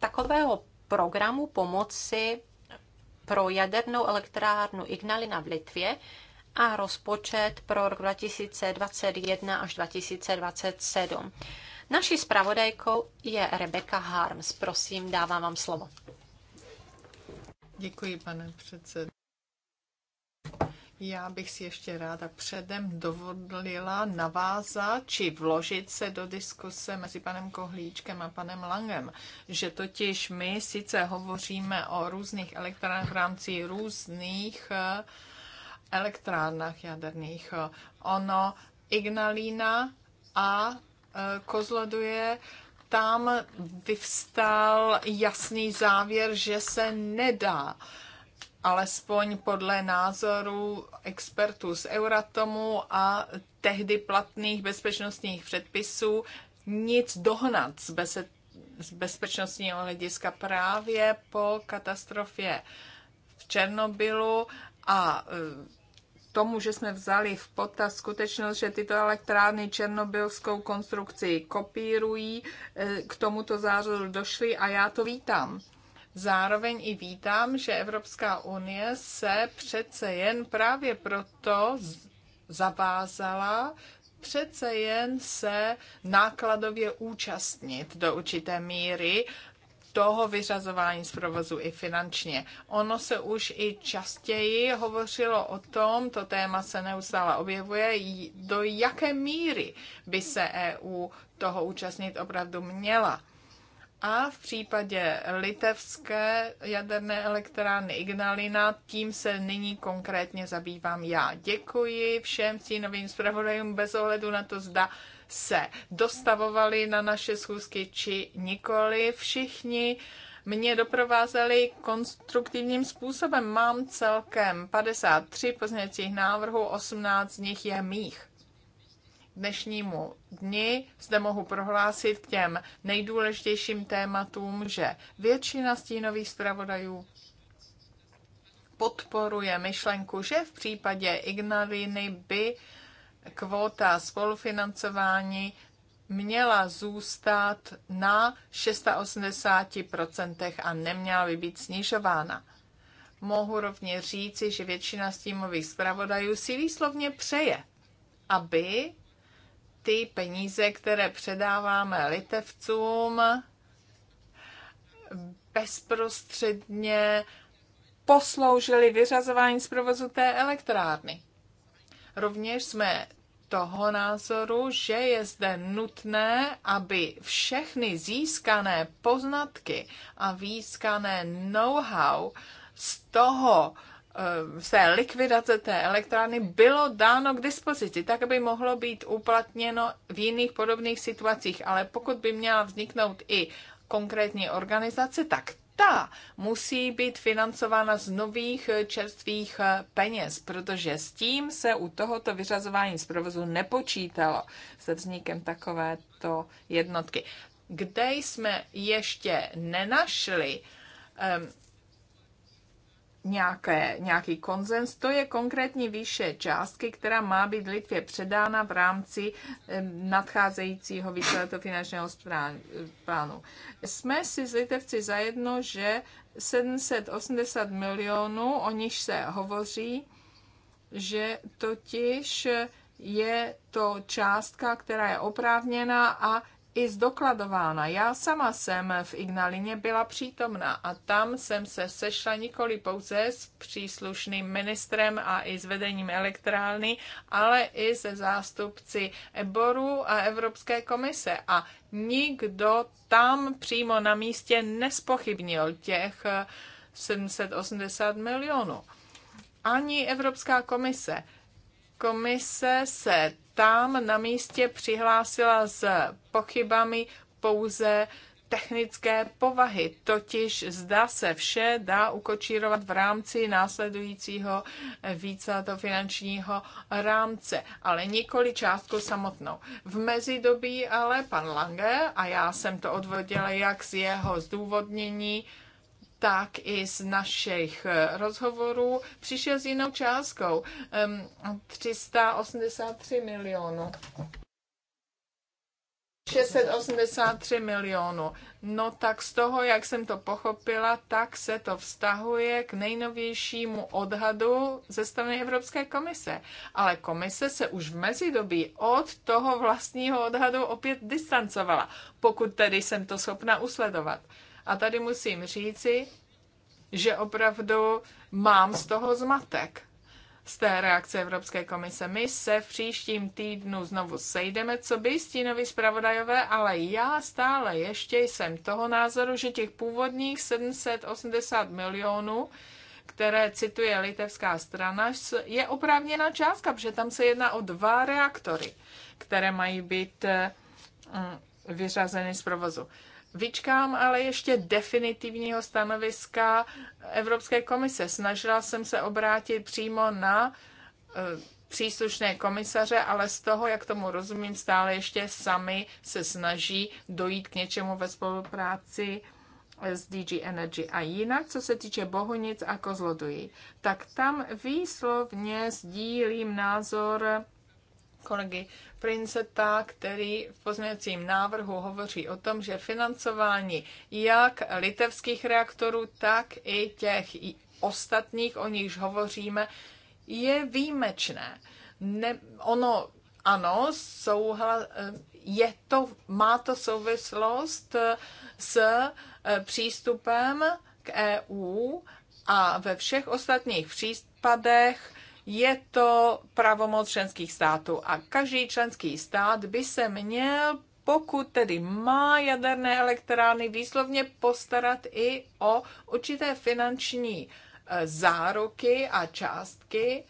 takového programu pomoci pro jadernou elektrárnu Ignalina v Litvě a rozpočet pro rok 2021 až 2027. Naší zpravodajkou je Rebeka Harms. Prosím, dávám vám slovo. Děkuji, pane předsedo. Já bych si ještě ráda předem dovolila navázat či vložit se do diskuse mezi panem Kohlíčkem a panem Langem, že totiž my sice hovoříme o různých elektrárnách v rámci různých eh, elektrárnách jaderných. Ono Ignalina a eh, Kozloduje tam vyvstal jasný závěr, že se nedá alespoň podle názoru expertů z Euratomu a tehdy platných bezpečnostních předpisů, nic dohnat z, bez, z bezpečnostního hlediska právě po katastrofě v Černobylu a e, tomu, že jsme vzali v potaz skutečnost, že tyto elektrárny černobylskou konstrukci kopírují, e, k tomuto zářadu došli a já to vítám. Zároveň i vítám, že Evropská unie se přece jen právě proto zavázala přece jen se nákladově účastnit do určité míry toho vyřazování z provozu i finančně. Ono se už i častěji hovořilo o tom, to téma se neustále objevuje, do jaké míry by se EU toho účastnit opravdu měla. A v případě litevské jaderné elektrárny Ignalina, tím se nyní konkrétně zabývám já. Děkuji všem cínovým zpravodajům bez ohledu na to, zda se dostavovali na naše schůzky či nikoli. Všichni mě doprovázeli konstruktivním způsobem. Mám celkem 53 pozměňovacích návrhů, 18 z nich je mých dnešnímu dni zde mohu prohlásit k těm nejdůležitějším tématům, že většina stínových zpravodajů podporuje myšlenku, že v případě Ignaliny by kvota spolufinancování měla zůstat na 680% a neměla by být snižována. Mohu rovně říci, že většina stímových zpravodajů si výslovně přeje, aby ty peníze, které předáváme litevcům, bezprostředně posloužily vyřazování z provozu té elektrárny. Rovněž jsme toho názoru, že je zde nutné, aby všechny získané poznatky a výskané know-how z toho z eh, té likvidace té elektrárny bylo dáno k dispozici, tak aby mohlo být uplatněno v jiných podobných situacích. Ale pokud by měla vzniknout i konkrétní organizace, tak ta musí být financována z nových eh, čerstvých eh, peněz, protože s tím se u tohoto vyřazování z provozu nepočítalo se vznikem takovéto jednotky. Kde jsme ještě nenašli um, nějaké, nějaký konzens, to je konkrétní výše částky, která má být Litvě předána v rámci nadcházejícího výsledku finančního plánu. Jsme si z Litevci zajedno, že 780 milionů, o nich se hovoří, že totiž je to částka, která je oprávněná a i zdokladována. Já sama jsem v Ignalině byla přítomna a tam jsem se sešla nikoli pouze s příslušným ministrem a i s vedením elektrárny, ale i se zástupci Eboru a Evropské komise. A nikdo tam přímo na místě nespochybnil těch 780 milionů. Ani Evropská komise komise se tam na místě přihlásila s pochybami pouze technické povahy, totiž zda se vše dá ukočírovat v rámci následujícího to finančního rámce, ale nikoli částku samotnou. V mezidobí ale pan Lange, a já jsem to odvodila jak z jeho zdůvodnění, tak i z našich eh, rozhovorů přišel s jinou částkou 383 milionů. 683 milionů. No tak z toho, jak jsem to pochopila, tak se to vztahuje k nejnovějšímu odhadu ze strany Evropské komise. Ale komise se už v mezidobí od toho vlastního odhadu opět distancovala, pokud tedy jsem to schopna usledovat. A tady musím říci, že opravdu mám z toho zmatek z té reakce Evropské komise. My se v příštím týdnu znovu sejdeme, co by stínoví zpravodajové, ale já stále ještě jsem toho názoru, že těch původních 780 milionů, které cituje litevská strana, je oprávněná částka, protože tam se jedná o dva reaktory, které mají být eh, vyřazeny z provozu. Vyčkám ale ještě definitivního stanoviska Evropské komise. Snažila jsem se obrátit přímo na eh, příslušné komisaře, ale z toho, jak tomu rozumím, stále ještě sami se snaží dojít k něčemu ve spolupráci eh, s DG Energy. A jinak, co se týče Bohunic a Kozlodují, tak tam výslovně sdílím názor kolegy Princeta, který v pozměňovacím návrhu hovoří o tom, že financování jak litevských reaktorů, tak i těch ostatních, o nichž hovoříme, je výjimečné. Ne, ono, ano, souhla, eh, je to, má to souvislost eh, s eh, přístupem k EU a ve všech ostatních případech je to pravomoc členských států a každý členský stát by se měl pokud tedy má jaderné elektrárny výslovně postarat i o určité finanční e, záruky a částky,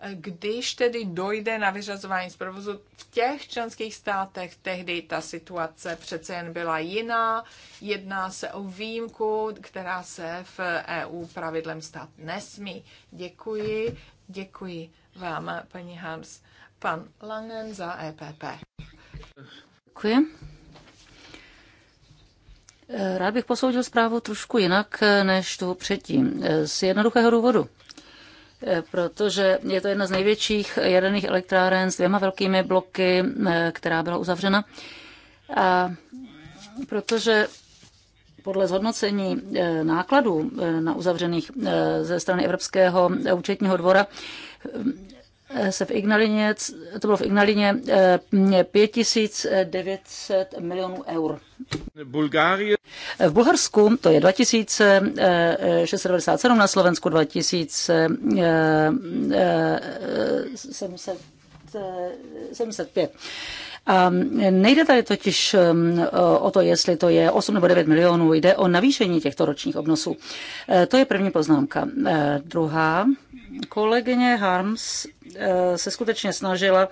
e, když tedy dojde na vyřazování z provozu v těch členských státech, tehdy ta situace přece jen byla jiná. Jedná se o výjimku, která se v EU pravidlem stát nesmí. Děkuji. Děkuji vám, paní Hans. Pan Langen za EPP. Děkuji. Rád bych posoudil zprávu trošku jinak než tu předtím. Z jednoduchého důvodu protože je to jedna z největších jaderných elektráren s dvěma velkými bloky, která byla uzavřena. A protože podle zhodnocení eh, nákladů eh, na uzavřených eh, ze strany Evropského účetního dvora se v Ignalině, to bylo v Ignalině 5900 milionů eur. Bulgárie. V Bulharsku to je 2697, na Slovensku 2705. A ehm, nejde tady totiž ehm, o to, jestli to je 8 nebo 9 milionů, jde o navýšení těchto ročních obnosů. Eh, to je první poznámka. Eh, druhá, kolegyně Harms eh, se skutečně snažila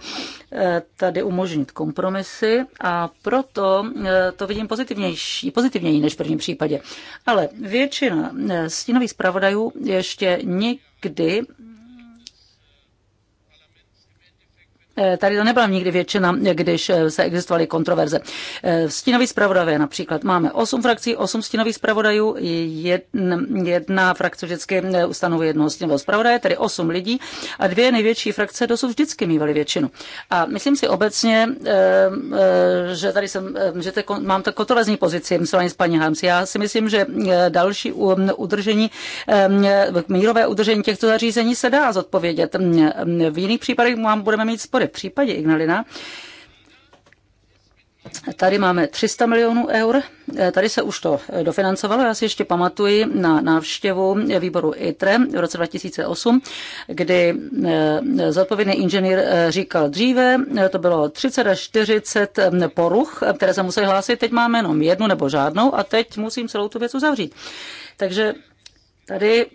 tady umožnit kompromisy a proto to vidím pozitivnější, pozitivněji než v prvním případě. Ale většina stínových zpravodajů ještě nikdy Eh, tady to nebyla nikdy většina, když eh, se existovaly kontroverze. Eh, Stínový zpravodajové například. Máme osm frakcí, osm stínových zpravodajů, jedna, jedna frakce vždycky ustanovuje jednoho stínového zpravodaje, tedy osm lidí a dvě největší frakce dosud vždycky mývaly většinu. A myslím si obecně, že tady jsem, že te, mám tak kontroverzní pozici, myslím s paní Hams. Já si myslím, že další udržení, mírové udržení těchto zařízení se dá zodpovědět. V jiných případech mám, budeme mít spory v případě Ignalina Tady máme 300 milionů eur, tady se už to dofinancovalo. Já si ještě pamatuji na návštěvu výboru ITRE v roce 2008, kdy eh, zodpovědný inženýr eh, říkal dříve, eh, to bylo 30 až 40 poruch, které se musí hlásit, teď máme jenom jednu nebo žádnou a teď musím celou tu věc uzavřít. Takže tady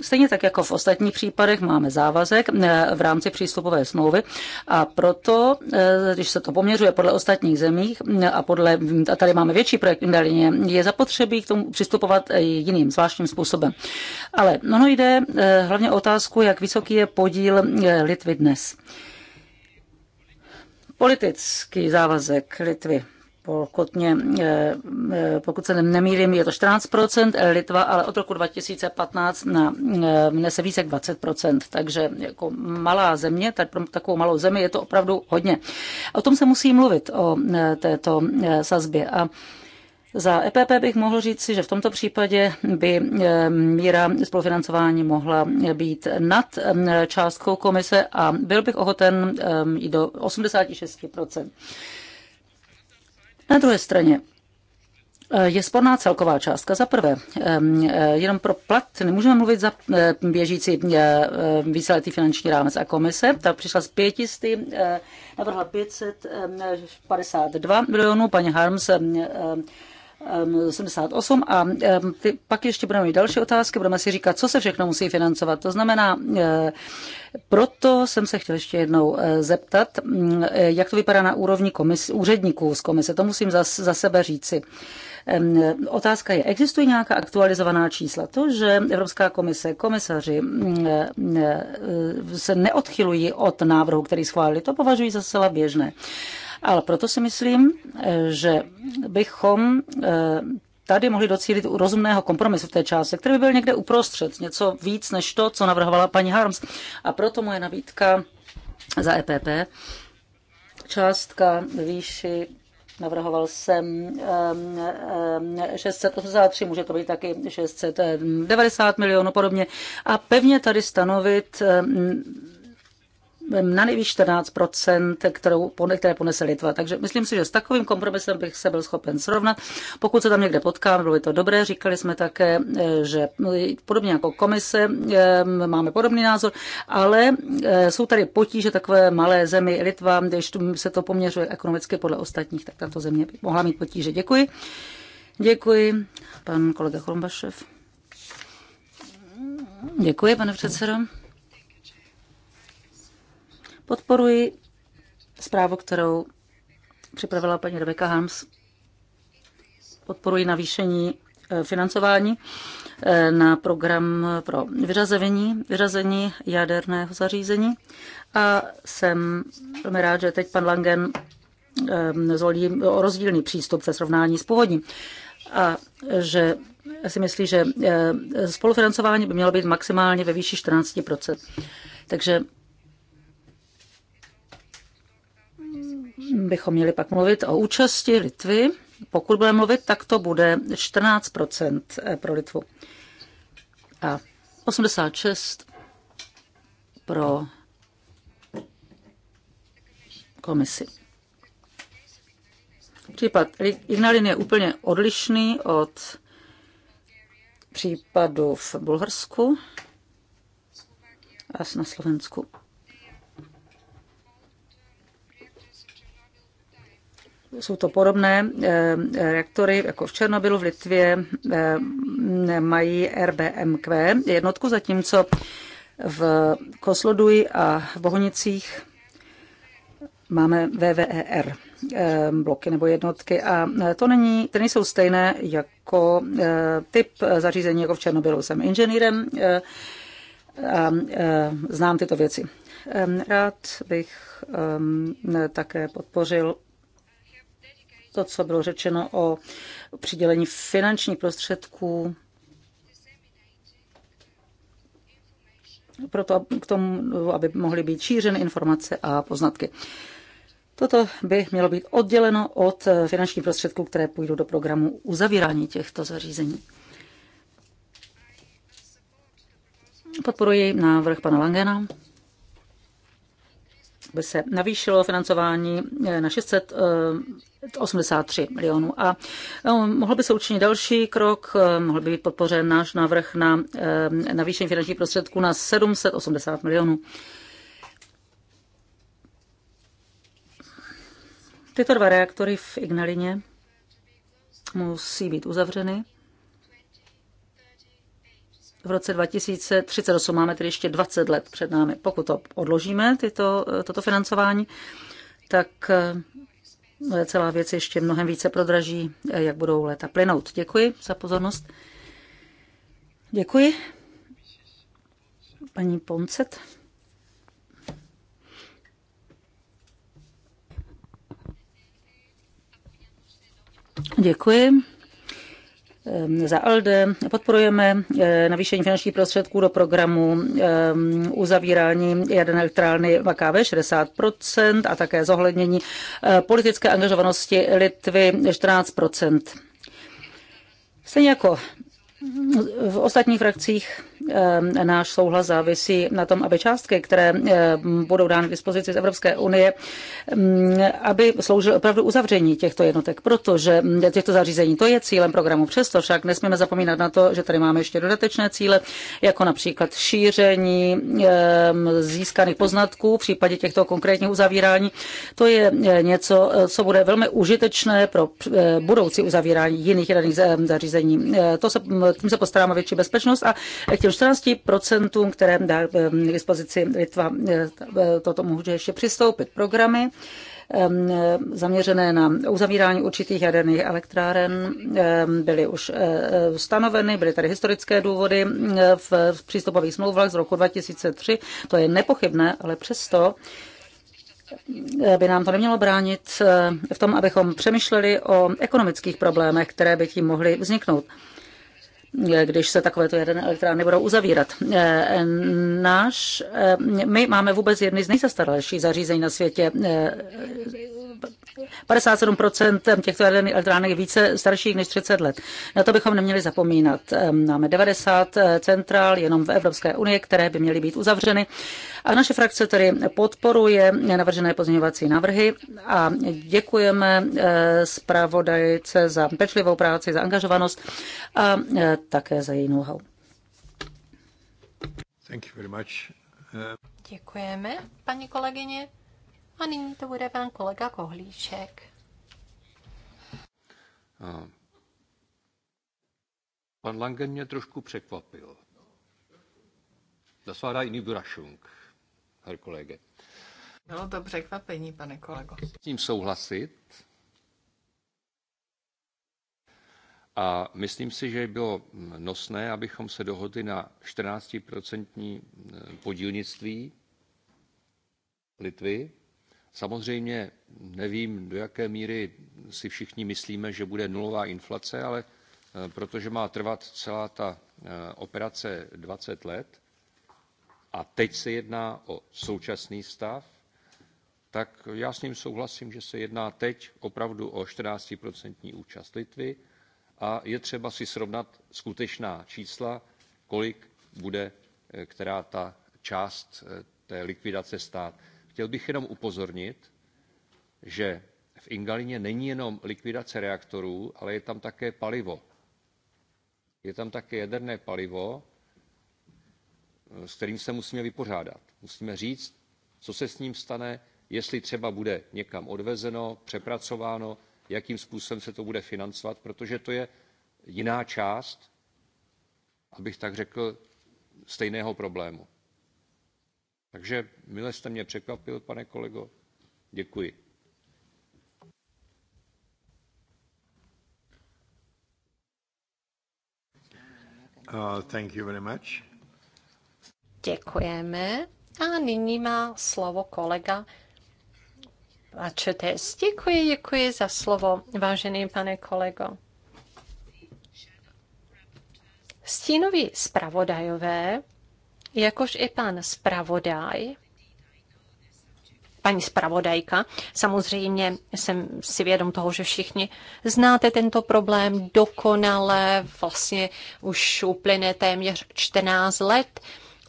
Stejně tak jako v ostatních případech máme závazek eh, v rámci přístupové smlouvy a proto, eh, když se to poměřuje podle ostatních zemích eh, a, podle, a tady máme větší projekt Indalině, je zapotřebí k tomu přistupovat jiným, zvláštním způsobem. Ale ono jde hlavně o otázku, jak vysoký je podíl Litvy dnes. Politický závazek Litvy pokud, eh, eh, pokud se nemýlím, je to 14%, eh, Litva, ale od roku 2015 na, nese více jak 20%. Takže jako malá země, tak pro takovou malou zemi je to opravdu hodně. O tom se musí mluvit, o této sazbě. A za EPP bych mohl říct si, že v tomto případě by míra spolufinancování mohla být nad částkou komise a byl bych ochoten i do 86 na druhé straně eh, je sporná celková částka. Za prvé, eh, jenom pro plat nemůžeme mluvit za eh, běžící víceletý finanční rámec a komise. Ta přišla z pětisty, navrhla 552 milionů, paní Harms 78 ehm, a ehm, ty, pak ještě budeme mít další otázky, budeme si říkat, co se všechno musí financovat. To znamená, eh, proto jsem se chtěl ještě jednou eh, zeptat, mm, eh, jak to vypadá na úrovni komis, úředníků z komise, to musím za, za sebe říci. Ehm, otázka je, existují nějaká aktualizovaná čísla? To, že Evropská komise, komisaři mm, mm, se neodchylují od návrhu, který schválili, to považuji za zcela běžné. Ale proto si myslím, eh, že bychom eh, tady mohli docílit u rozumného kompromisu v té části, který by byl někde uprostřed, něco víc než to, co navrhovala paní Harms. A proto moje nabídka za EPP, částka výši navrhoval jsem 683, eh, může to být taky 690 milionů podobně. A pevně tady stanovit na nejvíc 14 kterou, které ponese Litva. Takže myslím si, že s takovým kompromisem bych se byl schopen srovnat. Pokud se tam někde potkám, bylo by to dobré. Říkali jsme také, eh, že no, podobně jako komise eh, máme podobný názor, ale eh, jsou tady potíže takové malé zemi Litva, když se to poměřuje ekonomicky podle ostatních, tak tato země by mohla mít potíže. Děkuji. Děkuji, pan kolega Chrombašev. Děkuji, pane předsedo. Podporuji zprávu, kterou připravila paní Rebecca Harms. Podporuji navýšení eh, financování eh, na program pro vyřazení, vyřazení jaderného zařízení. A jsem velmi rád, že teď pan Langen eh, zvolí rozdílný přístup ve srovnání s původním. A že si myslí, že spolufinancování by mělo být maximálně ve výši 14 Takže bychom měli pak mluvit o účasti Litvy. Pokud budeme mluvit, tak to bude 14 pro Litvu a 86 pro komisi. Případ Ignalin je úplně odlišný od případu v Bulharsku a na Slovensku. Jsou to podobné eh, eh, reaktory jako v Černobylu, v Litvě eh, mají RBMQ jednotku, zatímco v Kosloduji a v Bohonicích máme VVER bloky nebo jednotky a to není, ty nejsou stejné jako typ zařízení jako v Černobylu. Jsem inženýrem a znám tyto věci. Rád bych také podpořil to, co bylo řečeno o přidělení finančních prostředků proto k tomu, aby mohly být šířeny informace a poznatky. Toto by mělo být odděleno od finančních prostředků, které půjdou do programu uzavírání těchto zařízení. Podporuji návrh pana Langena by se navýšilo financování eh, na 600 83 eh, milionů. A eh, mohl by se učinit další krok, mohl by být podpořen náš návrh na navýšení finančních prostředků na 780 milionů. Tyto dva reaktory v Ignalině musí být uzavřeny v roce 2038 máme tedy ještě 20 let před námi. Pokud to odložíme, tyto, toto financování, tak eh, celá věc ještě mnohem více prodraží, eh, jak budou léta plynout. Děkuji za pozornost. Děkuji. Paní Poncet. Děkuji za ALDE podporujeme eh, navýšení finančních prostředků do programu uzavírání jaderné elektrárny VKV 60% a také zohlednění eh, politické angažovanosti Litvy 14%. Stejně jako v ostatních frakcích Ehm, náš souhlas závisí na tom, aby částky, které ehm, budou dány k dispozici z Evropské unie, ehm, aby sloužily opravdu uzavření těchto jednotek, protože těchto zařízení to je cílem programu. Přesto však nesmíme zapomínat na to, že tady máme ještě dodatečné cíle, jako například šíření získaných poznatků v případě těchto konkrétních uzavírání. To je eh, něco, eh, co bude velmi užitečné pro eh, budoucí uzavírání jiných jaderných zařízení. To se, mm, tím se postaráme větší bezpečnost a k těm 14%, které dá eh, k dispozici Litva, eh, eh, toto může ještě přistoupit programy ehm, zaměřené na uzavírání určitých jaderných elektráren ehm, byly už stanoveny, byly tady historické důvody v přístupových smlouvách z roku 2003, to je nepochybné, ale přesto by nám to nemělo bránit v tom, abychom přemýšleli o ekonomických problémech, které by tím mohly vzniknout když se takovéto jaderné elektrárny budou uzavírat. Eh, náš, eh, my máme vůbec jedny z nejzastaralejších zařízení na světě. Eh, 57% těchto jaderných elektránek je více starších než 30 let. Na to bychom neměli zapomínat. Ehm, máme 90 eh, centrál jenom v Evropské unii, které by měly být uzavřeny. A naše frakce tedy podporuje navržené pozměňovací návrhy a děkujeme eh, zpravodajce za pečlivou práci, za angažovanost a eh, také za její know-how. Děkujeme, paní kolegyně. A nyní to bude pan kolega Kohlíček. Pan Langen mě trošku překvapil. Das war eine Überraschung, Herr Kollege. Bylo no, to překvapení, pane kolego. S tím souhlasit. A myslím si, že bylo nosné, abychom se dohodli na 14% eh, podílnictví Litvy Samozřejmě nevím, do jaké míry si všichni myslíme, že bude nulová inflace, ale eh, protože má trvat celá ta eh, operace 20 let a teď se jedná o současný stav, tak já s ním souhlasím, že se jedná teď opravdu o 14% účast Litvy a je třeba si srovnat skutečná čísla, kolik bude eh, která ta část té likvidace stát. Chtěl bych jenom upozornit, že v Ingalině není jenom likvidace reaktorů, ale je tam také palivo. Je tam také jaderné palivo, eh, s kterým se musíme vypořádat. Musíme říct, co se s ním stane, jestli třeba bude někam odvezeno, přepracováno, jakým způsobem se to bude financovat, protože to je jiná část, abych tak řekl, stejného problému. Takže mile jste mě překvapil, pane kolego. Děkuji. Uh, thank you very much. Děkujeme. A nyní má slovo kolega Vačetes. Děkuji, děkuji za slovo, vážený pane kolego. Stínoví zpravodajové jakož i pan zpravodaj, paní zpravodajka. Samozřejmě jsem si vědom toho, že všichni znáte tento problém dokonale. Vlastně už uplyne téměř 14 let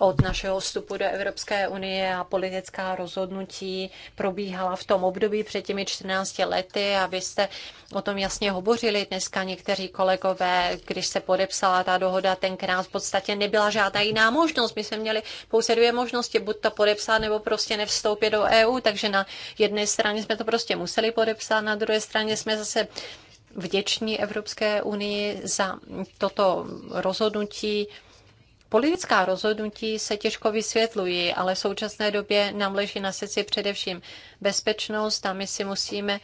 od našeho vstupu do Evropské unie a politická rozhodnutí probíhala v tom období před těmi 14 lety a vy jste o tom jasně hovořili dneska někteří kolegové, když se podepsala ta dohoda, tenkrát v podstatě nebyla žádná jiná možnost. My jsme měli pouze dvě možnosti, buď to podepsat nebo prostě nevstoupit do EU, takže na jedné straně jsme to prostě museli podepsat, na druhé straně jsme zase vděční Evropské unii za toto rozhodnutí Politická rozhodnutí se těžko vysvětlují, ale v současné době nám leží na srdci především bezpečnost a my si musíme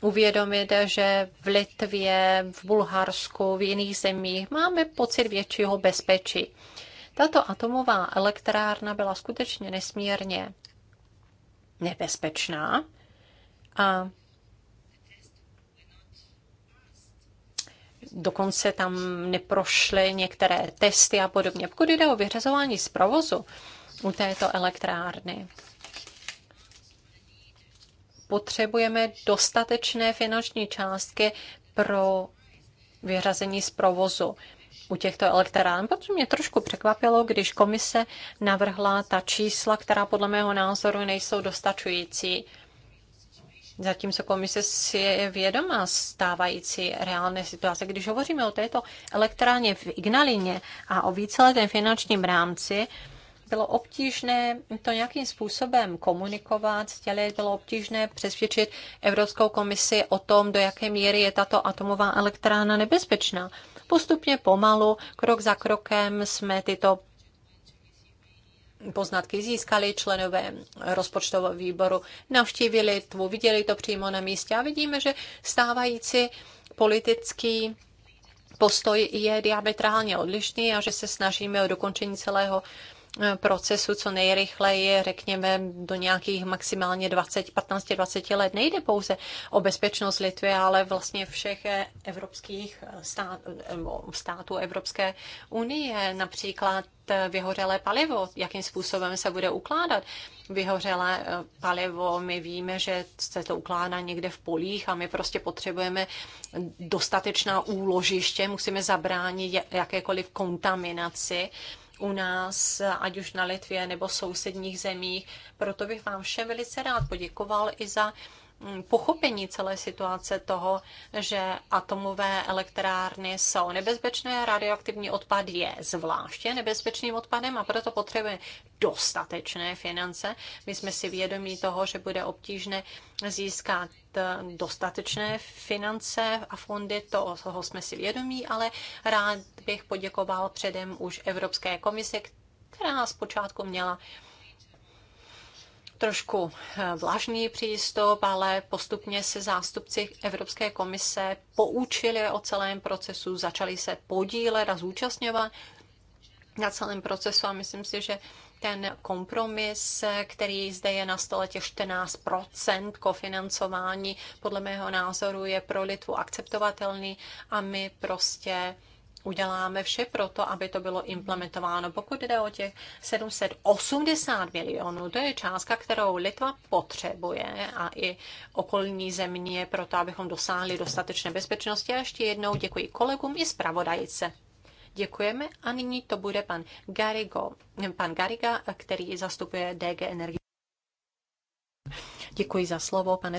uvědomit, že v Litvě, v Bulharsku, v jiných zemích máme pocit většího bezpečí. Tato atomová elektrárna byla skutečně nesmírně nebezpečná a dokonce tam neprošly některé testy a podobně. Pokud jde o vyřazování z provozu u této elektrárny, potřebujeme dostatečné finanční částky pro vyřazení z provozu u těchto elektrárn, protože mě trošku překvapilo, když komise navrhla ta čísla, která podle mého názoru nejsou dostačující. Zatímco komise si je vědoma stávající reálné situace. Když hovoříme o této elektrárně v Ignalině a o víceletém finančním rámci, bylo obtížné to nějakým způsobem komunikovat, stělit, bylo obtížné přesvědčit Evropskou komisi o tom, do jaké míry je tato atomová elektrárna nebezpečná. Postupně pomalu, krok za krokem jsme tyto poznatky získali členové rozpočtového výboru, navštívili tvu, viděli to přímo na místě a vidíme, že stávající politický postoj je diametrálně odlišný a že se snažíme o dokončení celého procesu co nejrychleji, řekněme, do nějakých maximálně 20, 15-20 let. Nejde pouze o bezpečnost Litvy, ale vlastně všech evropských stát, států Evropské unie, například vyhořelé palivo, jakým způsobem se bude ukládat. Vyhořelé eh, palivo, my víme, že se to ukládá někde v polích a my prostě potřebujeme dostatečná úložiště, musíme zabránit jakékoliv kontaminaci u nás, ať už na Litvě nebo sousedních zemích. Proto bych vám všem velice rád poděkoval i za Mm, pochopení celé situace toho, že atomové elektrárny jsou nebezpečné, radioaktivní odpad je zvláště nebezpečným odpadem a proto potřebuje dostatečné finance. My jsme si vědomí toho, že bude obtížné získat eh, dostatečné finance a fondy, toho jsme si vědomí, ale rád bych poděkoval předem už Evropské komise, která zpočátku měla uh, trošku eh, vlažný přístup, ale postupně se zástupci Evropské komise poučili o celém procesu, začali se podílet a zúčastňovat na celém procesu a myslím si, že ten kompromis, eh, který zde je na stole těch 14 kofinancování, podle mého názoru je pro Litvu akceptovatelný a my prostě uděláme vše pro to, aby to bylo implementováno. Pokud jde o těch 780 milionů, to je částka, kterou Litva potřebuje a i okolní země pro to, abychom dosáhli dostatečné bezpečnosti. A ještě jednou děkuji kolegům i zpravodajce. Děkujeme a nyní to bude pan Garigo, pan Gariga, který zastupuje DG Energie. Děkuji za slovo, pane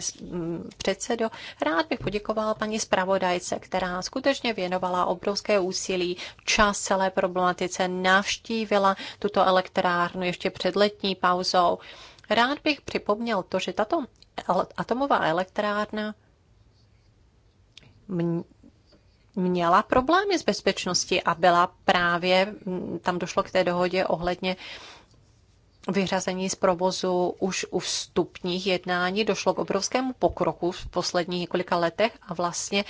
předsedo. Rád bych poděkoval paní zpravodajce, která skutečně věnovala obrovské úsilí, čas celé problematice, navštívila tuto elektrárnu ještě před letní pauzou. Rád bych připomněl to, že tato atomová elektrárna měla problémy s bezpečností a byla právě, tam došlo k té dohodě ohledně vyřazení z provozu už u vstupních jednání. Došlo k obrovskému pokroku v posledních několika letech a vlastně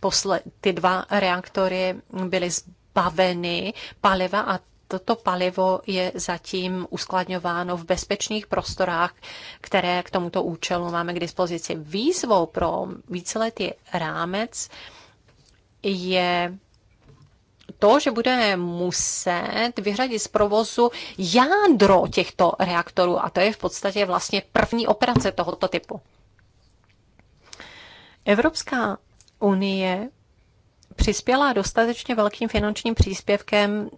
posled, ty dva reaktory byly zbaveny paliva a toto palivo je zatím uskladňováno v bezpečných prostorách, které k tomuto účelu máme k dispozici. Výzvou pro víceletý rámec je to, že budeme muset vyhradit z provozu jádro těchto reaktorů a to je v podstatě vlastně první operace tohoto typu. Evropská unie přispěla dostatečně velkým finančním příspěvkem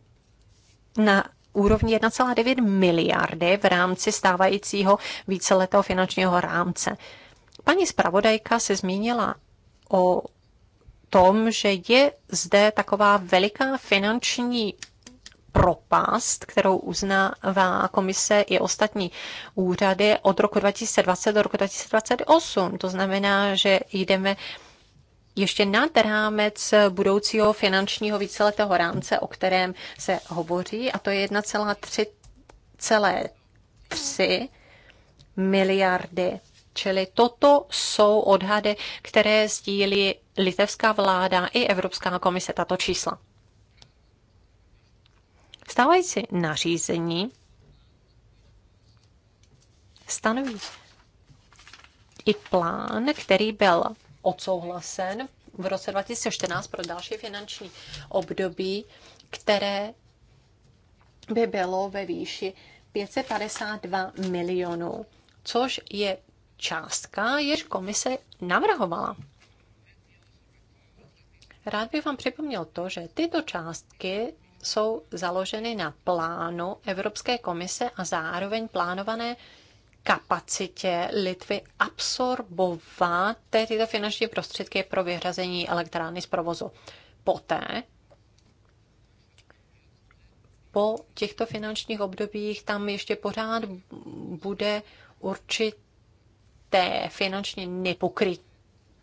na úrovni 1,9 miliardy v rámci stávajícího víceletého finančního rámce. Paní zpravodajka se zmínila o tom, že je zde taková veliká finanční propast, kterou uznává komise i ostatní úřady od roku 2020 do roku 2028. To znamená, že jdeme ještě nad rámec budoucího finančního víceletého rámce, o kterém se hovoří, a to je 1,3 miliardy Čili toto jsou odhady, které sdílí litevská vláda i Evropská komise, tato čísla. Stávající nařízení stanoví i plán, který byl odsouhlasen v roce 2014 pro další finanční období, které by bylo ve výši 552 milionů, což je částka, jež komise navrhovala. Rád bych vám připomněl to, že tyto částky jsou založeny na plánu Evropské komise a zároveň plánované kapacitě Litvy absorbovat tyto finanční prostředky pro vyhrazení elektrárny z provozu. Poté, po těchto finančních obdobích, tam ještě pořád bude určit té finančně nepokryt,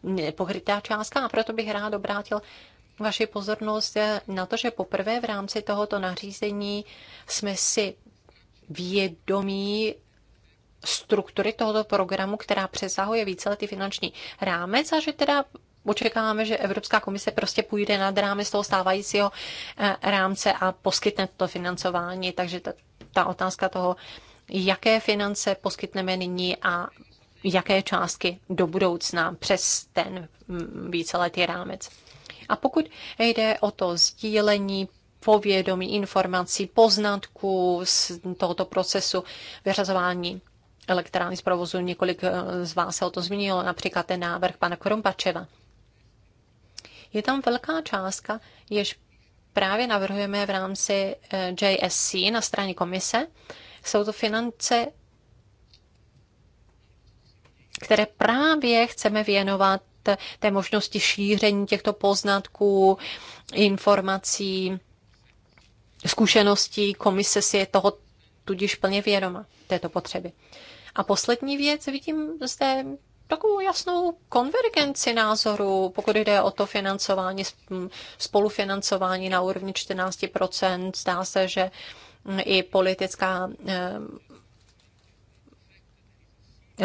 nepokrytá částka a proto bych rád obrátil vaši pozornost na to, že poprvé v rámci tohoto nařízení jsme si vědomí struktury tohoto programu, která přesahuje víceletý finanční rámec a že teda očekáváme, že Evropská komise prostě půjde nad rámec toho stávajícího eh, rámce a poskytne to financování. Takže ta, ta otázka toho, jaké finance poskytneme nyní a jaké částky do budoucna přes ten víceletý rámec. A pokud jde o to sdílení povědomí, informací, poznatků z tohoto procesu vyřazování elektrárny z provozu, několik eh, z vás se o to zmínilo, například ten návrh pana Krompačeva. Je tam velká částka, jež právě navrhujeme v rámci eh, JSC na straně komise. Jsou to finance které právě chceme věnovat té možnosti šíření těchto poznatků, informací, zkušeností. Komise si je toho tudíž plně vědoma, této potřeby. A poslední věc, vidím zde takovou jasnou konvergenci názoru, pokud jde o to financování, spolufinancování na úrovni 14%. Zdá se, že i politická eh,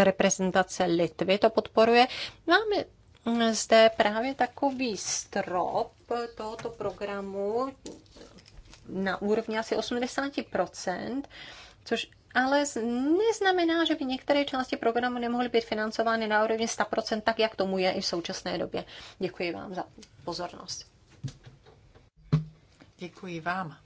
reprezentace Litvy to podporuje. Máme zde právě takový strop tohoto programu na úrovni asi 80%, což ale neznamená, že by některé části programu nemohly být financovány na úrovni 100%, tak jak tomu je i v současné době. Děkuji vám za pozornost. Děkuji vám.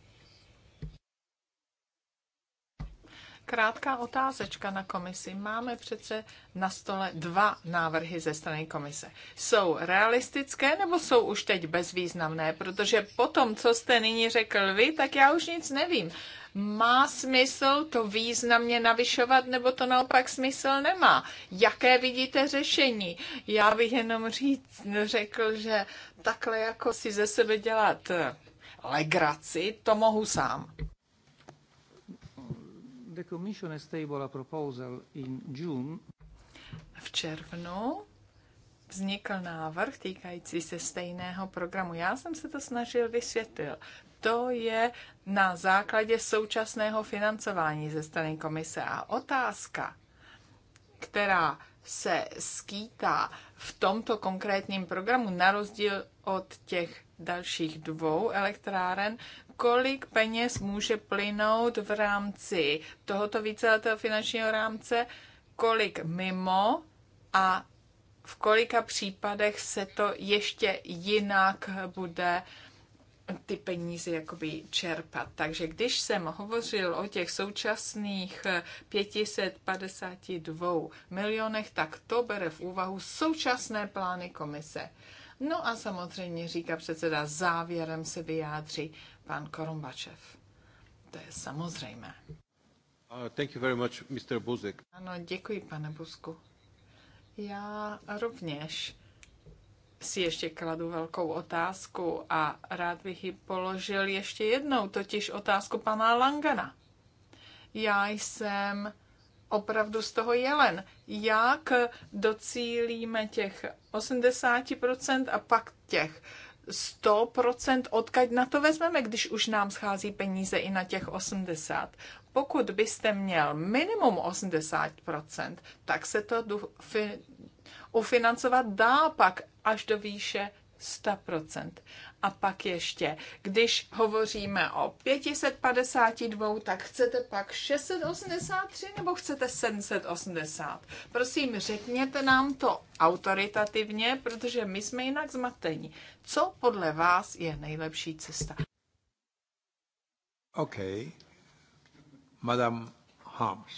Krátká otázečka na komisi. Máme přece na stole dva návrhy ze strany komise. Jsou realistické nebo jsou už teď bezvýznamné? Protože po tom, co jste nyní řekl vy, tak já už nic nevím. Má smysl to významně navyšovat nebo to naopak smysl nemá? Jaké vidíte řešení? Já bych jenom říct, řekl, že takhle jako si ze sebe dělat legraci, to mohu sám. The Commission has tabled a proposal in June. V červnu vznikl návrh týkající se stejného programu. Já jsem se to snažil vysvětlit. To je na základě současného financování ze strany komise. A otázka, která se skýtá v tomto konkrétním programu, na rozdíl od těch dalších dvou elektráren, kolik peněz může plynout v rámci tohoto víceletého finančního rámce, kolik mimo a v kolika případech se to ještě jinak bude ty peníze jakoby čerpat. Takže když jsem hovořil o těch současných 552 milionech, tak to bere v úvahu současné plány komise. No a samozřejmě, říká předseda, závěrem se vyjádří Pan Korumbačev. To je samozřejmé. Uh, thank you very much, Mr. Buzek. Ano, děkuji, pane Buzku. Já rovněž si ještě kladu velkou otázku a rád bych ji položil ještě jednou, totiž otázku pana Langana. Já jsem opravdu z toho jelen. Jak docílíme těch 80% a pak těch 100%, odkaď na to vezmeme, když už nám schází peníze i na těch 80. Pokud byste měl minimum 80%, tak se to ufinancovat dá pak až do výše 100%. A pak ještě, když hovoříme o 552, tak chcete pak 683 nebo chcete 780? Prosím, řekněte nám to autoritativně, protože my jsme jinak zmatení. Co podle vás je nejlepší cesta? OK. Madame Harms.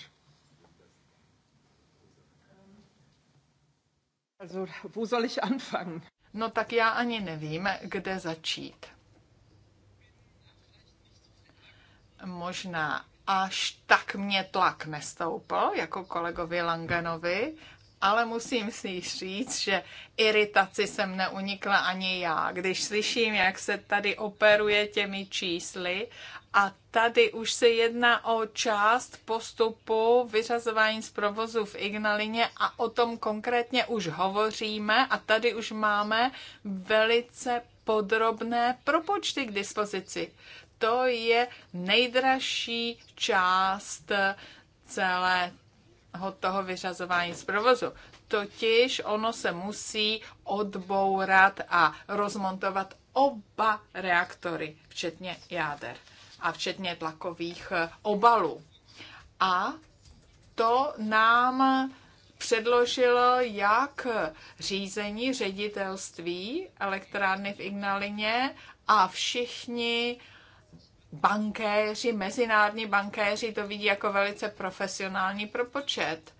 Also, wo soll ich anfangen? No tak já ani nevím, kde začít. Možná až tak mě tlak nestoupl, jako kolegovi Langanovi, ale musím si říct, že iritaci jsem neunikla ani já, když slyším, jak se tady operuje těmi čísly a tady už se jedná o část postupu vyřazování z provozu v Ignalině a o tom konkrétně už hovoříme a tady už máme velice podrobné propočty k dispozici. To je nejdražší část celého toho vyřazování z provozu. Totiž ono se musí odbourat a rozmontovat oba reaktory, včetně jáder a včetně tlakových eh, obalů. A to nám předložilo jak řízení ředitelství elektrárny v Ignalině a všichni bankéři, mezinárodní bankéři to vidí jako velice profesionální propočet.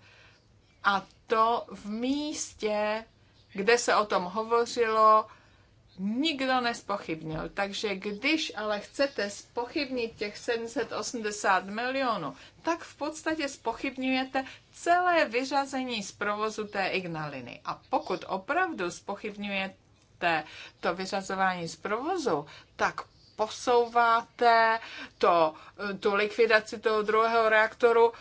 A to v místě, kde se o tom hovořilo, nikdo nespochybnil. Takže když ale chcete spochybnit těch 780 milionů, tak v podstatě spochybňujete celé vyřazení z provozu té Ignaliny. A pokud opravdu spochybňujete to vyřazování z provozu, tak posouváte to, tu likvidaci toho druhého reaktoru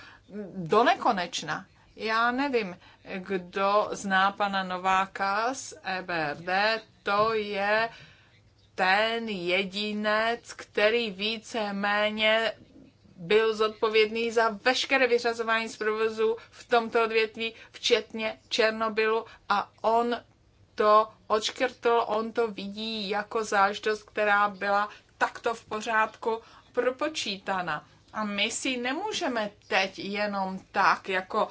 do nekonečna. Já nevím, kdo zná pana Nováka z EBRD, to je ten jedinec, který více méně byl zodpovědný za veškeré vyřazování z provozu v tomto odvětví, včetně Černobylu a on to odškrtl, on to vidí jako záždost, která byla takto v pořádku propočítána. A my si nemůžeme teď jenom tak, jako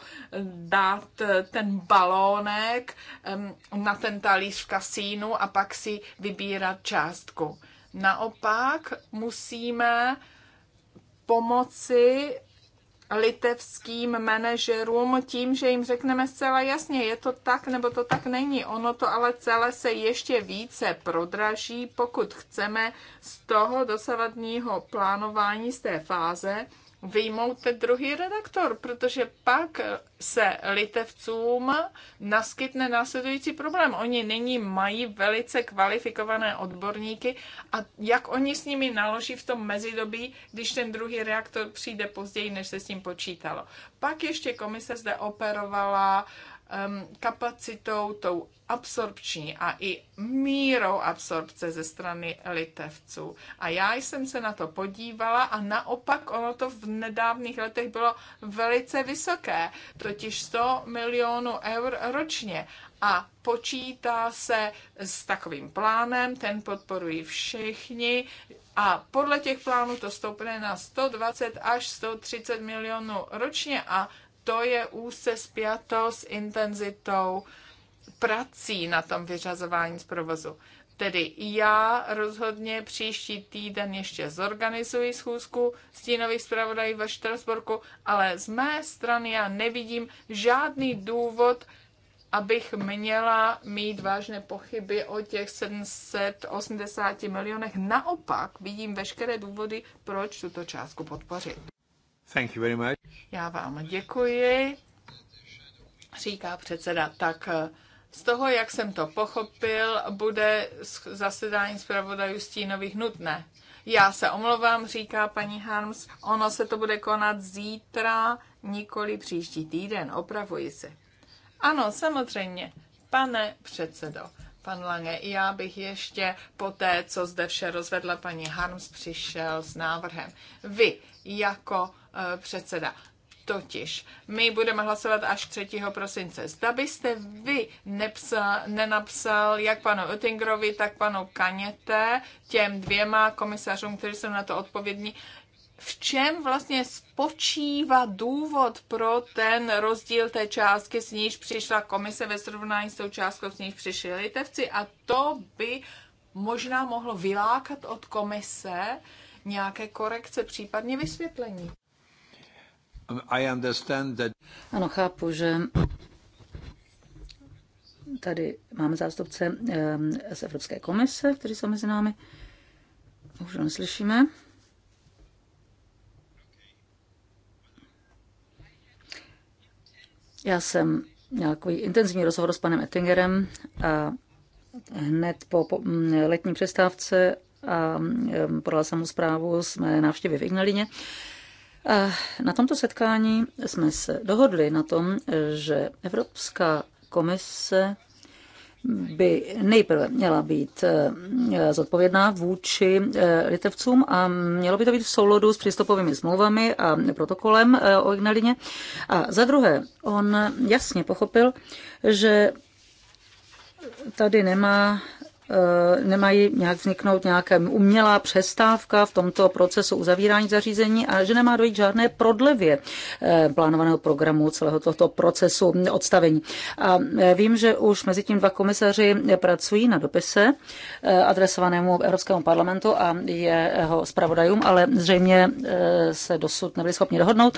dát ten balónek na ten talíř v kasínu a pak si vybírat částku. Naopak musíme pomoci litevským manažerům tím, že jim řekneme zcela jasně, je to tak nebo to tak není. Ono to ale celé se ještě více prodraží, pokud chceme z toho dosavadního plánování z té fáze vyjmout ten druhý redaktor, protože pak se litevcům naskytne následující problém. Oni nyní mají velice kvalifikované odborníky a jak oni s nimi naloží v tom mezidobí, když ten druhý reaktor přijde později, než se s tím počítalo. Pak ještě komise zde operovala uh, Um, kapacitou tou absorpční a i mírou absorpce ze strany litevců. A já jsem se na to podívala a naopak ono to v nedávných letech bylo velice vysoké, totiž 100 milionů eur ročně. A počítá se s takovým plánem, ten podporují všichni, a podle těch plánů to stoupne na 120 až 130 milionů ročně a to je úzce spjato s intenzitou prací na tom vyřazování z provozu. Tedy já rozhodně příští týden ještě zorganizuji schůzku stínových zpravodajů ve Štrasburku, ale z mé strany já nevidím žádný důvod, abych měla mít vážné pochyby o těch 780 milionech. Naopak vidím veškeré důvody, proč tuto částku podpořit. Thank you very much. Já vám děkuji, říká předseda. Tak eh, z toho, jak jsem to pochopil, bude zasedání zpravodajů stínových nutné. Já se omlouvám, říká paní Harms, ono se to bude konat zítra, nikoli příští týden, opravuji se. Ano, samozřejmě, pane předsedo, pan Lange, já bych ještě po té, co zde vše rozvedla paní Harms, přišel s návrhem. Vy jako eh, předseda. Totiž my budeme hlasovat až 3. prosince. Zda byste vy nepsal, nenapsal jak panu Oettingerovi, tak panu Kaněte, těm dvěma komisařům, kteří jsou na to odpovědní, v čem vlastně spočívá důvod pro ten rozdíl té částky, s níž přišla komise ve srovnání s tou částkou, s níž přišli litevci a to by možná mohlo vylákat od komise, nějaké korekce, případně vysvětlení. I understand that... Ano, chápu, že tady máme zástupce ehm, z Evropské komise, kteří jsou mezi námi. Už ho neslyšíme. Já jsem měl takový intenzivní rozhovor s panem Ettingerem a hned po, po mm, letní přestávce a podala jsem mu zprávu z mé návštěvy v Ignalině. A na tomto setkání jsme se dohodli na tom, že Evropská komise by nejprve měla být e, zodpovědná vůči e, litevcům a mělo by to být v souladu s přístupovými smlouvami a protokolem e, o Ignalině. A za druhé, on jasně pochopil, že tady nemá Eh, nemají nějak vzniknout nějaká umělá přestávka v tomto procesu uzavírání zařízení a že nemá dojít žádné prodlevě eh, plánovaného programu celého tohoto procesu odstavení. A eh, vím, že už mezi tím dva komisaři pracují na dopise adresovanému Evropskému parlamentu a jeho zpravodajům, ale zřejmě se dosud nebyli schopni dohodnout.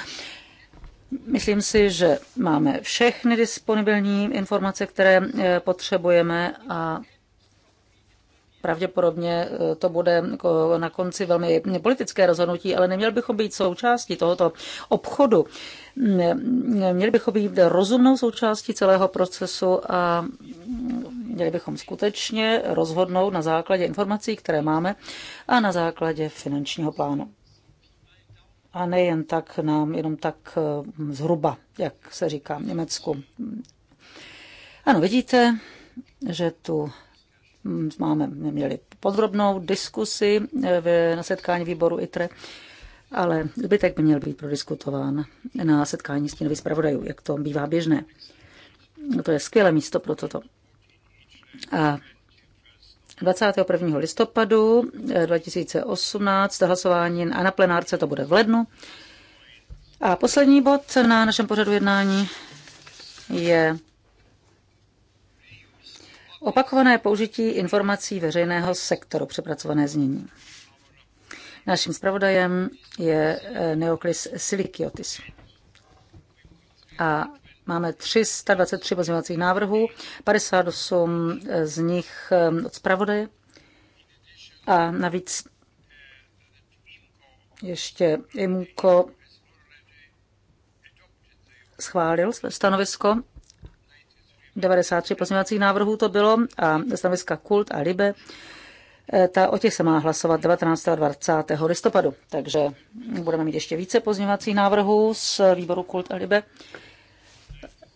Myslím si, že máme všechny disponibilní informace, které potřebujeme a pravděpodobně eh, to bude na konci velmi politické rozhodnutí, ale neměli bychom být součástí tohoto obchodu. Měli bychom být rozumnou součástí celého procesu a měli bychom skutečně rozhodnout na základě informací, které máme a na základě finančního plánu. A nejen tak nám, jenom tak eh, zhruba, jak se říká v Německu. Ano, vidíte, že tu Máme, měli podrobnou diskusi eh, na setkání výboru ITRE, ale zbytek by měl být prodiskutován na setkání stínových zpravodajů, jak to bývá běžné. No to je skvělé místo pro toto. A 21. listopadu 2018 eh, hlasování a na plenárce to bude v lednu. A poslední bod na našem pořadu jednání je Opakované použití informací veřejného sektoru, přepracované znění. Naším zpravodajem je eh, Neoklis Silikiotis. A máme 323 pozměňovacích návrhů, 58 eh, z nich eh, od zpravodaje a navíc ještě Imuko schválil své stanovisko 93 pozměňovacích návrhů to bylo a stanoviska Kult a Libe. E, ta, o těch se má hlasovat 19. a 20. listopadu, takže budeme mít ještě více pozměňovacích návrhů z výboru Kult a Libe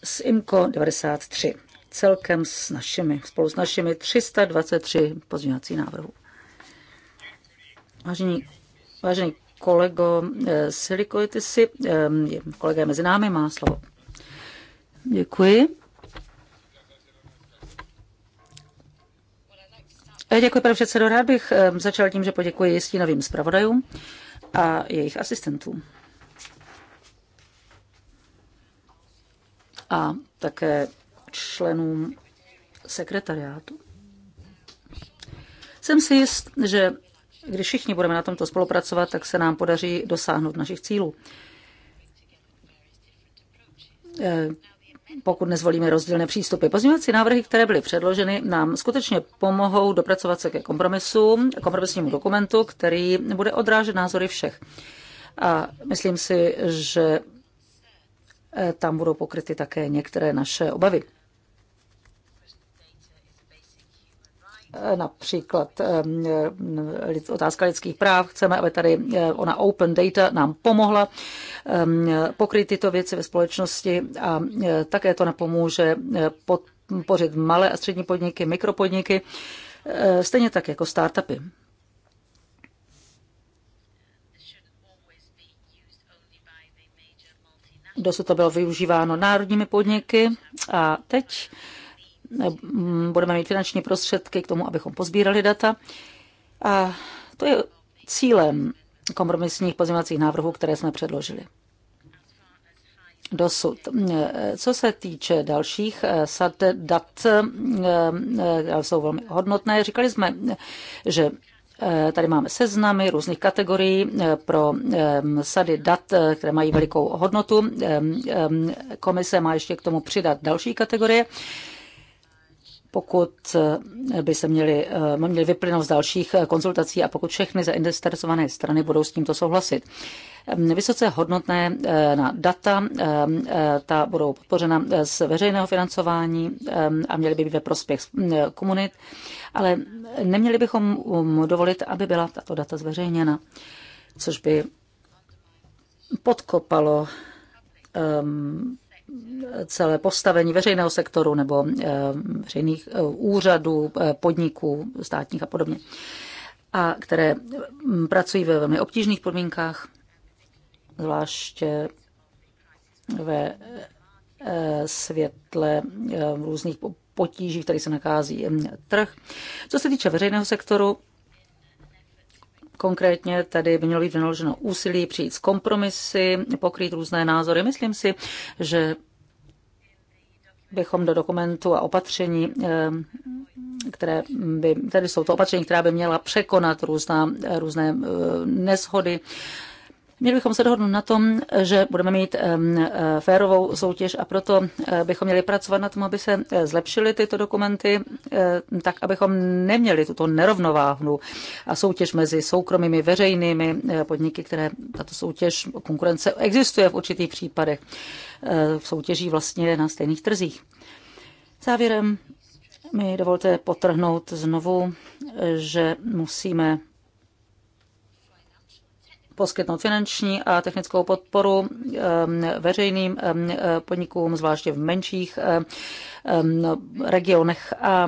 s IMCO 93. Celkem s našimi, spolu s našimi 323 pozměňovací návrhů. Vážení, vážení kolego e, Silikojty si, e, kolega je mezi námi, má slovo. Děkuji. Eh, děkuji, pane předsedo. Rád bych eh, začal tím, že poděkuji stínovým zpravodajům a jejich asistentům. A také členům sekretariátu. Jsem si jist, že když všichni budeme na tomto spolupracovat, tak se nám podaří dosáhnout našich cílů. Eh, pokud nezvolíme rozdílné přístupy. Pozměňovací návrhy, které byly předloženy, nám skutečně pomohou dopracovat se ke kompromisu, kompromisnímu dokumentu, který bude odrážet názory všech. A myslím si, že eh, tam budou pokryty také některé naše obavy. Eh, například eh, otázka lidských práv. Chceme, aby tady eh, ona Open Data nám pomohla pokryt tyto věci ve společnosti a také to napomůže podpořit malé a střední podniky, mikropodniky, stejně tak jako startupy. Dosud to bylo využíváno národními podniky a teď Mm, budeme mít finanční prostředky k tomu, abychom pozbírali data. A to je cílem kompromisních pozměňovacích návrhů, které jsme předložili dosud. Co se týče dalších eh, sad dat, eh, eh, jsou velmi hodnotné. Říkali jsme, že Tady máme seznamy různých kategorií pro sady dat, které mají velikou hodnotu. Komise má ještě k tomu přidat další kategorie pokud eh, by se měly, eh, měly vyplynout z dalších eh, konzultací a pokud všechny zainteresované strany budou s tímto souhlasit. Ehm, vysoce hodnotné na data, ehm, ta budou podpořena z veřejného financování ehm, a měly by být ve prospěch mm, komunit, ale neměli bychom um, dovolit, aby byla tato data zveřejněna, což by podkopalo celé postavení veřejného sektoru nebo eh, veřejných eh, úřadů, eh, podniků státních a podobně, a které mm, pracují ve velmi obtížných podmínkách, zvláště ve světle různých potíží, které se nakází mm, trh. Co se týče veřejného sektoru, Konkrétně tady by mělo být vynaloženo úsilí přijít s kompromisy, pokrýt různé názory. Myslím si, že bychom do dokumentu a opatření, eh, které by, tedy jsou to opatření, která by měla překonat různá, různé eh, neshody, Měli bychom se dohodnout na tom, že budeme mít férovou soutěž a proto bychom měli pracovat na tom, aby se eh, zlepšily tyto dokumenty, eh, tak abychom neměli tuto nerovnováhu a soutěž mezi soukromými veřejnými eh, podniky, které tato soutěž konkurence existuje v určitých případech, soutěží vlastně na stejných trzích. Závěrem mi dovolte potrhnout znovu, že musíme poskytnout finanční a technickou podporu ehm, veřejným ehm, podnikům, zvláště v menších ehm, regionech a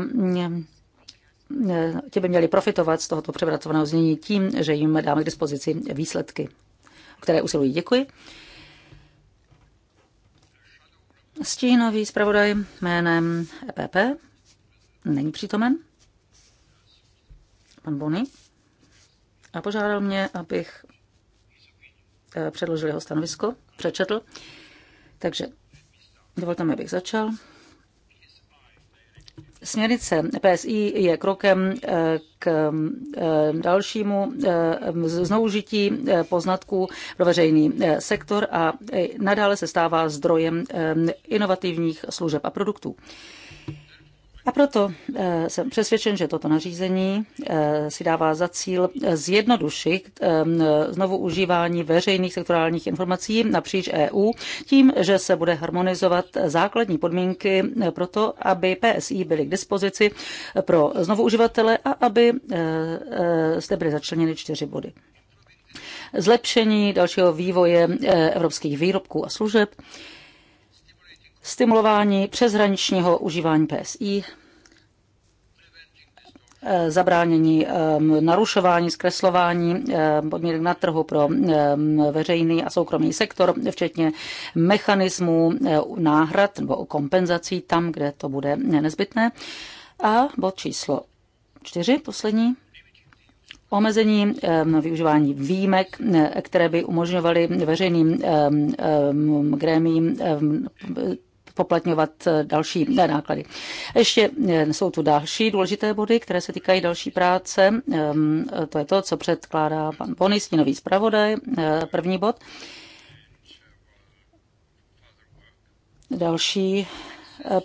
ti by měli profitovat z tohoto přepracovaného znění tím, že jim dáme k dispozici výsledky, které usilují. Děkuji. Stínový zpravodaj jménem EPP není přítomen. Pan Bony. A požádal mě, abych Eh, předložil jeho stanovisko, přečetl. Takže dovolte mi, abych začal. Směrnice PSI je krokem eh, k eh, dalšímu znoužití poznatků pro veřejný sektor a nadále se stává zdrojem inovativních služeb a produktů. A proto eh, jsem přesvědčen, že toto nařízení eh, si dává za cíl eh, zjednodušit ehm, znovu užívání veřejných sektorálních informací napříč EU tím, že se bude harmonizovat základní podmínky pro to, aby PSI byly k dispozici pro znovu uživatele a aby zde byly začleněny čtyři body. Zlepšení dalšího vývoje evropských výrobků a služeb, stimulování přeshraničního užívání PSI, eh, zabránění eh, narušování, zkreslování eh, podmínek na trhu pro veřejný a soukromý sektor, včetně mechanismů náhrad nebo kompenzací tam, kde to bude nezbytné. A bod číslo čtyři, poslední, omezení využívání výjimek, které by umožňovaly veřejným grémím spoplatňovat eh, další eh, náklady. Ještě eh, jsou tu další důležité body, které se týkají další práce. Ehm, to je to, co předkládá pan Bonis, nový zpravodaj, první bod. Další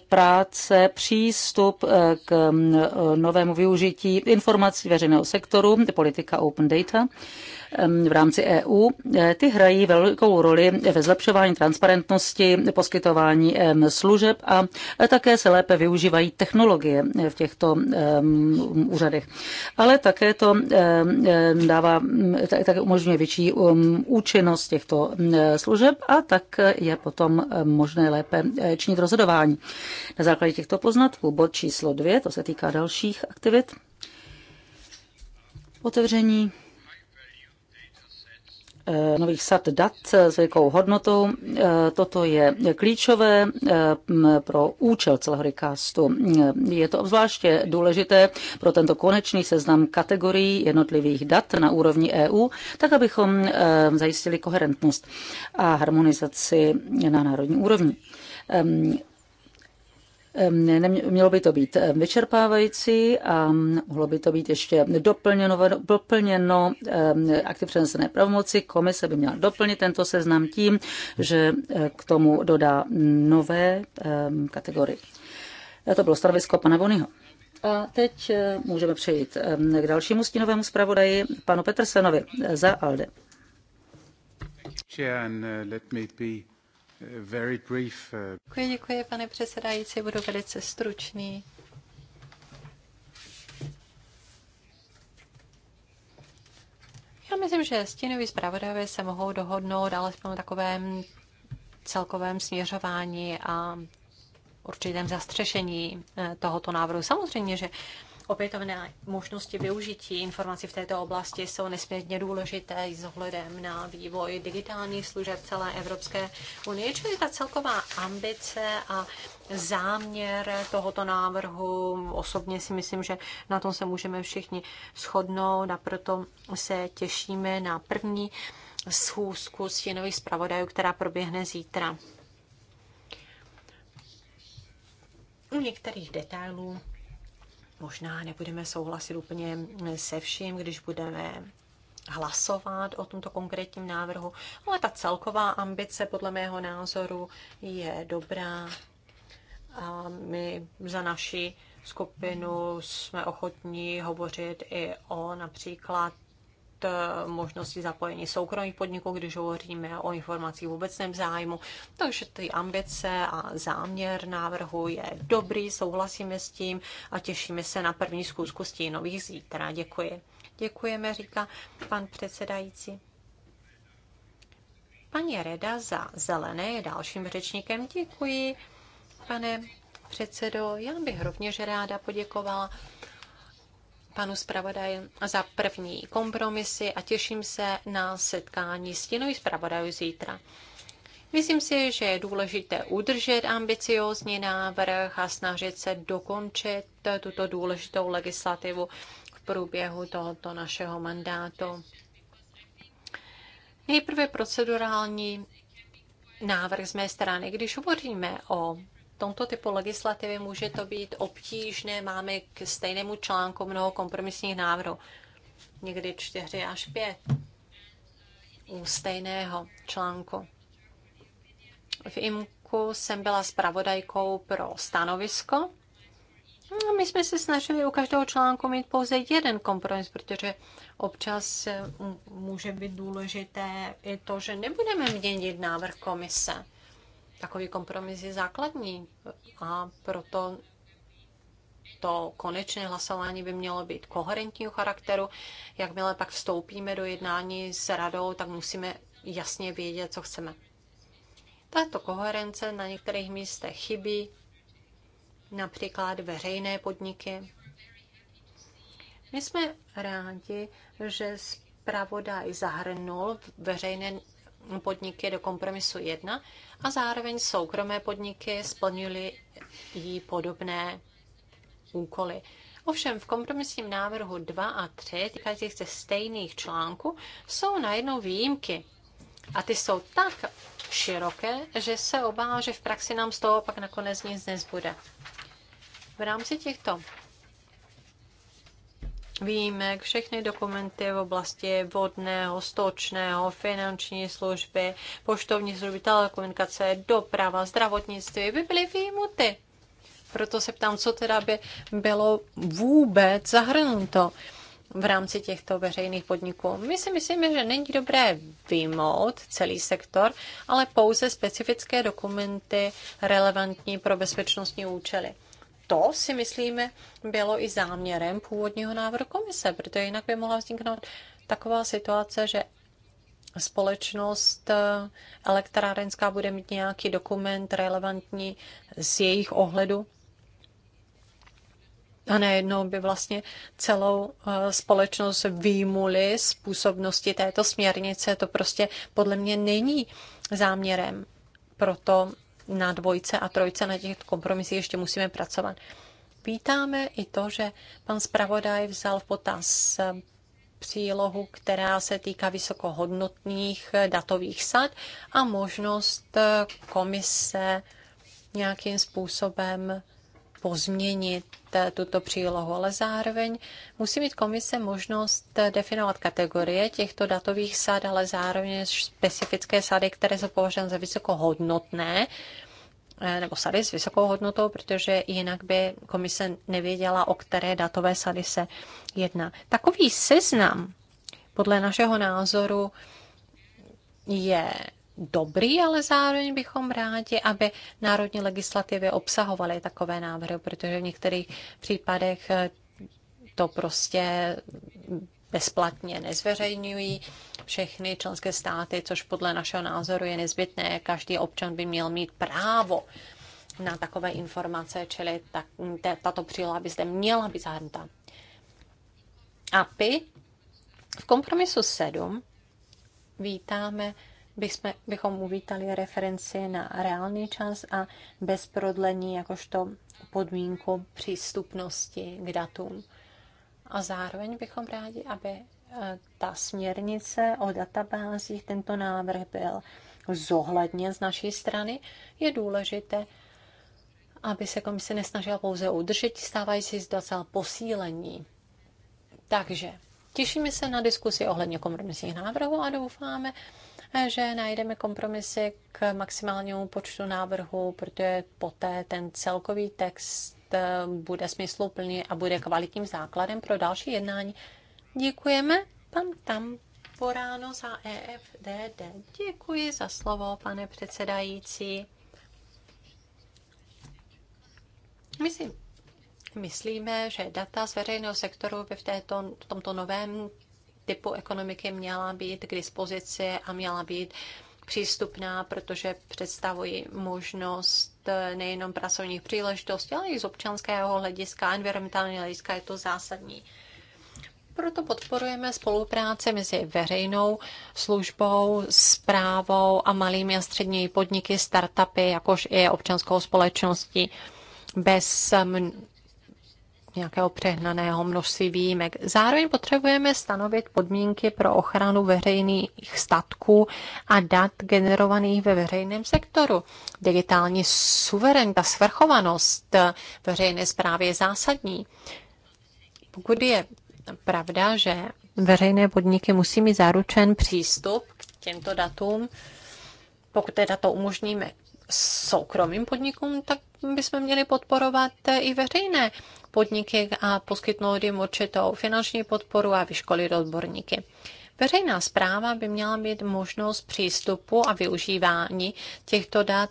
práce, přístup k mm, novému využití informací veřejného sektoru, politika Open Data v rámci EU, eh, ty hrají velkou roli ve zlepšování transparentnosti, poskytování služeb a eh, také se lépe využívají technologie eh, v těchto úřadech. Ale také to dává, také umožňuje větší účinnost těchto služeb a tak je potom možné lépe činit rozhodování. Na základě těchto poznatků bod číslo dvě, to se týká dalších aktivit, otevření Eh, nových sad dat s velkou hodnotou. Eh, toto je klíčové eh, pro účel celého recastu. Je to obzvláště důležité pro tento konečný seznam kategorií jednotlivých dat na úrovni EU, tak abychom zajistili koherentnost a harmonizaci na národní úrovni Mělo by to být vyčerpávající a mohlo by to být ještě doplněno, doplněno akty přenesené pravomoci. Komise by měla doplnit tento seznam tím, že eh, k tomu dodá nové kategorie. To bylo stanovisko pana Bonyho. A teď eh, můžeme přejít k dalšímu stínovému zpravodaji, panu Petersenovi eh, za ALDE. Uh, Uh, děkuji, děkuji, pane předsedající, budu velice stručný. Já myslím, že stínoví zpravodajové se mohou dohodnout alespoň o takovém celkovém směřování a určitém zastřešení eh, tohoto návrhu. Samozřejmě, že opětovné možnosti využití informací v této oblasti jsou nesmírně důležité s ohledem na vývoj digitálních služeb celé Evropské unie. čili ta celková ambice a záměr tohoto návrhu. Osobně si myslím, že na tom se můžeme všichni shodnout a proto se těšíme na první schůzku stěnových zpravodajů, která proběhne zítra. U některých detailů Možná nebudeme souhlasit úplně mm, se vším, když budeme hlasovat o tomto konkrétním návrhu, ale ta celková ambice podle mého názoru je dobrá. A my za naši skupinu jsme ochotní hovořit i o například Eh, možnosti zapojení soukromých podniků, když hovoříme o informacích v obecném zájmu. Takže ty ambice a záměr návrhu je dobrý, souhlasíme s tím a těšíme se na první zkusku s tím nových zítra. Děkuji. Děkujeme, říká pan předsedající. Paní Reda za zelené je dalším řečníkem. Děkuji, pane předsedo. Já bych rovněž ráda poděkovala panu zpravodaji za první kompromisy a těším se na setkání s stínových zpravodajů zítra. Myslím si, že je důležité udržet ambiciózní návrh a snažit se dokončit tuto důležitou legislativu v průběhu tohoto našeho mandátu. Nejprve procedurální návrh z mé strany. Když hovoříme o tomto typu legislativy může to být obtížné. Máme k stejnému článku mnoho kompromisních návrhů. Někdy čtyři až pět u stejného článku. V IMKU jsem byla zpravodajkou pro stanovisko. My jsme se snažili u každého článku mít pouze jeden kompromis, protože občas eh, může být důležité i to, že nebudeme měnit návrh komise. Takový kompromis je základní a proto to konečné hlasování by mělo být koherentního charakteru. Jakmile pak vstoupíme do jednání s radou, tak musíme jasně vědět, co chceme. Tato koherence na některých místech chybí, například veřejné podniky. My jsme rádi, že zpravodaj zahrnul veřejné podniky do kompromisu 1 a zároveň soukromé podniky splnily jí podobné úkoly. Ovšem v kompromisním návrhu 2 a 3, týkajících se stejných článků, jsou najednou výjimky. A ty jsou tak široké, že se obává, že v praxi nám z toho pak nakonec nic nezbude. V rámci těchto výjimek, všechny dokumenty v oblasti vodného, stočného, finanční služby, poštovní služby, telekomunikace, doprava, zdravotnictví by byly výjimuty. Proto se ptám, co teda by bylo vůbec zahrnuto v rámci těchto veřejných podniků. My si myslíme, že není dobré vymout celý sektor, ale pouze specifické dokumenty relevantní pro bezpečnostní účely to si myslíme bylo i záměrem původního návrhu komise, protože jinak by mohla vzniknout taková situace, že společnost eh, elektrárenská bude mít nějaký dokument relevantní z jejich ohledu a najednou by vlastně celou eh, společnost výmuli, z působnosti této směrnice. To prostě podle mě není záměrem. Proto na dvojce a trojce na těch kompromisích ještě musíme pracovat. Vítáme i to, že pan zpravodaj vzal v potaz přílohu, která se týká vysokohodnotných datových sad a možnost komise nějakým způsobem pozměnit eh, tuto přílohu, ale zároveň musí mít komise možnost eh, definovat kategorie těchto datových sad, ale zároveň specifické sady, které jsou považovány za vysokohodnotné, eh, nebo sady s vysokou hodnotou, protože jinak by komise nevěděla, o které datové sady se jedná. Takový seznam podle našeho názoru je dobrý, ale zároveň bychom rádi, aby národní legislativy obsahovaly takové návrhy, protože v některých případech eh, to prostě bezplatně nezveřejňují všechny členské státy, což podle našeho názoru je nezbytné. Každý občan by měl mít právo na takové informace, čili tato příloha by zde měla být zahrnuta. API v kompromisu 7 vítáme bychom, bychom uvítali referenci na reálný čas a bez prodlení jakožto podmínku přístupnosti k datům. A zároveň bychom rádi, aby eh, ta směrnice o databázích, tento návrh byl zohledněn z naší strany. Je důležité, aby se komise nesnažila pouze udržet stávající situace, ale posílení. Takže těšíme se na diskusi ohledně kompromisních návrhů a doufáme, že najdeme kompromisy k maximálnímu počtu návrhů, protože poté ten celkový text eh, bude smysluplný a bude kvalitním základem pro další jednání. Děkujeme. Pan tam poráno za EFDD. Děkuji za slovo, pane předsedající. My si myslíme, že data z veřejného sektoru by v, této, v tomto novém typu ekonomiky měla být k dispozici a měla být přístupná, protože představují možnost nejenom pracovních příležitostí, ale i z občanského hlediska, environmentálního hlediska je to zásadní. Proto podporujeme spolupráci mezi veřejnou službou, zprávou a malými a středními podniky, startupy, jakož i občanskou společností. Bez nějakého přehnaného množství výjimek. Zároveň potřebujeme stanovit podmínky pro ochranu veřejných statků a dat generovaných ve veřejném sektoru. Digitální suverenita, svrchovanost veřejné zprávy je zásadní. Pokud je pravda, že veřejné podniky musí mít zaručen přístup k těmto datům, pokud teda to umožníme soukromým podnikům, tak bychom měli podporovat i veřejné podniky a poskytnout jim určitou finanční podporu a vyškolit odborníky. Veřejná zpráva by měla mít možnost přístupu a využívání těchto dat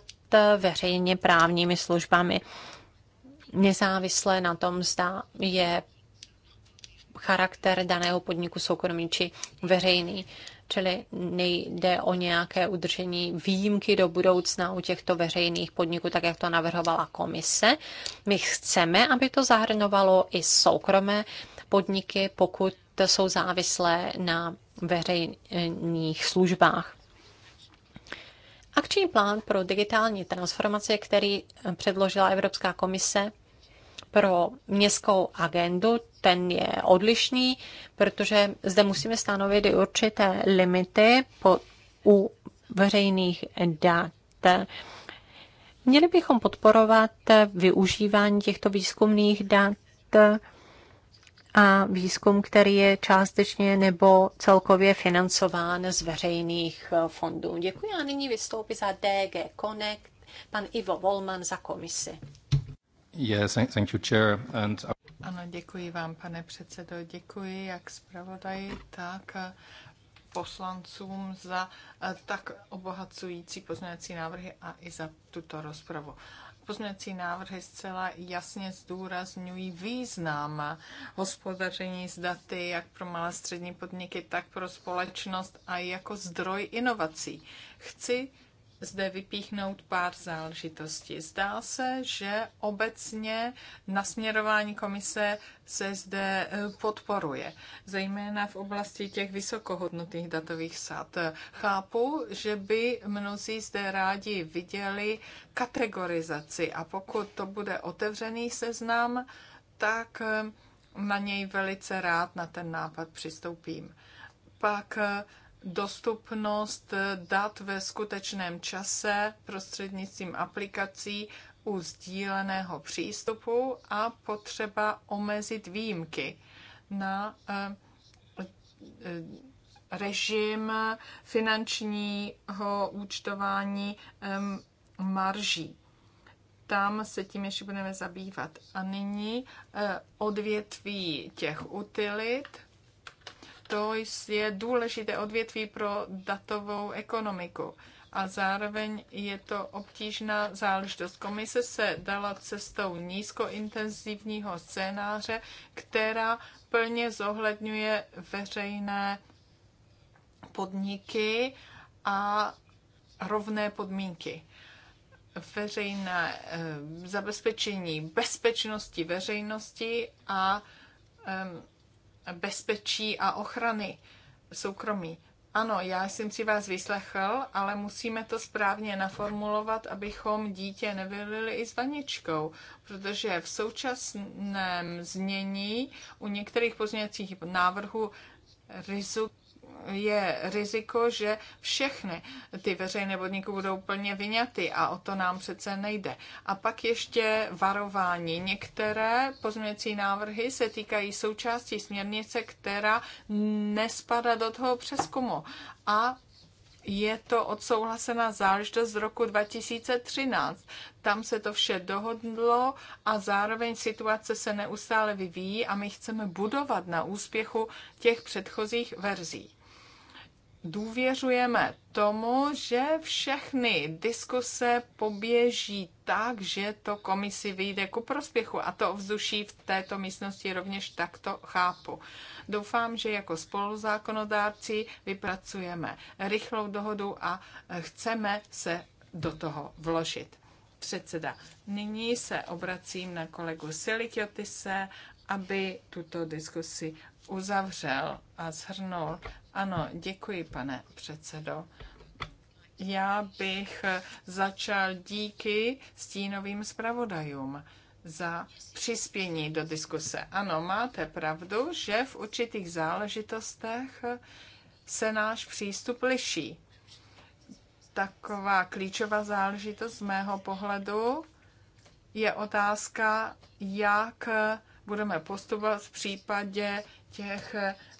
veřejně právními službami, nezávisle na tom, zda je charakter daného podniku soukromý či veřejný. Čili nejde o nějaké udržení výjimky do budoucna u těchto veřejných podniků, tak jak to navrhovala komise. My chceme, aby to zahrnovalo i soukromé podniky, pokud jsou závislé na veřejných službách. Akční plán pro digitální transformaci, který předložila Evropská komise, pro městskou agendu, ten je odlišný, protože zde musíme stanovit i určité limity po, u veřejných dat. Měli bychom podporovat využívání těchto výzkumných dat a výzkum, který je částečně nebo celkově financován z veřejných fondů. Děkuji a nyní vystoupí za DG Connect pan Ivo Volman za komisi. Yes, thank you, chair. And... Uh, ano, děkuji vám, pane předsedo. Děkuji jak zpravodaji, tak eh, poslancům za eh, tak obohacující pozměňovací návrhy a i za tuto rozpravu. Pozměňovací návrhy zcela jasně zdůrazňují význam hospodaření s daty jak pro malé střední podniky, tak pro společnost a jako zdroj inovací. Chci zde vypíchnout pár záležitostí. Zdá se, že obecně nasměrování komise se zde e, podporuje, zejména v oblasti těch vysokohodnotných datových sad. Chápu, že by mnozí zde rádi viděli kategorizaci a pokud to bude otevřený seznam, tak e, na něj velice rád na ten nápad přistoupím. Pak e, dostupnost dat ve skutečném čase prostřednictvím aplikací u sdíleného přístupu a potřeba omezit výjimky na eh, režim finančního účtování eh, marží. Tam se tím ještě budeme zabývat. A nyní eh, odvětví těch utilit to je důležité odvětví pro datovou ekonomiku. A zároveň je to obtížná záležitost. Komise se dala cestou nízkointenzivního scénáře, která plně zohledňuje veřejné podniky a rovné podmínky veřejné eh, zabezpečení bezpečnosti veřejnosti a um, bezpečí a ochrany soukromí. Ano, já jsem si vás vyslechl, ale musíme to správně naformulovat, abychom dítě nevylili i s vaničkou, protože v současném znění u některých pozměňovacích návrhů je riziko, že všechny ty veřejné podniky budou plně vyňaty a o to nám přece nejde. A pak ještě varování. Některé pozměňovací návrhy se týkají součástí směrnice, která nespadá do toho přeskumu. A je to odsouhlasená záležitost z roku 2013. Tam se to vše dohodlo a zároveň situace se neustále vyvíjí a my chceme budovat na úspěchu těch předchozích verzí důvěřujeme tomu, že všechny diskuse poběží tak, že to komisi vyjde ku prospěchu a to ovzduší v této místnosti rovněž takto chápu. Doufám, že jako spoluzákonodárci vypracujeme rychlou dohodu a chceme se do toho vložit. Předseda, nyní se obracím na kolegu Silikiotise, aby tuto diskusi uzavřel a shrnul. Ano, děkuji, pane předsedo. Já bych začal díky stínovým zpravodajům za přispění do diskuse. Ano, máte pravdu, že v určitých záležitostech se náš přístup liší. Taková klíčová záležitost z mého pohledu je otázka, jak budeme postupovat v případě těch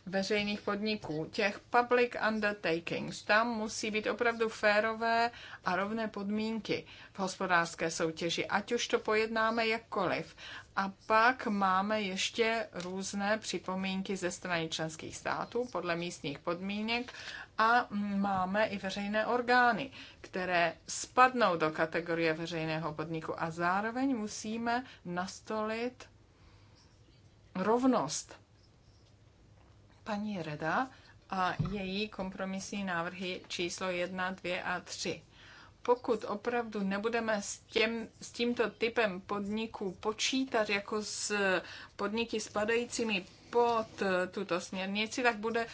veřejných podniků, těch public undertakings. Tam musí být opravdu férové a rovné podmínky v hospodářské soutěži, ať už to pojednáme jakkoliv. A pak máme ještě různé připomínky ze strany členských států podle místních podmínek a máme i veřejné orgány, které spadnou do kategorie veřejného podniku a zároveň musíme nastolit rovnost paní Reda a její kompromisní návrhy číslo 1, 2 a 3. Pokud opravdu nebudeme s, těm, s tímto typem podniků počítat jako s podniky spadajícími pod tuto směrnici, tak bude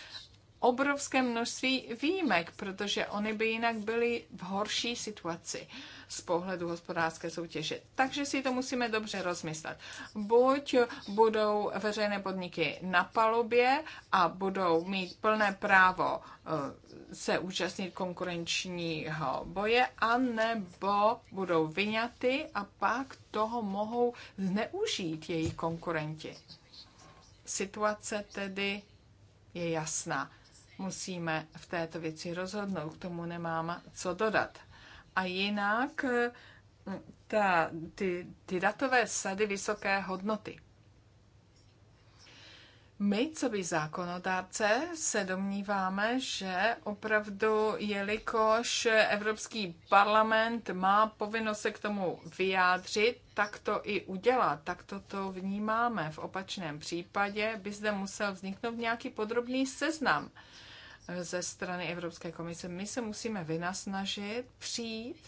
obrovské množství výjimek, protože oni by jinak byli v horší situaci. Uh, z pohledu hospodářské soutěže. Takže si to musíme dobře rozmyslet. Buď budou veřejné podniky na palubě a budou mít plné právo eh, se účastnit konkurenčního boje, anebo budou vyňaty a pak toho mohou zneužít jejich konkurenti. Situace tedy je jasná. Musíme v této věci rozhodnout, k tomu nemám co dodat. A jinak eh, ta, ty, ty datové sady vysoké hodnoty. My, co by zákonodárce, se domníváme, že opravdu, jelikož Evropský parlament má povinnost se k tomu vyjádřit, tak to i udělá, tak to to vnímáme. V opačném případě by zde musel vzniknout nějaký podrobný seznam ze strany Evropské komise. My se musíme vynasnažit přijít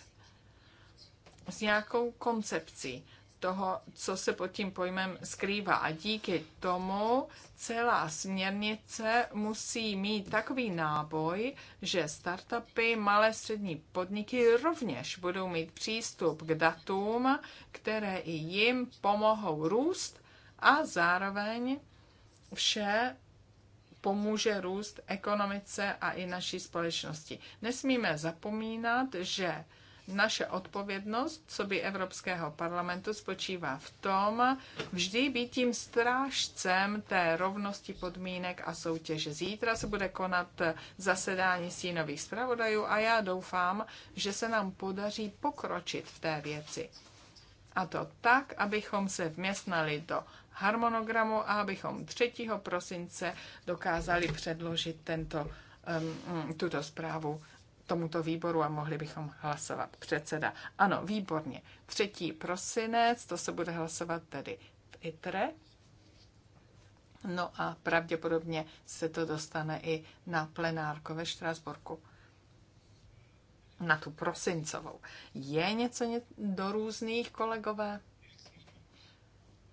s nějakou koncepcí toho, co se pod tím pojmem skrývá. A díky tomu celá směrnice musí mít takový náboj, že startupy, malé střední podniky rovněž budou mít přístup k datům, které i jim pomohou růst a zároveň vše pomůže růst ekonomice a i naší společnosti. Nesmíme zapomínat, že naše odpovědnost, co by Evropského parlamentu, spočívá v tom vždy být tím strážcem té rovnosti podmínek a soutěže. Zítra se bude konat zasedání sínových zpravodajů a já doufám, že se nám podaří pokročit v té věci. A to tak, abychom se vměstnali do harmonogramu a abychom 3. prosince dokázali předložit tento, um, tuto zprávu tomuto výboru a mohli bychom hlasovat. Předseda. Ano, výborně. 3. prosinec, to se bude hlasovat tedy v ITRE. No a pravděpodobně se to dostane i na plenárko ve Štrásburku. Na tu prosincovou. Je něco do různých kolegové?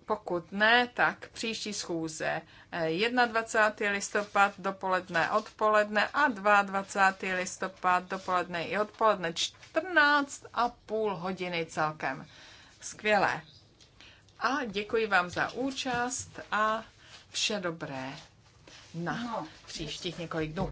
Pokud ne, tak příští schůze 21. Eh, listopad dopoledne, odpoledne a 22. listopad dopoledne i odpoledne 14 a půl hodiny celkem. Skvělé. A děkuji vám za účast a vše dobré na no. příštích několik dnů.